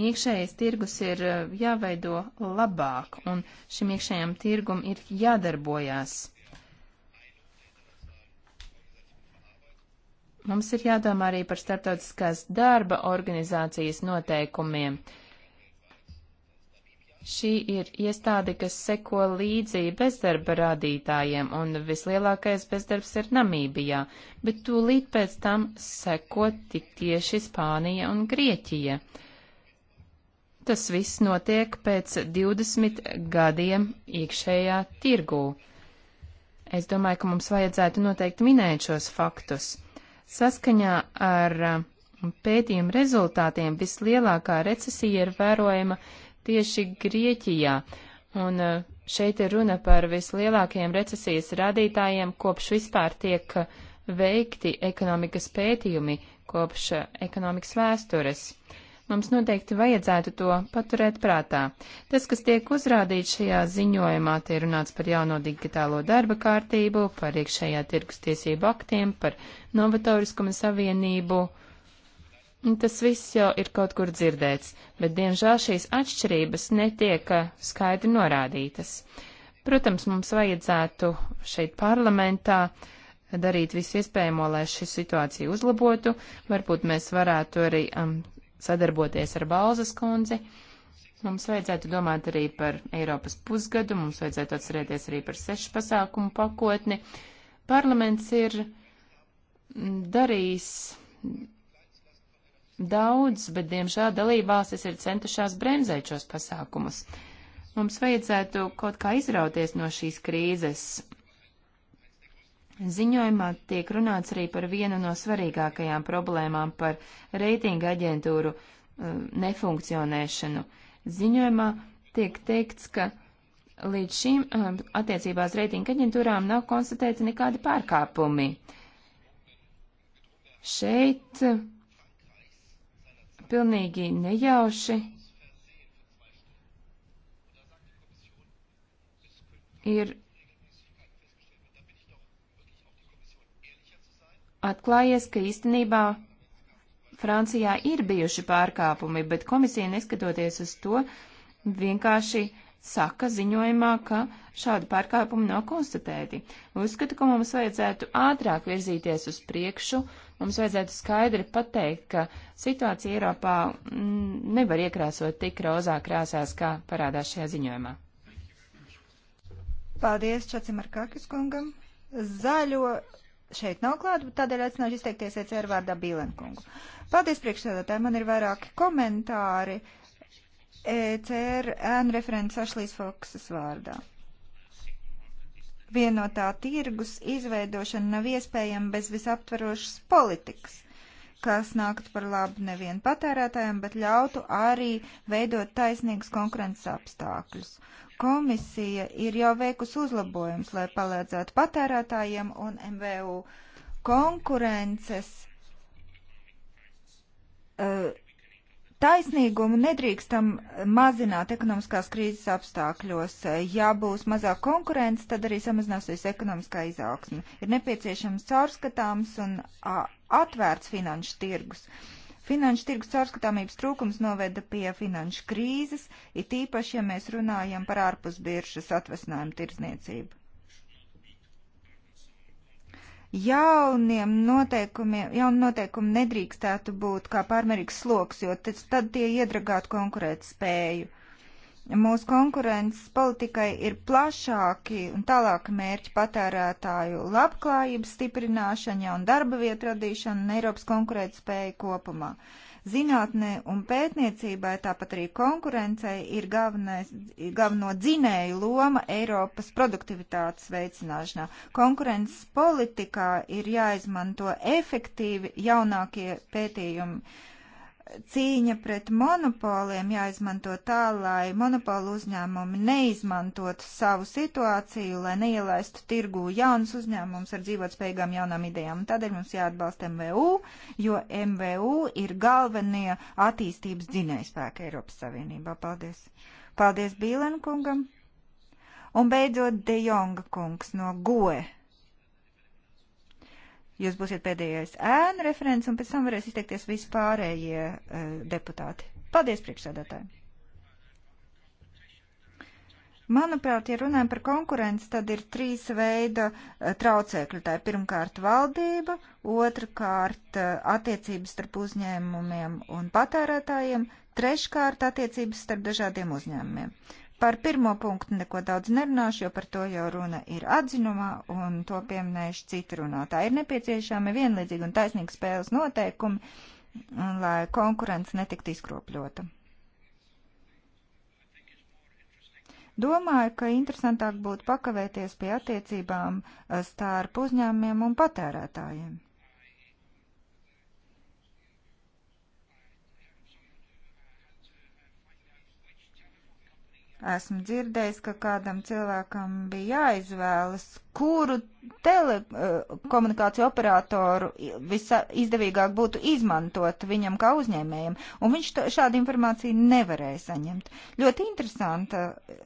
iekšējais tirgus ir uh, jāveido labāk, un šim iekšējam tirgum ir jādarbojās. Mums ir jādomā arī par starptautiskās darba organizācijas noteikumiem. Uh, Šī ir iestāde, kas seko līdzi bezdarba rādītājiem, un vislielākais bezdarbs ir Namībijā, bet tūlīt pēc tam seko tik tieši Spānija un Grieķija. Tas viss notiek pēc 20 gadiem iekšējā tirgū. Es domāju, ka mums vajadzētu noteikti minēt šos faktus. Saskaņā ar um, pētījumu rezultātiem vislielākā recesija ir vērojama tieši Grieķijā. Un eh, šeit ir runa par vislielākajiem recesijas radītājiem, kopš vispār tiek eh, veikti ekonomikas pētījumi, kopš eh, ekonomikas vēstures. Mums noteikti vajadzētu to paturēt prātā. Tas, kas tiek uzrādīts šajā ziņojumā, tie runāts par jauno digitālo darba kārtību, par iekšējā tirgus tiesību aktiem, par novatoriskumu savienību, uh, Tas viss jau ir kaut kur dzirdēts, bet diemžēl šīs atšķirības netiek eh, skaidri norādītas. Protams, mums vajadzētu šeit parlamentā darīt visu iespējamo, lai šī situācija uzlabotu. Varbūt mēs varētu arī um, sadarboties ar Balzas kundzi. Mums vajadzētu domāt arī par Eiropas pusgadu, mums vajadzētu atcerēties arī par sešu pasākumu pakotni. Parlaments ir mm, darījis daudz, bet diemžēl dalībvalstis ir centušās bremzēt šos pasākumus. Mums vajadzētu kaut kā izrauties no šīs krīzes. Ziņojumā tiek runāts arī par vienu no svarīgākajām problēmām par reitinga aģentūru uh, nefunkcionēšanu. Ziņojumā tiek teikts, ka līdz šim uh, attiecībās reitinga aģentūrām nav konstatēti nekādi pārkāpumi. Šeit uh, pilnīgi nejauši ir atklājies, ka īstenībā Francijā ir bijuši pārkāpumi, bet komisija neskatoties uz to vienkārši saka ziņojumā, ka šādi pārkāpumi nav konstatēti. Uzskatu, ka mums vajadzētu ātrāk virzīties uz priekšu Mums vajadzētu skaidri pateikt, ka situācija Eiropā nevar iekrāsot tik rozā krāsās, kā parādās šajā ziņojumā. Paldies Čacimarkakis kungam. Zaļo šeit nav klāt, bet tādēļ aicināšu izteikties ECR vārdā Bīlenkungu. Paldies priekšsēdētāji, man ir vairāki komentāri ECR ēnu referents Ašlīs Foksas vārdā vienotā tirgus izveidošana nav iespējama bez visaptvarošas politikas kas nāktu par labu nevien patērētājiem, bet ļautu arī veidot taisnīgus konkurences apstākļus. Komisija ir jau veikusi uzlabojums, lai palīdzētu patērētājiem un MVU konkurences uh, Taisnīgumu nedrīkstam mazināt ekonomiskās krīzes apstākļos. Ja būs mazāk konkurence, tad arī samazināsies ekonomiskā izaugsme. Ir nepieciešams caurskatāms un atvērts finanšu tirgus. Finanšu tirgus caurskatāmības trūkums noveda pie finanšu krīzes, it īpaši, ja mēs runājam par ārpusbiržas atvesinājumu tirzniecību jauniem noteikumiem, jauni noteikumi nedrīkstētu būt kā pārmērīgs sloks, jo tad tie iedragātu konkurēt spēju. Mūsu konkurences politikai ir plašāki un tālāki mērķi patērētāju labklājības stiprināšana, jauna darba vieta radīšana un Eiropas konkurētspēja kopumā. Uh, Zinātnē un pētniecībai, tāpat arī konkurencei, ir galvenais, galveno dzinēju loma Eiropas produktivitātes veicināšanā. Konkurences politikā ir jāizmanto efektīvi jaunākie pētījumi cīņa pret monopoliem jāizmanto tā, lai monopolu uzņēmumi neizmantotu savu situāciju, lai neielaistu tirgū jaunus uzņēmumus ar dzīvotspējīgām jaunām idejām. Un tādēļ mums jāatbalsta MVU, jo MVU ir galvenie attīstības dzinējspēki Eiropas Savienībā. Paldies! Paldies Bīlenkungam! Un beidzot De Jonga kungs no GOE Jūs būsiet pēdējais ēnu referents, un pēc tam varēs izteikties visi pārējie uh, e, deputāti. Paldies, priekšsēdētāji! Manuprāt, ja runājam par konkurenci, tad ir trīs veida e, traucēkļi. Tā ir pirmkārt valdība, otrkārt e, attiecības starp uzņēmumiem un patērētājiem, treškārt attiecības starp dažādiem uzņēmumiem. Uh, Par pirmo punktu neko daudz nerunāšu, jo par to jau runa ir atzinumā, un to pieminējuši citi runātāji. Ir nepieciešami vienlīdzīgi un taisnīgi spēles noteikumi, un, lai konkurence netiktu izkropļota. Domāju, ka interesantāk būtu pakavēties pie attiecībām eh, starp uzņēmumiem un patērētājiem. Esmu dzirdējis, ka kādam cilvēkam bija jāizvēlas, kuru telekomunikāciju eh, operatoru visa izdevīgāk būtu izmantot viņam kā uzņēmējiem, un viņš to, šādu informāciju nevarēja saņemt. Ļoti interesanta eh,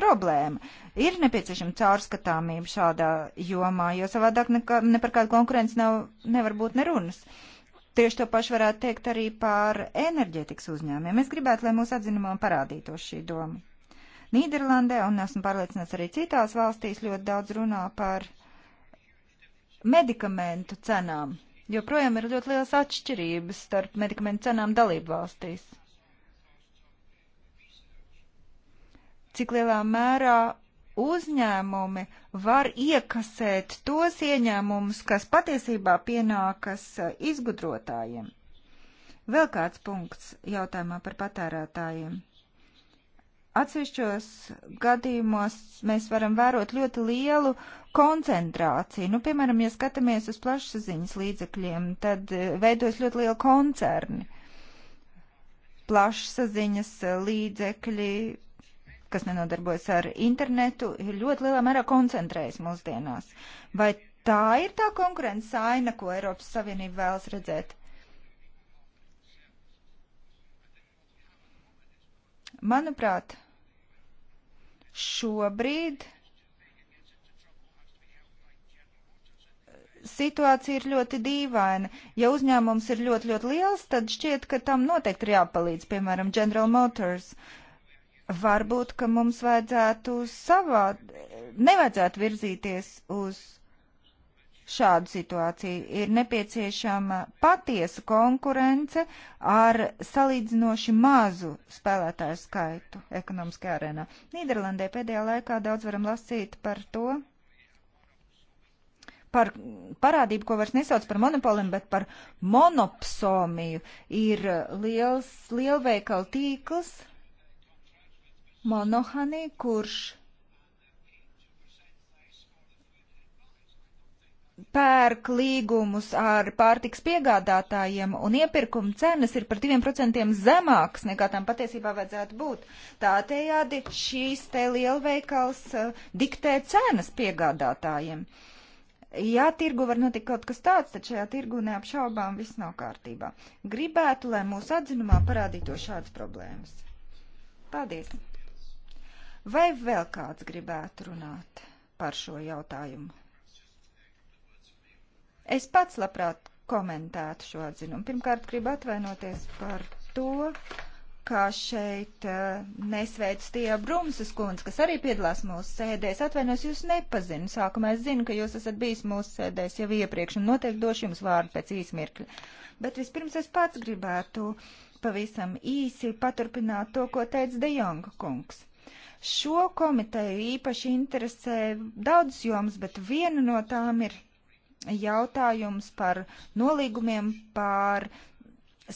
problēma. Ir nepieciešama caurskatāmība šādā jomā, jo savādāk nekā, ne par kādu konkurenci nav, nevar būt nerunas. Tieši to pašu varētu teikt arī par enerģētikas uzņēmumiem. Es gribētu, lai mūsu atzinumam parādītos šī doma. Nīderlandē, un esmu pārliecināts arī citās valstīs, ļoti daudz runā par medikamentu cenām. Joprojām ir ļoti liels atšķirības starp medikamentu cenām dalību valstīs. Cik lielā mērā uzņēmumi var iekasēt tos ieņēmumus, kas patiesībā pienākas e, izgudrotājiem. Vēl kāds punkts jautājumā par patērētājiem. Atsevišķos gadījumos mēs varam vērot ļoti lielu koncentrāciju. Nu, piemēram, ja skatāmies uz plašsaziņas līdzekļiem, tad eh, veidojas ļoti liela koncerni. Plašsaziņas eh, līdzekļi, kas nenodarbojas ar internetu, ir ļoti lielā mērā koncentrējas mūsdienās. Vai tā ir tā konkurences aina, ko Eiropas Savienība vēlas redzēt? Manuprāt, Šobrīd situācija ir ļoti dīvaina. Ja uzņēmums ir ļoti, ļoti liels, tad šķiet, ka tam noteikti ir jāpalīdz, piemēram, General Motors. Varbūt, ka mums vajadzētu savā, nevajadzētu virzīties uz šādu situāciju. Ir nepieciešama patiesa konkurence ar salīdzinoši mazu spēlētāju skaitu ekonomiskajā arēnā. Nīderlandē pēdējā laikā daudz varam lasīt par to, par parādību, ko vairs nesauc par monopoliem, bet par monopsomiju, ir liels lielveikalu tīkls Monohani, kurš pērk līgumus ar pārtiks piegādātājiem un iepirkuma cenas ir par 2% zemāks nekā tam patiesībā vajadzētu būt. Tādējādi šīs te lielveikals uh, diktē cenas piegādātājiem. Jā, tirgu var notikt kaut kas tāds, taču šajā tirgu neapšaubām viss nav kārtībā. Gribētu, lai mūsu atzinumā parādītu šādas problēmas. Paldies! Vai vēl kāds gribētu runāt par šo jautājumu? Es pats labprāt komentētu šo atzinumu. Pirmkārt, gribu atvainoties par to, kā šeit eh, nesveicu tie Brumsas kundze, kas arī piedalās mūsu sēdēs. Atvainos, jūs nepazinu. Sākumā es zinu, ka jūs esat bijis mūsu sēdēs jau iepriekš un noteikti došu jums vārdu pēc īsmirkļa. Bet vispirms es pats gribētu pavisam īsi paturpināt to, ko teica Dejonga kungs. Šo komiteju īpaši interesē daudzas jomas, bet viena no tām ir jautājums par nolīgumiem par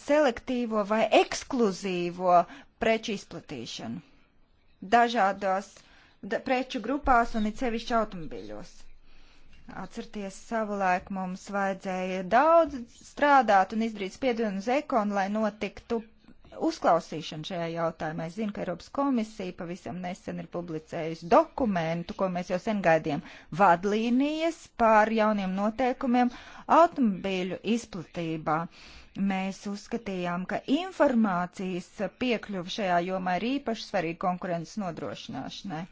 selektīvo vai ekskluzīvo preču izplatīšanu dažādās da, preču grupās un it sevišķi automobiļos. Atcerieties, savulaik mums vajadzēja daudz strādāt un izdarīt spiedienu uz ekonu, lai notiktu uzklausīšanu šajā jautājumā. Es zinu, ka Eiropas komisija pavisam nesen ir publicējusi dokumentu, ko mēs jau sen gaidījām, vadlīnijas pār jauniem noteikumiem automobīļu izplatībā. Mēs uzskatījām, ka informācijas piekļuva šajā jomā ir īpaši svarīga konkurences nodrošināšanai.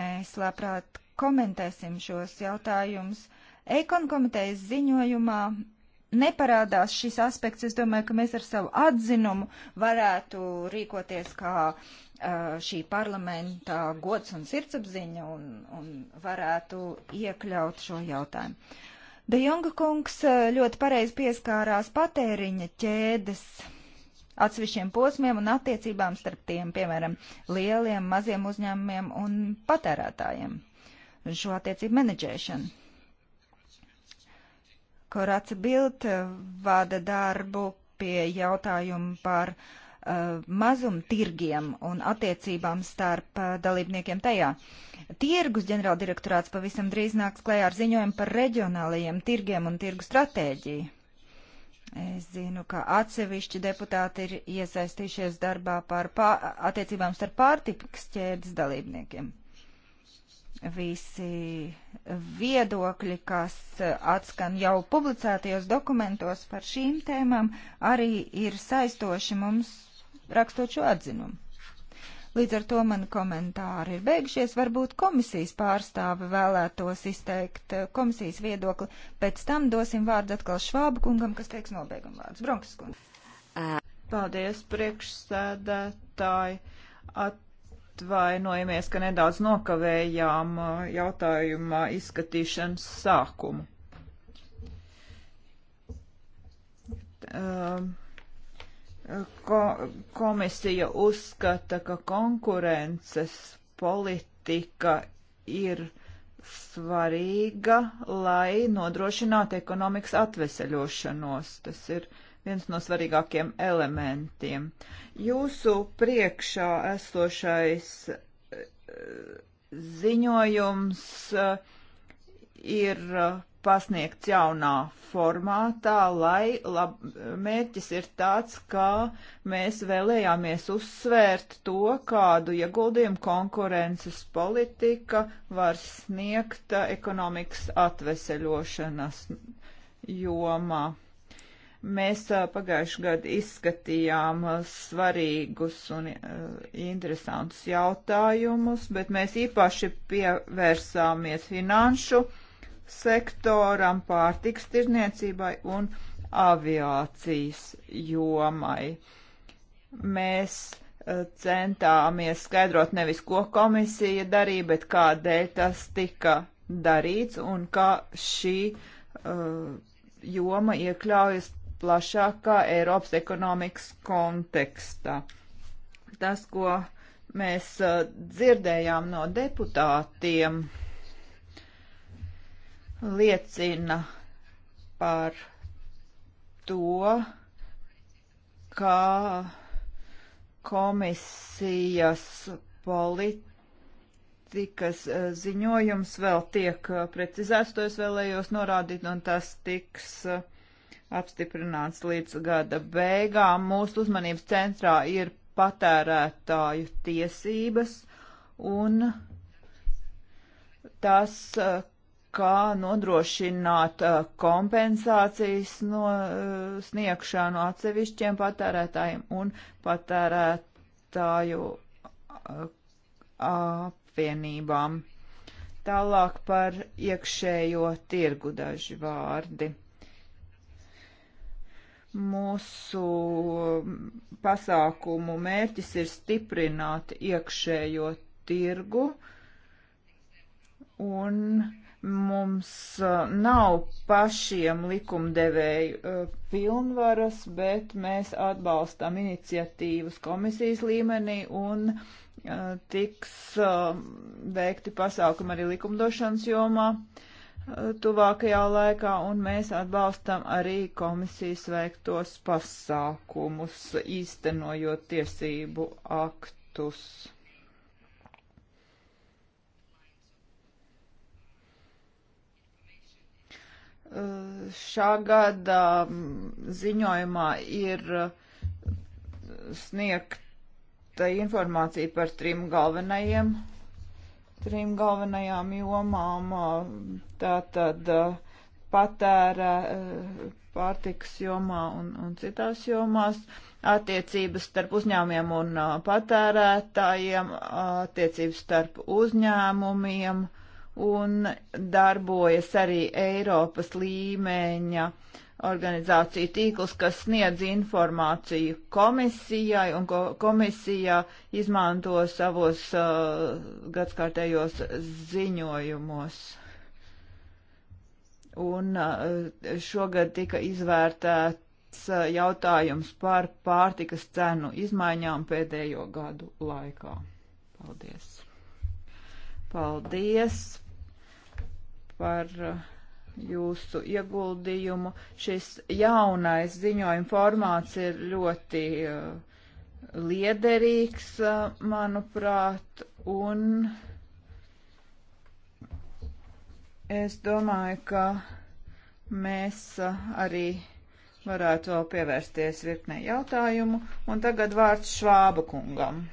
Mēs labprāt komentēsim šos jautājumus. Ekon komitejas ziņojumā neparādās šis aspekts, es domāju, ka mēs ar savu atzinumu varētu rīkoties kā šī parlamenta gods un sirdsapziņa un, un varētu iekļaut šo jautājumu. De Jonga kungs ļoti pareizi pieskārās patēriņa ķēdes atsevišķiem posmiem un attiecībām starp tiem, piemēram, lieliem, maziem uzņēmumiem un patērētājiem. Šo attiecību menedžēšanu. Korāca Bilt eh, vada darbu pie jautājumu par uh, eh, mazumtirgiem un attiecībām starp uh, dalībniekiem tajā. Tirgus ģenerāldirektorāts pavisam drīz nāks klējā ar ziņojumu par reģionālajiem tirgiem un tirgu stratēģiju. Es zinu, ka atsevišķi deputāti ir iesaistījušies darbā par attiecībām starp pārtikas ķēdes dalībniekiem visi viedokļi, kas atskan jau publicētajos dokumentos par šīm tēmām, arī ir saistoši mums rakstot šo atzinumu. Līdz ar to mani komentāri ir beigušies. Varbūt komisijas pārstāve vēlētos izteikt eh, komisijas viedokli. Pēc tam dosim vārdu atkal Švāba kungam, kas teiks nobeiguma vārdus. Bronkas kungs. Paldies, priekšsēdētāji. At atvainojamies, ka nedaudz nokavējām uh, jautājuma izskatīšanas sākumu. Um, ko, komisija uzskata, ka konkurences politika ir svarīga, lai nodrošinātu ekonomikas atveseļošanos. Tas ir uh, viens no svarīgākiem elementiem. Jūsu priekšā esošais eh, ziņojums eh, ir eh, pasniegts jaunā formātā, lai lab, mērķis ir tāds, kā mēs vēlējāmies uzsvērt to, kādu ieguldījumu konkurences politika var sniegt ekonomikas atveseļošanas jomā. Mēs pagājuši gadu izskatījām svarīgus un interesantus jautājumus, bet mēs īpaši pievērsāmies finanšu sektoram, pārtiks tirniecībai un aviācijas jomai. Mēs centāmies skaidrot nevis, ko komisija darīja, bet kādēļ tas tika darīts un kā šī uh, joma iekļaujas plašākā Eiropas ekonomikas kontekstā. Tas, ko mēs uh, dzirdējām no deputātiem, liecina par to, kā komisijas politikas uh, ziņojums vēl tiek uh, precizēts, to es vēlējos norādīt, un tas tiks uh, apstiprināts līdz gada beigām. Mūsu uzmanības centrā ir patērētāju tiesības un tas, eh, kā nodrošināt eh, kompensācijas no eh, sniegšanu atsevišķiem patērētājiem un patērētāju apvienībām. Tālāk par iekšējo tirgu daži vārdi. Mūsu pasākumu mērķis ir stiprināt iekšējo tirgu, un mums uh, nav pašiem likumdevēju uh, pilnvaras, bet mēs atbalstam iniciatīvas komisijas līmenī un uh, tiks veikti pasākumi arī likumdošanas jomā. Uh, tuvākajā laikā, un mēs atbalstam arī komisijas veiktos pasākumus, īstenojot tiesību aktus. Šā gada ziņojumā ir sniegta informācija par trim galvenajiem trim galvenajām jomām, tātad patērē pārtikas jomā un, un citās jomās, attiecības starp uzņēmumiem un patērētājiem, attiecības starp uzņēmumiem un darbojas arī Eiropas līmeņa uh, organizāciju tīklus, kas sniedz informāciju komisijai, un ko komisija izmanto savos uh, gadskārtējos ziņojumos. Un uh, šogad tika izvērtēts uh, jautājums par pārtikas cenu izmaiņām pēdējo gadu laikā. Paldies! Paldies par. Uh, jūsu ieguldījumu. Šis jaunais ziņojuma formāts ir ļoti uh, liederīgs, uh, manuprāt, un es domāju, ka mēs uh, arī varētu vēl pievērsties virknei jautājumu, un tagad vārds Švāba kungam.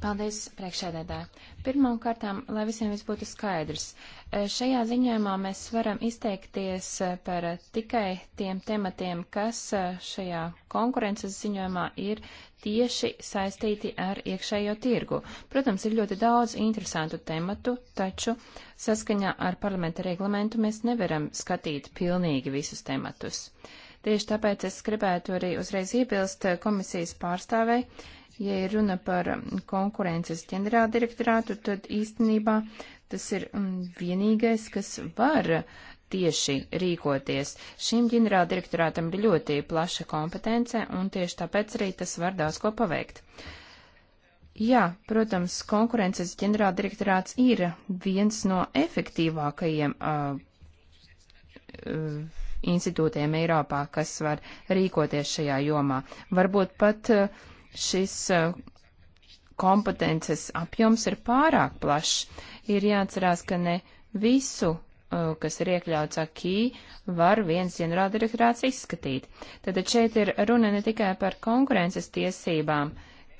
Paldies, priekšēdētā. Pirmām kārtām, lai visiem viss būtu skaidrs, eh, šajā ziņojumā mēs varam izteikties eh, par tikai tiem tematiem, kas eh, šajā konkurences ziņojumā ir tieši saistīti ar iekšējo tirgu. Protams, ir ļoti daudz interesantu tematu, taču saskaņā ar parlamenta reglamentu mēs nevaram skatīt pilnīgi visus tematus. Tieši tāpēc es gribētu arī uzreiz iebilst komisijas pārstāvei, Ja ir runa par um, konkurences ģenerāldirektorātu, tad īstenībā tas ir um, vienīgais, kas var tieši rīkoties. Šim ģenerāldirektorātam ir ļoti plaša kompetence, un tieši tāpēc arī tas var daudz ko paveikt. Jā, protams, konkurences ģenerāldirektorāts ir viens no efektīvākajiem uh, uh institūtiem Eiropā, kas var rīkoties šajā jomā. Varbūt pat uh, šis eh, kompetences apjoms ir pārāk plašs. Ir jāatcerās, ka ne visu, eh, kas ir iekļauts akī, var viens ģenerāldirektorāts izskatīt. Tad šeit ir runa ne tikai par konkurences tiesībām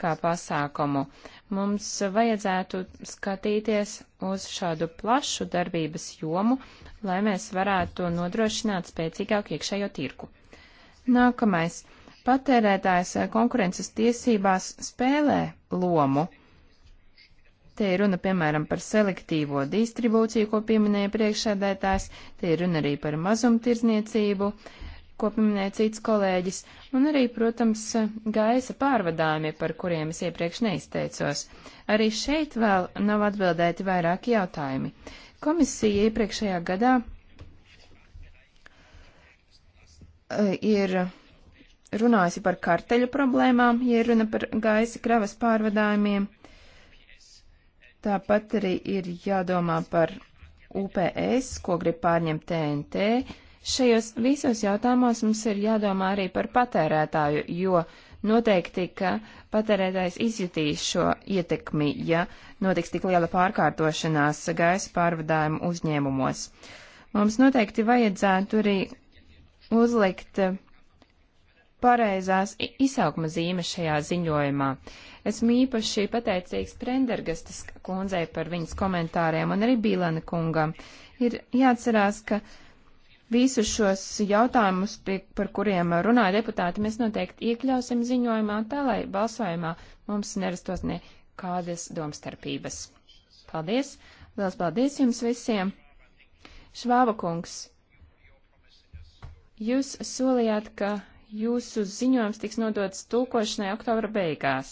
kā pasākumu. Mums vajadzētu skatīties uz šādu plašu darbības jomu, lai mēs varētu nodrošināt spēcīgāku iekšējo tirku. Nākamais patērētājs eh, konkurences tiesībās spēlē lomu. Te ir runa, piemēram, par selektīvo distribūciju, ko pieminēja priekšsēdētājs, te ir runa arī par mazumtirdzniecību, ko pieminēja cits kolēģis, un arī, protams, gaisa pārvadājumi, par kuriem es iepriekš neizteicos. Arī šeit vēl nav atbildēti vairāki jautājumi. Komisija iepriekšējā gadā eh, ir runājusi par karteļu problēmām, ja runa par gaisa kravas pārvadājumiem. Tāpat arī ir jādomā par UPS, ko grib pārņemt TNT. Šajos visos jautājumos mums ir jādomā arī par patērētāju, jo noteikti, ka patērētājs izjutīs šo ietekmi, ja notiks tik liela pārkārtošanās gaisa pārvadājumu uzņēmumos. Mums noteikti vajadzētu arī uzlikt pareizās izsaukuma zīmes šajā ziņojumā. Esmu īpaši pateicīgs Prendergastas kundzei par viņas komentāriem un arī Bīlana kungam. Ir jāatcerās, ka visus šos jautājumus, pie, par kuriem runāja deputāti, mēs noteikti iekļausim ziņojumā, tā lai balsojumā mums nerastos nekādas domstarpības. Paldies! Liels paldies jums visiem! Švāba kungs, jūs solījāt, ka jūsu ziņojums tiks nodots tulkošanai oktobra beigās.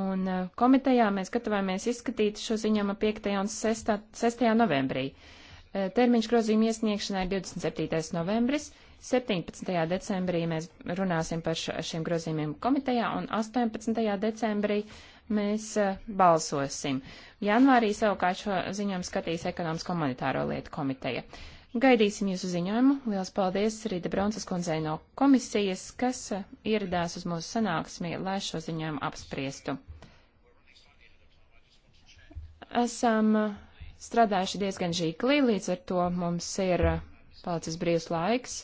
Un eh, komitejā mēs gatavojamies izskatīt šo ziņojumu 5. un 6. 6. novembrī. Eh, termiņš grozījuma iesniegšanai ir 27. novembris. 17. decembrī mēs runāsim par šiem grozījumiem komitejā un 18. decembrī mēs eh, balsosim. Janvārī savukārt šo ziņojumu skatīs ekonomisko monetāro lietu komiteja. Uh, Gaidīsim jūsu ziņojumu. Lielas paldies arī Debronsas kundzei no komisijas, kas eh, ieradās uz mūsu sanāksmi, lai šo ziņojumu apspriestu. Esam eh, strādājuši diezgan žīklī, līdz ar to mums ir eh, palicis brīvs laiks.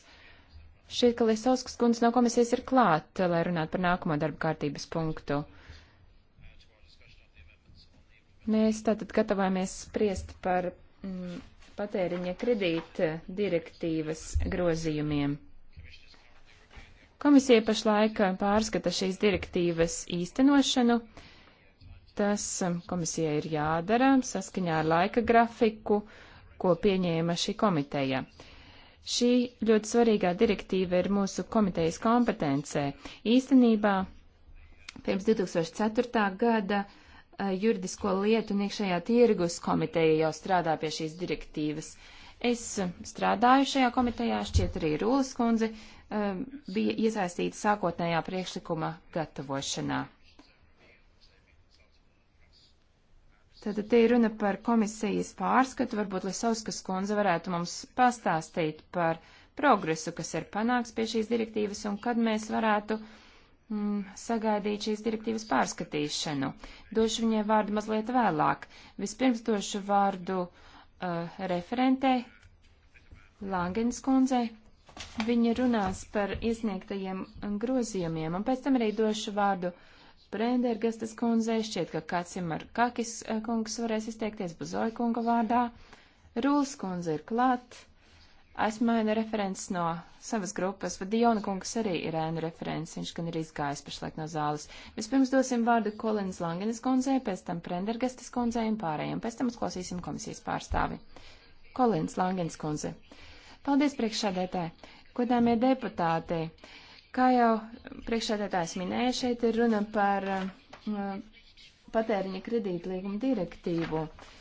Šķiet, ka Lisauskas kundze no komisijas ir klāt, lai runātu par nākamo darba kārtības punktu. Mēs tātad gatavojamies spriest par mm, patēriņa kredīta direktīvas grozījumiem. Komisija pašlaik pārskata šīs direktīvas īstenošanu. Tas um, komisijai ir jādara saskaņā ar laika grafiku, ko pieņēma šī komiteja. Šī ļoti svarīgā direktīva ir mūsu komitejas kompetencē. Īstenībā pirms 2004. gada Uh, juridisko lietu un iekšējā tirgus komiteja jau strādā pie šīs direktīvas. Es strādāju šajā komitejā, šķiet arī Rūlas kundze um, bija iesaistīta sākotnējā priekšlikuma gatavošanā. Tātad te ir runa par komisijas pārskatu, varbūt Lisauskas kundze varētu mums pastāstīt par progresu, kas ir panāks pie šīs direktīvas un kad mēs varētu uh, mm, sagaidīt šīs direktīvas pārskatīšanu. Došu viņai vārdu mazliet vēlāk. Vispirms došu vārdu uh, referentei Langens kundzei. Viņa runās par iesniegtajiem grozījumiem, un pēc tam arī došu vārdu Brendergastas kundzei. Šķiet, ka kāds ir ar Kakis uh, kungs varēs izteikties Buzoja kunga vārdā. Rūls kundze ir klāt. Esmu ēnu referents no savas grupas, bet Diona kungs arī ir ēnu referents, viņš gan ir izgājis pašlaik no zāles. Vispirms dosim vārdu Kolins Langenes kundzei, pēc tam Prendergastes kundzei un pārējiem, pēc tam uzklausīsim komisijas pārstāvi. Kolins Langenes kundze. Paldies priekšsēdētāji. Godāmie deputāti, kā jau priekšsēdētājs minēja, šeit ir runa par uh, patēriņa kredītlīguma direktīvu. Uh,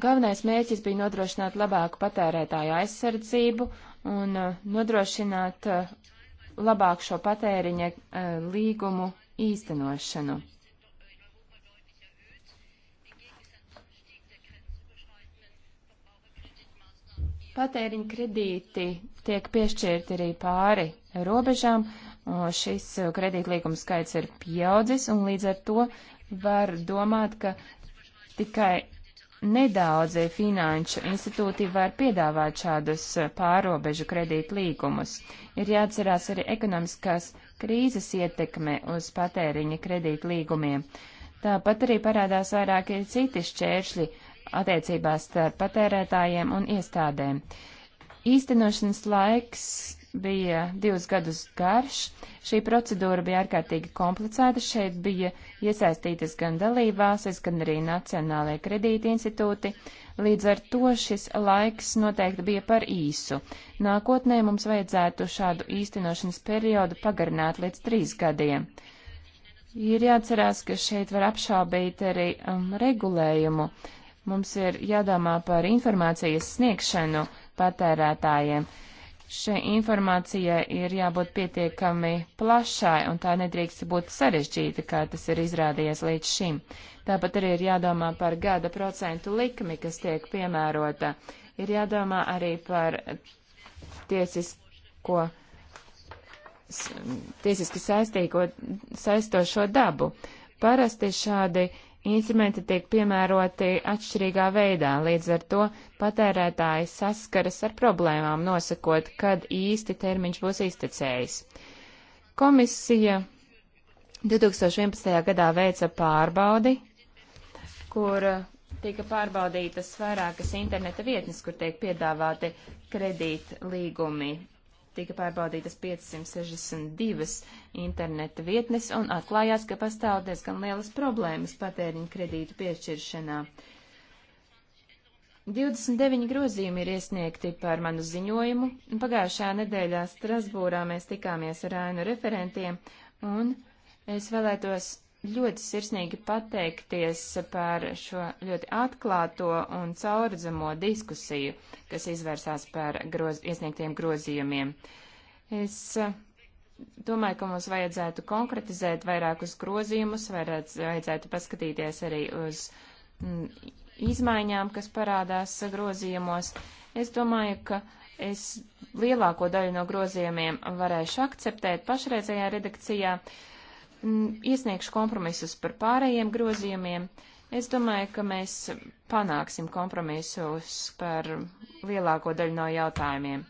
Galvenais mērķis bija nodrošināt labāku patērētāju aizsardzību un uh, nodrošināt uh, labāku šo patēriņa uh, līgumu īstenošanu. Patēriņa kredīti tiek piešķirti arī pāri robežām. Šis kredītlīguma skaits ir pieaudzis, un līdz ar to var domāt, ka tikai nedaudzi finanšu institūti var piedāvāt šādus eh, pārobežu kredītu līgumus. Ir jāatcerās arī ekonomiskās krīzes ietekme uz patēriņa kredītu līgumiem. Tāpat arī parādās vairāki citi šķēršļi attiecībās starp patērētājiem un iestādēm. Īstenošanas laiks bija divus gadus garš. Šī procedūra bija ārkārtīgi komplicēta. Šeit bija iesaistītas gan dalībvalstis, gan arī Nacionālajie kredīti institūti. Līdz ar to šis laiks noteikti bija par īsu. Nākotnē mums vajadzētu šādu īstenošanas periodu pagarināt līdz trīs gadiem. Ir jāatcerās, ka šeit var apšaubīt arī um, regulējumu. Mums ir jādomā par informācijas sniegšanu patērētājiem. Uh, Šai informācijai ir jābūt pietiekami plašai, un tā nedrīkst būt sarežģīta, kā tas ir izrādījies līdz šim. Tāpat arī ir jādomā par gada procentu likmi, kas tiek piemērota. Ir jādomā arī par tiesisko tiesiski saistīgo, saistošo dabu. Parasti šādi Instrumenti tiek piemēroti atšķirīgā veidā, līdz ar to patērētāji saskaras ar problēmām nosakot, kad īsti termiņš būs iztecējis. Komisija 2011. gadā veica pārbaudi, kur tika pārbaudītas vairākas interneta vietnes, kur tiek piedāvāti kredīt līgumi tika pārbaudītas 562 interneta vietnes un atklājās, ka pastāv diezgan lielas problēmas patēriņu kredītu piešķiršanā. 29 grozījumi ir iesniegti par manu ziņojumu, un pagājušajā nedēļā Strasbūrā mēs tikāmies ar ainu referentiem, un es vēlētos ļoti sirsnīgi pateikties par šo ļoti atklāto un caurdzamo diskusiju, kas izvērsās par groz, iesniegtiem grozījumiem. Es eh, domāju, ka mums vajadzētu konkretizēt vairākus grozījumus, vairāc, vajadzētu paskatīties arī uz m, mm, izmaiņām, kas parādās grozījumos. Es domāju, ka es lielāko daļu no grozījumiem varēšu akceptēt pašreizējā redakcijā. Uh, Mm, iesniegšu kompromisus par pārējiem grozījumiem. Es domāju, ka mēs panāksim kompromisus par lielāko daļu no jautājumiem.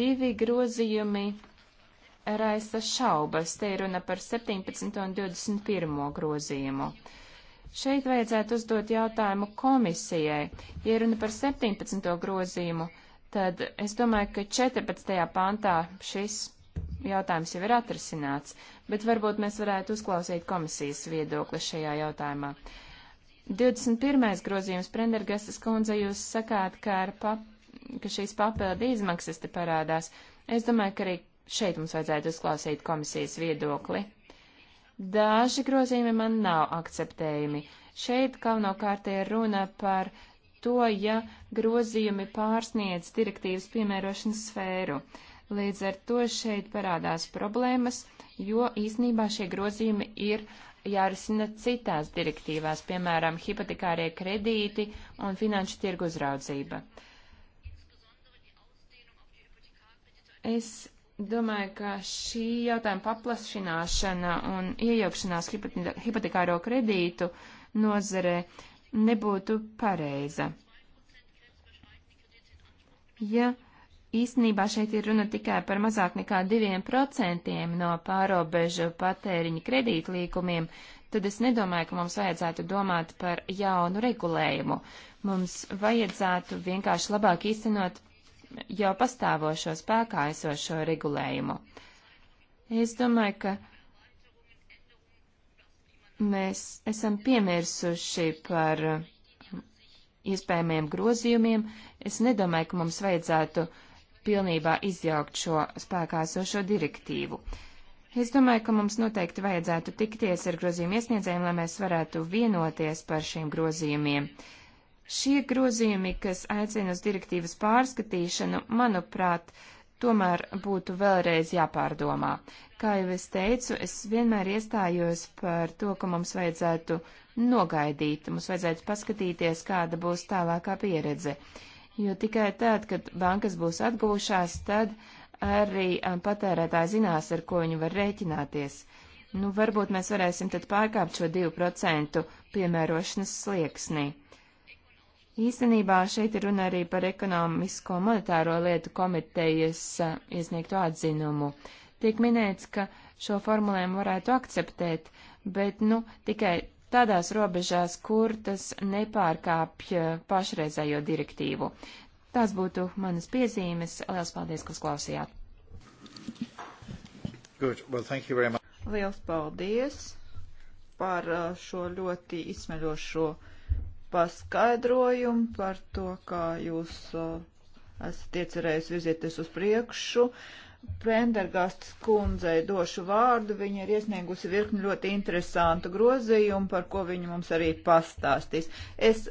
Divi grozījumi raisa šaubas. Te ir runa par 17 un 21 grozījumu. Šeit vajadzētu uzdot jautājumu komisijai. Ja runa par 17. grozījumu, tad es domāju, ka 14. pantā šis jautājums jau ir atrisināts, bet varbūt mēs varētu uzklausīt komisijas viedokli šajā jautājumā. 21. grozījums Prendergastas kundze jūs sakāt, ka, pap, ka šīs papildi izmaksas te parādās. Es domāju, ka arī šeit mums vajadzētu uzklausīt komisijas viedokli. Daži grozījumi man nav akceptējami. Šeit galvenokārt ir runa par to, ja grozījumi pārsniedz direktīvas piemērošanas sfēru. Uh, Līdz ar to šeit parādās problēmas, jo īsnībā šie grozījumi ir jārisina citās direktīvās, piemēram, hipotekārie kredīti un finanšu tirgu uzraudzība. Es domāju, ka šī jautājuma paplašināšana un iejaukšanās hipotekāro kredītu nozare nebūtu pareiza. Ja Īstenībā šeit ir runa tikai par mazāk nekā 2% no pārobežu patēriņa kredītlīkumiem, tad es nedomāju, ka mums vajadzētu domāt par jaunu regulējumu. Mums vajadzētu vienkārši labāk īstenot jau pastāvošo spēkā esošo regulējumu. Es domāju, ka mēs esam piemirsuši par iespējamiem grozījumiem. Es nedomāju, ka mums vajadzētu uh, pilnībā izjaukt šo spēkā sošo direktīvu. Es domāju, ka mums noteikti vajadzētu tikties ar grozījumu iesniedzējiem, lai mēs varētu vienoties par šiem grozījumiem. Šie grozījumi, kas aicina uz direktīvas pārskatīšanu, manuprāt, tomēr būtu vēlreiz jāpārdomā. Kā jau es teicu, es vienmēr iestājos par to, ka mums vajadzētu nogaidīt, mums vajadzētu paskatīties, kāda būs tālākā pieredze jo tikai tad, kad bankas būs atgūšās, tad arī um, patērētāji zinās, ar ko viņi var rēķināties. Nu, varbūt mēs varēsim tad pārkāpt šo 2% piemērošanas slieksni. Īstenībā šeit ir runa arī par ekonomisko monetāro lietu komitejas uh, iesniegto atzinumu. Tiek minēts, ka šo formulējumu varētu akceptēt, bet, nu, tikai tādās robežās, kur tas nepārkāpj pašreizējo direktīvu. Tās būtu manas piezīmes. Lielas paldies, ka klausījāt. Good. Well, thank you very much. Liels paldies par uh, šo ļoti izsmeļošo paskaidrojumu, par to, kā jūs uh, esat iecerējis virzīties uz priekšu. Uh, Pendergastas kundzei došu vārdu. Viņa ir iesniegusi virkni ļoti interesantu grozījumu, par ko viņa mums arī pastāstīs. Es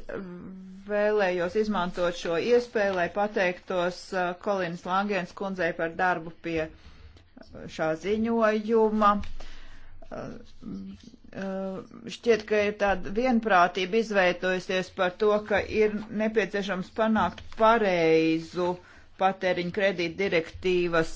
vēlējos izmantot šo iespēju, lai pateiktos uh, Kolīnas Langēns kundzei par darbu pie uh, šā ziņojuma. Uh, uh, šķiet, ka ir tāda vienprātība izveidojusies par to, ka ir nepieciešams panākt pareizu uh, patēriņu kredīta direktīvas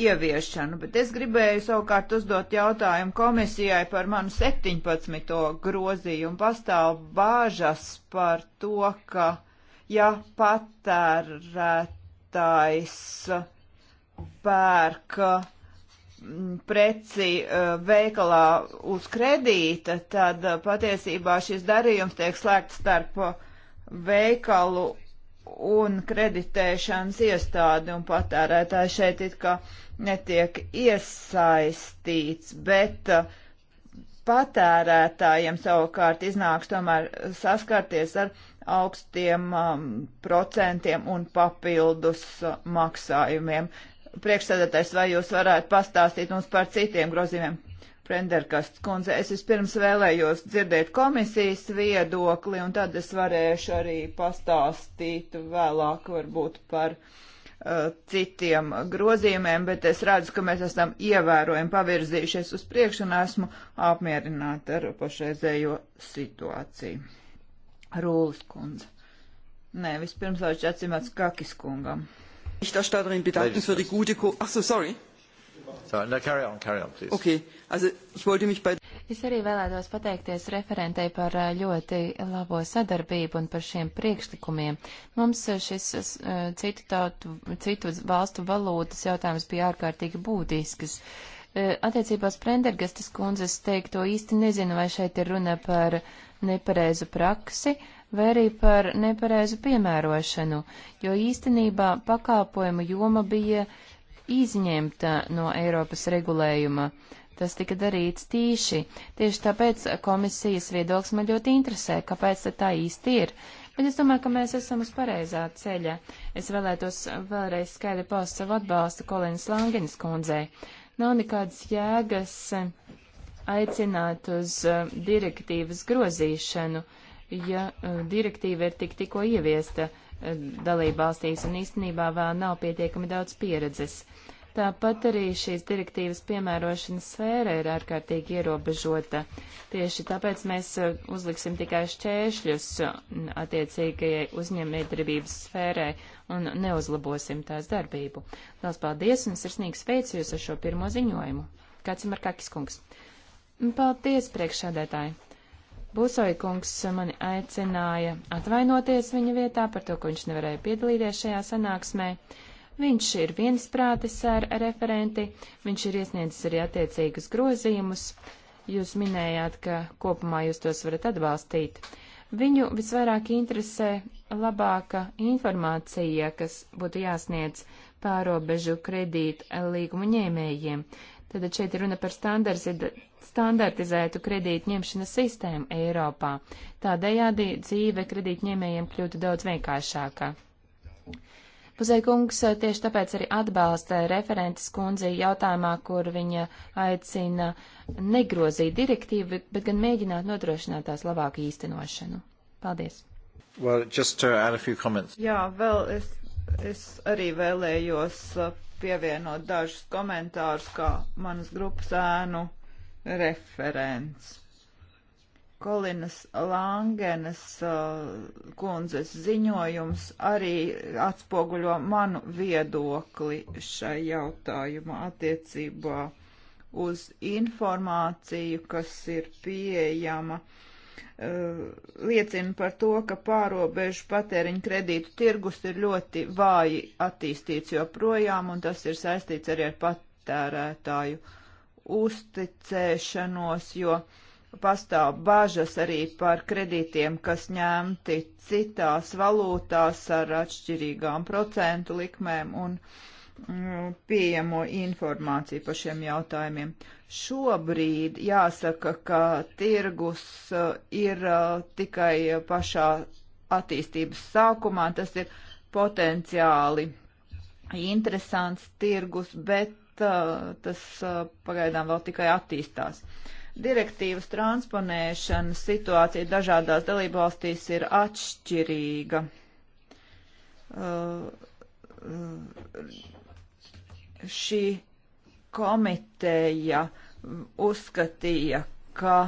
ieviešanu, bet es gribēju savukārt uzdot jautājumu komisijai par manu 17. grozījumu. Pastāv bāžas par to, ka ja patērētājs pērk mm, preci e, veikalā uz kredīta, tad patiesībā šis darījums tiek slēgts starp veikalu un kreditēšanas iestādi un patērētāji šeit it kā netiek iesaistīts, bet uh, patērētājiem savukārt iznāks tomēr saskarties ar augstiem um, procentiem un papildus uh, maksājumiem. Priekšsēdētājs, vai jūs varētu pastāstīt mums par citiem grozījumiem? Prenderkasts kundze, es vispirms vēlējos dzirdēt komisijas viedokli, un tad es varēšu arī pastāstīt vēlāk varbūt par uh, citiem grozījumiem, bet es redzu, ka mēs esam ievērojami pavirzījušies uz priekšu un esmu apmierināta ar pašreizējo situāciju. Rūlis kundze. Nē, vispirms vajag atsimēt Skakis kungam. Ich darf darin bedanken für die gute Ko... Ach so, sorry. So, no, carry on, carry on, please. okay. also, ich wollte mich bei... Es arī vēlētos pateikties referentei par ļoti labo sadarbību un par šiem priekšlikumiem. Mums šis citu, tautu, citu valstu valūtas jautājums bija ārkārtīgi būtisks. Attiecībās Prendergastas kundzes teikto īsti nezinu, vai šeit ir runa par nepareizu praksi vai arī par nepareizu piemērošanu, jo īstenībā pakāpojumu joma bija uh, izņemta eh, no Eiropas regulējuma. Tas tika darīts tīši. Tieši tāpēc komisijas viedoklis man ļoti interesē, kāpēc tā īsti ir. Bet es domāju, ka mēs esam uz pareizā ceļa. Es vēlētos vēlreiz skaidri paust savu atbalstu Kolīnas Langenes kundzei. Nav nekādas jēgas eh, aicināt uz eh, direktīvas grozīšanu, ja direktīva ir tik tikko ieviesta. Uh, dalību valstīs un īstenībā vēl nav pietiekami daudz pieredzes. Tāpat arī šīs direktīvas piemērošanas sfēra ir ārkārtīgi ierobežota. Tieši tāpēc mēs e, uzliksim tikai šķēršļus attiecīgajai uzņēmējdarbības sfērai un neuzlabosim tās darbību. Lielas paldies un sirsnīgi sveicu jūs ar šo pirmo ziņojumu. Kāds ir Markakis kungs? Paldies, priekšsādētāji! Būsoikungs mani aicināja atvainoties viņa vietā par to, ka viņš nevarēja piedalīties šajā sanāksmē. Viņš ir viensprātis ar referenti, viņš ir iesniedzis arī attiecīgus grozījumus. Jūs minējāt, ka kopumā jūs tos varat atbalstīt. Viņu visvairāk interesē labāka informācija, kas būtu jāsniedz pārobežu kredītu līgumu ņēmējiem. Tad šeit ir runa par standartiz standartizētu kredītņemšanas sistēmu Eiropā. Tādējādi dzīve kredītņēmējiem kļūtu daudz vienkāršāka. Puzēkungs eh, tieši tāpēc arī atbalsta referentes kundzi jautājumā, kur viņa aicina negrozīt direktīvu, bet gan mēģināt nodrošināt tās labāku īstenošanu. Paldies! Well, just to add a few comments. Jā, vēl es, es arī vēlējos eh, pievienot dažus komentārus, kā manas grupas ēnu referents. Kolinas Langenes uh, kundzes ziņojums arī atspoguļo manu viedokli šai jautājumā attiecībā uz informāciju, kas ir pieejama. Uh, liecina par to, ka pārobežu patēriņu kredītu tirgus ir ļoti vāji attīstīts joprojām, un tas ir saistīts arī ar patērētāju uzticēšanos, jo pastāv bažas arī par kredītiem, kas ņemti citās valūtās ar atšķirīgām procentu likmēm un mm, pieejamo informāciju par šiem jautājumiem. Šobrīd jāsaka, ka tirgus eh, ir eh, tikai pašā attīstības sākumā, tas ir potenciāli interesants tirgus, bet tas pagaidām vēl tikai attīstās. Direktīvas transponēšana situācija dažādās dalībvalstīs ir atšķirīga. Šī komiteja uzskatīja, ka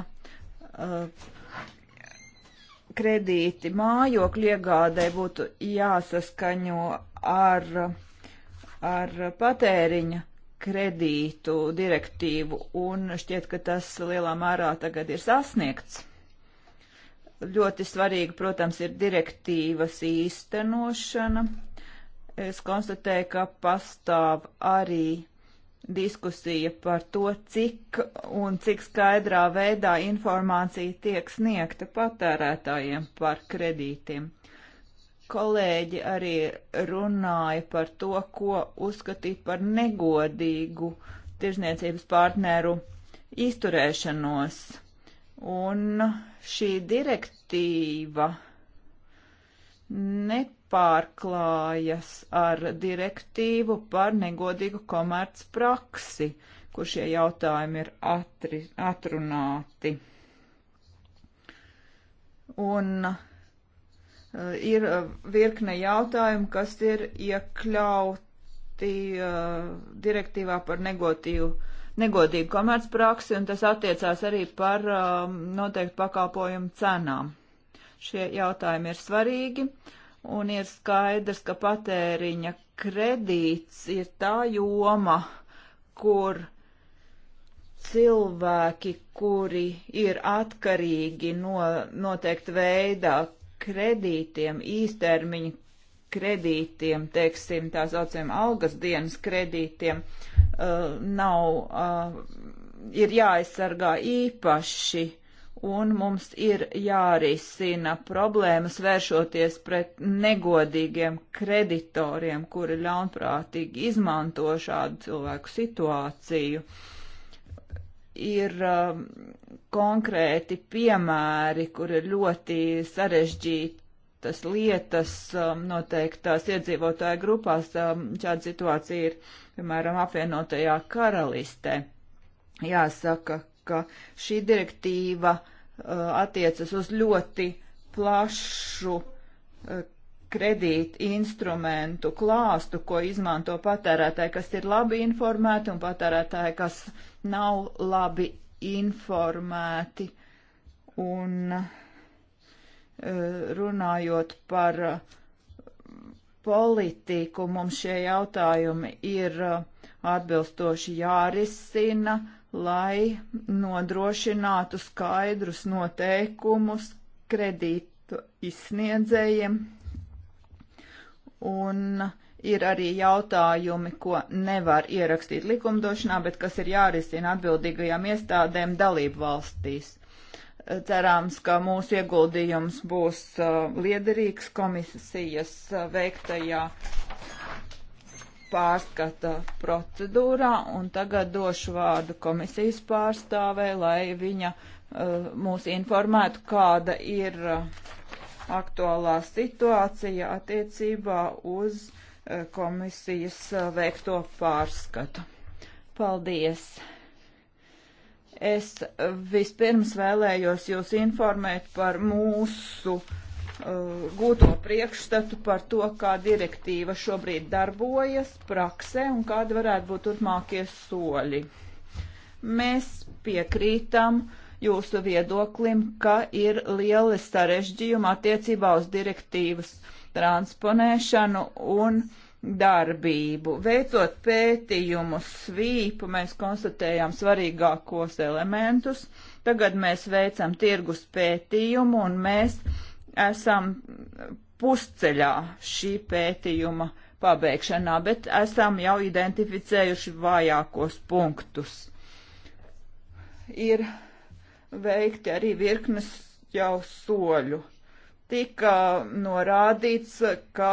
kredīti mājokļu iegādē būtu jāsaskaņo ar, ar patēriņa kredītu direktīvu, un šķiet, ka tas lielā mērā tagad ir sasniegts. Ļoti svarīgi, protams, ir direktīvas īstenošana. Es konstatēju, ka pastāv arī diskusija par to, cik un cik skaidrā veidā informācija tiek sniegta patērētājiem par kredītiem kolēģi arī runāja par to, ko uzskatīt par negodīgu tirzniecības partneru izturēšanos. Un šī direktīva nepārklājas ar direktīvu par negodīgu komerc praksi, kur šie jautājumi ir atri, atrunāti. Un uh, Eh, ir eh, virkne jautājumu, kas ir iekļauti eh, direktīvā par negotīvu, negodīgu komercpraksi, un tas attiecās arī par noteiktu pakalpojumu cenām. Šie jautājumi ir svarīgi, un ir skaidrs, ka patēriņa kredīts ir tā joma, kur cilvēki, kuri ir atkarīgi no noteikta veidā kredītiem, īstermiņa kredītiem, teiksim, tā saucamiem algas dienas kredītiem, uh, nav, uh, ir jāaizsargā īpaši, un mums ir jārisina problēmas vēršoties pret negodīgiem kreditoriem, kuri ļaunprātīgi izmanto šādu cilvēku situāciju. Uh, ir um, konkrēti piemēri, kur ir ļoti sarežģītas lietas um, noteiktās iedzīvotāju grupās. Um, šāda situācija ir, piemēram, apvienotajā karalistē. Jāsaka, ka šī direktīva uh, attiecas uz ļoti plašu uh, kredīt instrumentu klāstu, ko izmanto patērētāji, kas ir labi informēti un patērētāji, kas nav labi informēti. Un eh, runājot par eh, politiku, mums šie jautājumi ir eh, atbilstoši jārisina, lai nodrošinātu skaidrus noteikumus kredītu izsniedzējiem un ir arī jautājumi, ko nevar ierakstīt likumdošanā, bet kas ir jārisina atbildīgajām iestādēm dalību valstīs. Cerāms, ka mūsu ieguldījums būs uh, liederīgs komisijas uh, veiktajā pārskata procedūrā, un tagad došu vārdu komisijas pārstāvē, lai viņa uh, mūs informētu, kāda ir uh, aktuālā situācija attiecībā uz eh, komisijas eh, veikto pārskatu. Paldies! Es eh, vispirms vēlējos jūs informēt par mūsu uh, gūto priekšstatu par to, kā direktīva šobrīd darbojas praksē un kāda varētu būt turpmākie soļi. Mēs piekrītam uh, jūsu viedoklim, ka ir lieli sarežģījumi attiecībā uz direktīvas transponēšanu un darbību. Veicot pētījumu svīpu, mēs konstatējām svarīgākos elementus. Tagad mēs veicam tirgus pētījumu un mēs esam pusceļā šī pētījuma pabeigšanā, bet esam jau identificējuši vājākos punktus. Ir veikti arī virknes jau soļu. Tika norādīts, ka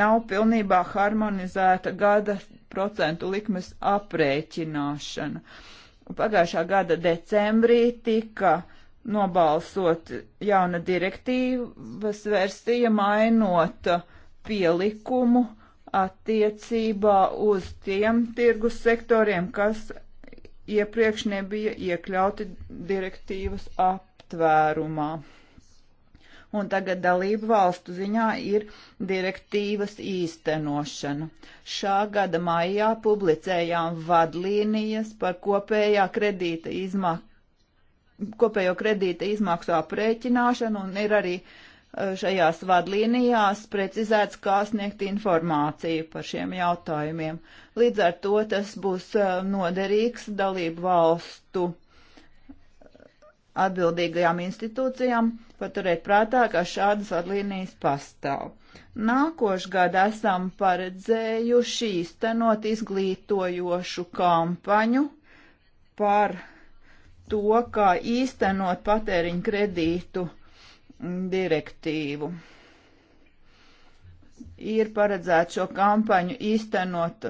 nav pilnībā harmonizēta gada procentu likmes aprēķināšana. Pagājušā gada decembrī tika nobalsot jauna direktīvas versija mainot pielikumu attiecībā uz tiem tirgus sektoriem, kas iepriekš nebija iekļauti direktīvas aptvērumā. Un tagad dalību valstu ziņā ir direktīvas īstenošana. Šā gada maijā publicējām vadlīnijas par kopējā kredīta izmaksām kopējo kredīta izmaksu aprēķināšanu un ir arī uh, Eh, šajās vadlīnijās precizēts, kā sniegt informāciju par šiem jautājumiem. Līdz ar to tas būs eh, noderīgs dalību valstu atbildīgajām institūcijām paturēt prātā, ka šādas vadlīnijas pastāv. Nākošgad esam paredzējuši īstenot izglītojošu kampaņu par to, kā īstenot patēriņu kredītu direktīvu. Ir paredzēts šo kampaņu īstenot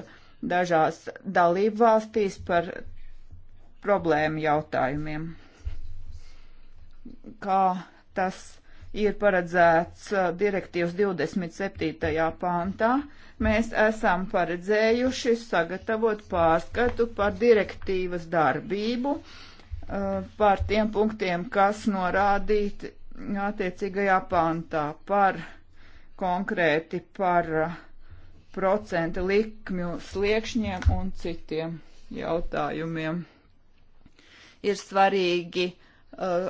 dažās dalību valstīs par problēmu jautājumiem. Kā tas ir paredzēts uh, direktīvas 27. pāntā, mēs esam paredzējuši sagatavot pārskatu par direktīvas darbību, uh, par tiem punktiem, kas norādīti attiecīgajā pantā par konkrēti par uh, procentu likmju sliekšņiem un citiem jautājumiem. Ir svarīgi uh,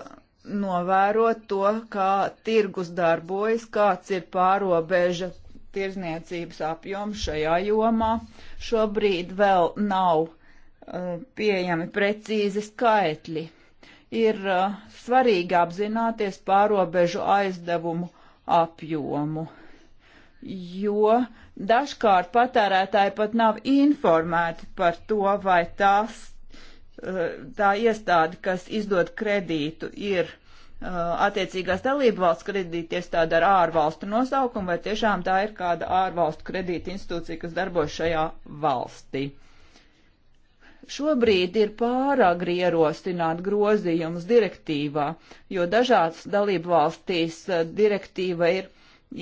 novērot to, kā tirgus darbojas, kāds ir pārobeža tirzniecības apjoms šajā jomā. Šobrīd vēl nav uh, pieejami precīzi skaitļi ir uh, svarīgi apzināties pārobežu aizdevumu apjomu, jo dažkārt patērētāji pat nav informēti par to, vai tās, uh, tā iestāde, kas izdod kredītu, ir uh, attiecīgās dalību valsts kredīti iestāde ar ārvalstu nosaukumu, vai tiešām tā ir kāda ārvalstu kredīta institūcija, kas darbojas šajā valstī. Šobrīd ir pāragri ierosināt grozījumus direktīvā, jo dažās dalību valstīs eh, direktīva ir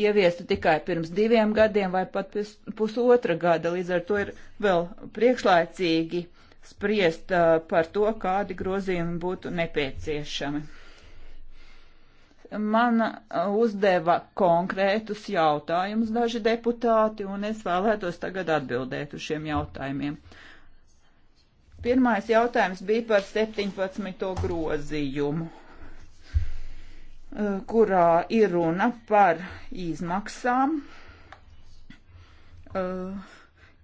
ieviesta tikai pirms diviem gadiem vai pat pusotra gada, līdz ar to ir vēl priekšlaicīgi spriest uh, par to, kādi grozījumi būtu nepieciešami. Man eh, uzdeva konkrētus jautājumus daži deputāti, un es vēlētos tagad atbildēt uz šiem jautājumiem. Pirmais jautājums bija par 17. grozījumu, eh, kurā ir runa par izmaksām, eh,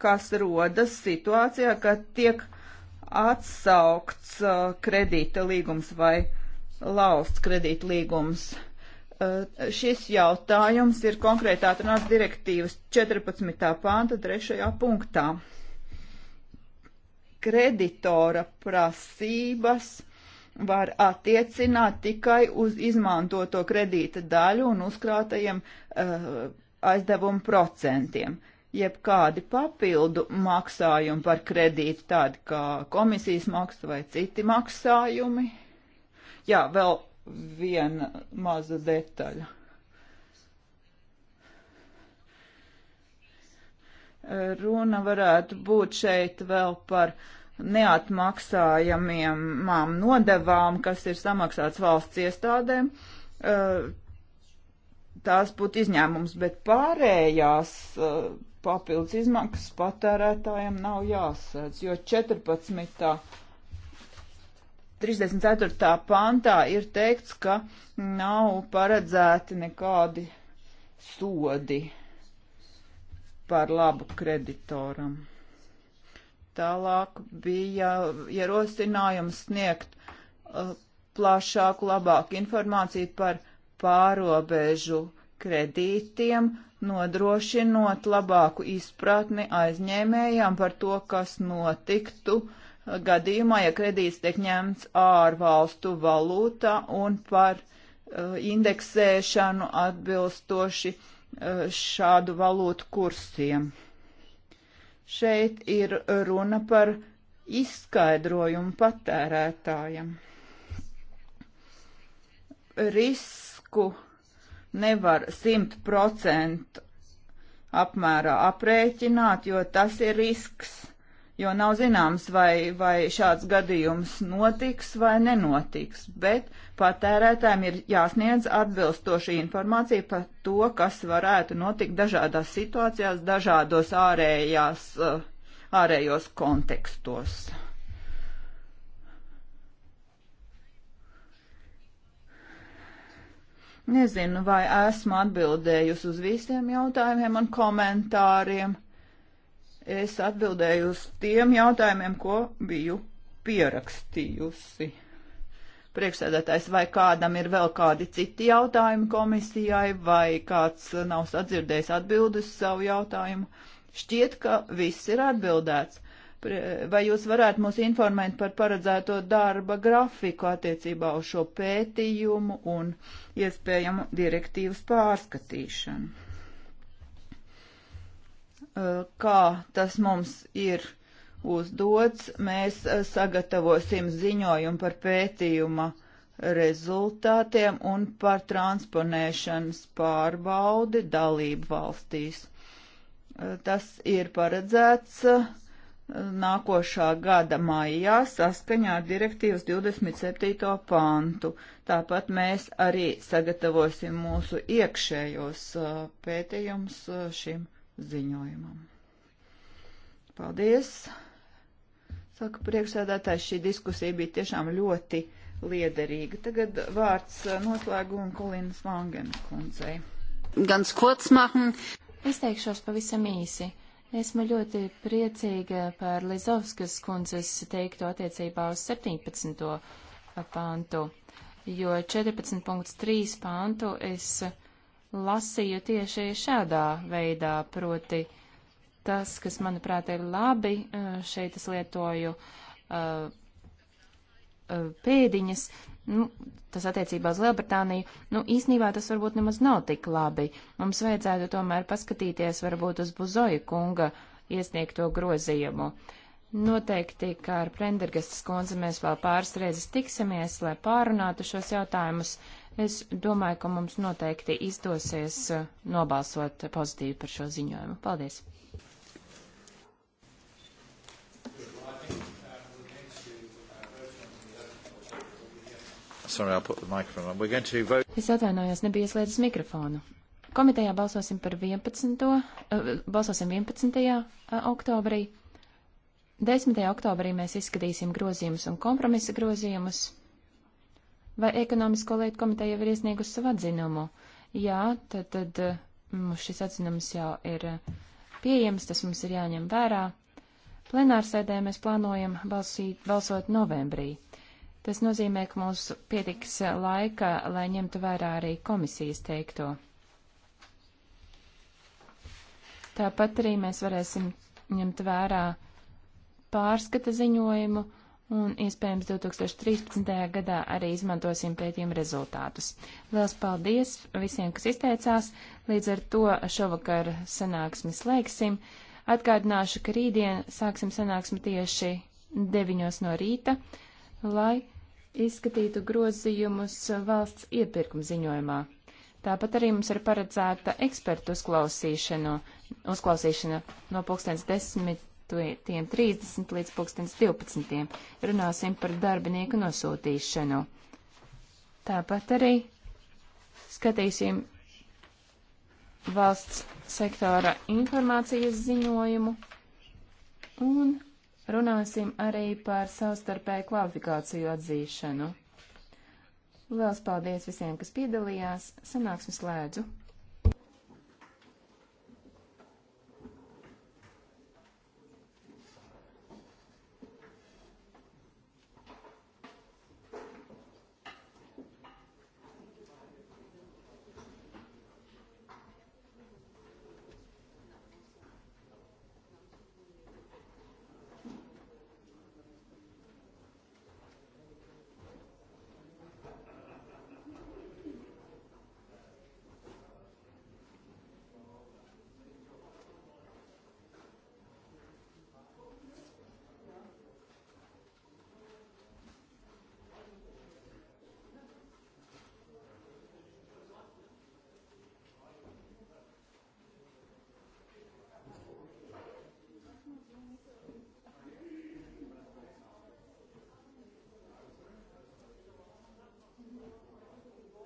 kas rodas situācijā, kad tiek atsaukts eh, kredīta līgums vai lausts kredīta līgums šis jautājums ir konkrētā atrunāts direktīvas 14. pānta 3. punktā kreditora prasības var attiecināt tikai uz izmantoto kredīta daļu un uzkrātajiem uh, aizdevumu procentiem. Jebkādi papildu maksājumi par kredītu, tādi kā komisijas maksa vai citi maksājumi. Jā, vēl viena maza detaļa. Runa varētu būt šeit vēl par neatmaksājamiem nodevām, kas ir samaksāts valsts iestādēm. Eh, tās būtu izņēmums, bet pārējās eh, papildus izmaksas patērētājiem nav jāsēdz, jo 14. 34. pantā ir teikts, ka nav paredzēti nekādi sodi par labu kreditoram. Tālāk bija ierosinājums sniegt uh, plašāku, labāku informāciju par pārobežu kredītiem, nodrošinot labāku izpratni aizņēmējām par to, kas notiktu uh, gadījumā, ja kredīts tiek ņemts ārvalstu valūtā un par uh, indeksēšanu atbilstoši uh, Eh, šādu valūtu kursiem. Šeit ir runa par izskaidrojumu patērētājam. Risku nevar simtprocentu apmērā aprēķināt, jo tas ir risks jo nav zināms, vai, vai šāds gadījums notiks vai nenotiks, bet patērētājiem ir jāsniedz atbilstoši informācija par to, kas varētu notikt dažādās situācijās, dažādos ārējās, eh, ārējos kontekstos. Nezinu, vai esmu atbildējusi uz visiem jautājumiem un komentāriem es atbildēju uz tiem jautājumiem, ko biju pierakstījusi. Priekšsēdētājs, vai kādam ir vēl kādi citi jautājumi komisijai, vai kāds nav sadzirdējis atbildes savu jautājumu? Šķiet, ka viss ir atbildēts. Vai jūs varētu mūs informēt par paredzēto darba grafiku attiecībā uz šo pētījumu un iespējamu direktīvas pārskatīšanu? Uh, kā tas mums ir uzdots, mēs uh, sagatavosim ziņojumu par pētījuma rezultātiem un par transponēšanas pārbaudi dalību valstīs. Uh, tas ir paredzēts nākošā gada maijā saskaņā ar direktīvas 27. pantu. Tāpat mēs arī sagatavosim mūsu iekšējos pētījumus šim ziņojumam. Paldies! Saka priekšsēdētājs, šī diskusija bija tiešām ļoti liederīga. Tagad vārds eh, noslēguma Kolīnas Langenas kundzei. Gans kurz machen. Es teikšos pavisam īsi. Esmu ļoti priecīga par Lizovskas kundzes teikto attiecībā uz 17. pantu, jo 14.3 pantu es lasīju tieši šādā veidā, proti tas, kas manuprāt ir labi, eh, šeit es lietoju uh, pēdiņas, nu, tas attiecībā uz Lielbritāniju, nu, īsnībā tas varbūt nemaz nav tik labi. Mums vajadzētu tomēr paskatīties varbūt uz Buzoja kunga iesniegto grozījumu. Noteikti, ka ar Prendergastas kundzi mēs vēl pāris reizes tiksimies, lai pārunātu šos jautājumus. Es domāju, ka mums noteikti izdosies eh, nobalsot pozitīvi par šo ziņojumu. Paldies! Sorry, es atvainojos, nebija ieslēdzis mikrofonu. Komitejā balsosim par 11. Eh, balsosim 11. Eh, oktobrī. 10. oktobrī mēs izskatīsim grozījumus un kompromisa grozījumus. Vai ekonomisko lietu komiteja jau ir iesniegusi savu atzinumu? Jā, tad, tad eh, mums šis atzinums jau ir eh, pieejams, tas mums ir jāņem vērā. Plenārsēdē mēs plānojam balsīt, balsot novembrī. Tas nozīmē, ka mums pietiks eh, laika, lai ņemtu vērā arī komisijas teikto. Tāpat arī mēs varēsim ņemt vērā pārskata ziņojumu un iespējams 2013. gadā arī izmantosim pētījumu rezultātus. Liels paldies visiem, kas izteicās, līdz ar to šovakar sanāksmi slēgsim. Atgādināšu, ka rītdien sāksim sanāksmi tieši 9 no rīta, lai izskatītu grozījumus valsts iepirkuma ziņojumā. Tāpat arī mums ir paredzēta ekspertu uzklausīšana no pulkstens 10 18.30 līdz 12.00. Runāsim par darbinieku nosūtīšanu. Tāpat arī skatīsim valsts sektora informācijas ziņojumu un runāsim arī par savstarpēju kvalifikāciju atzīšanu. Lielas paldies visiem, kas piedalījās. Sanāksmes slēdzu.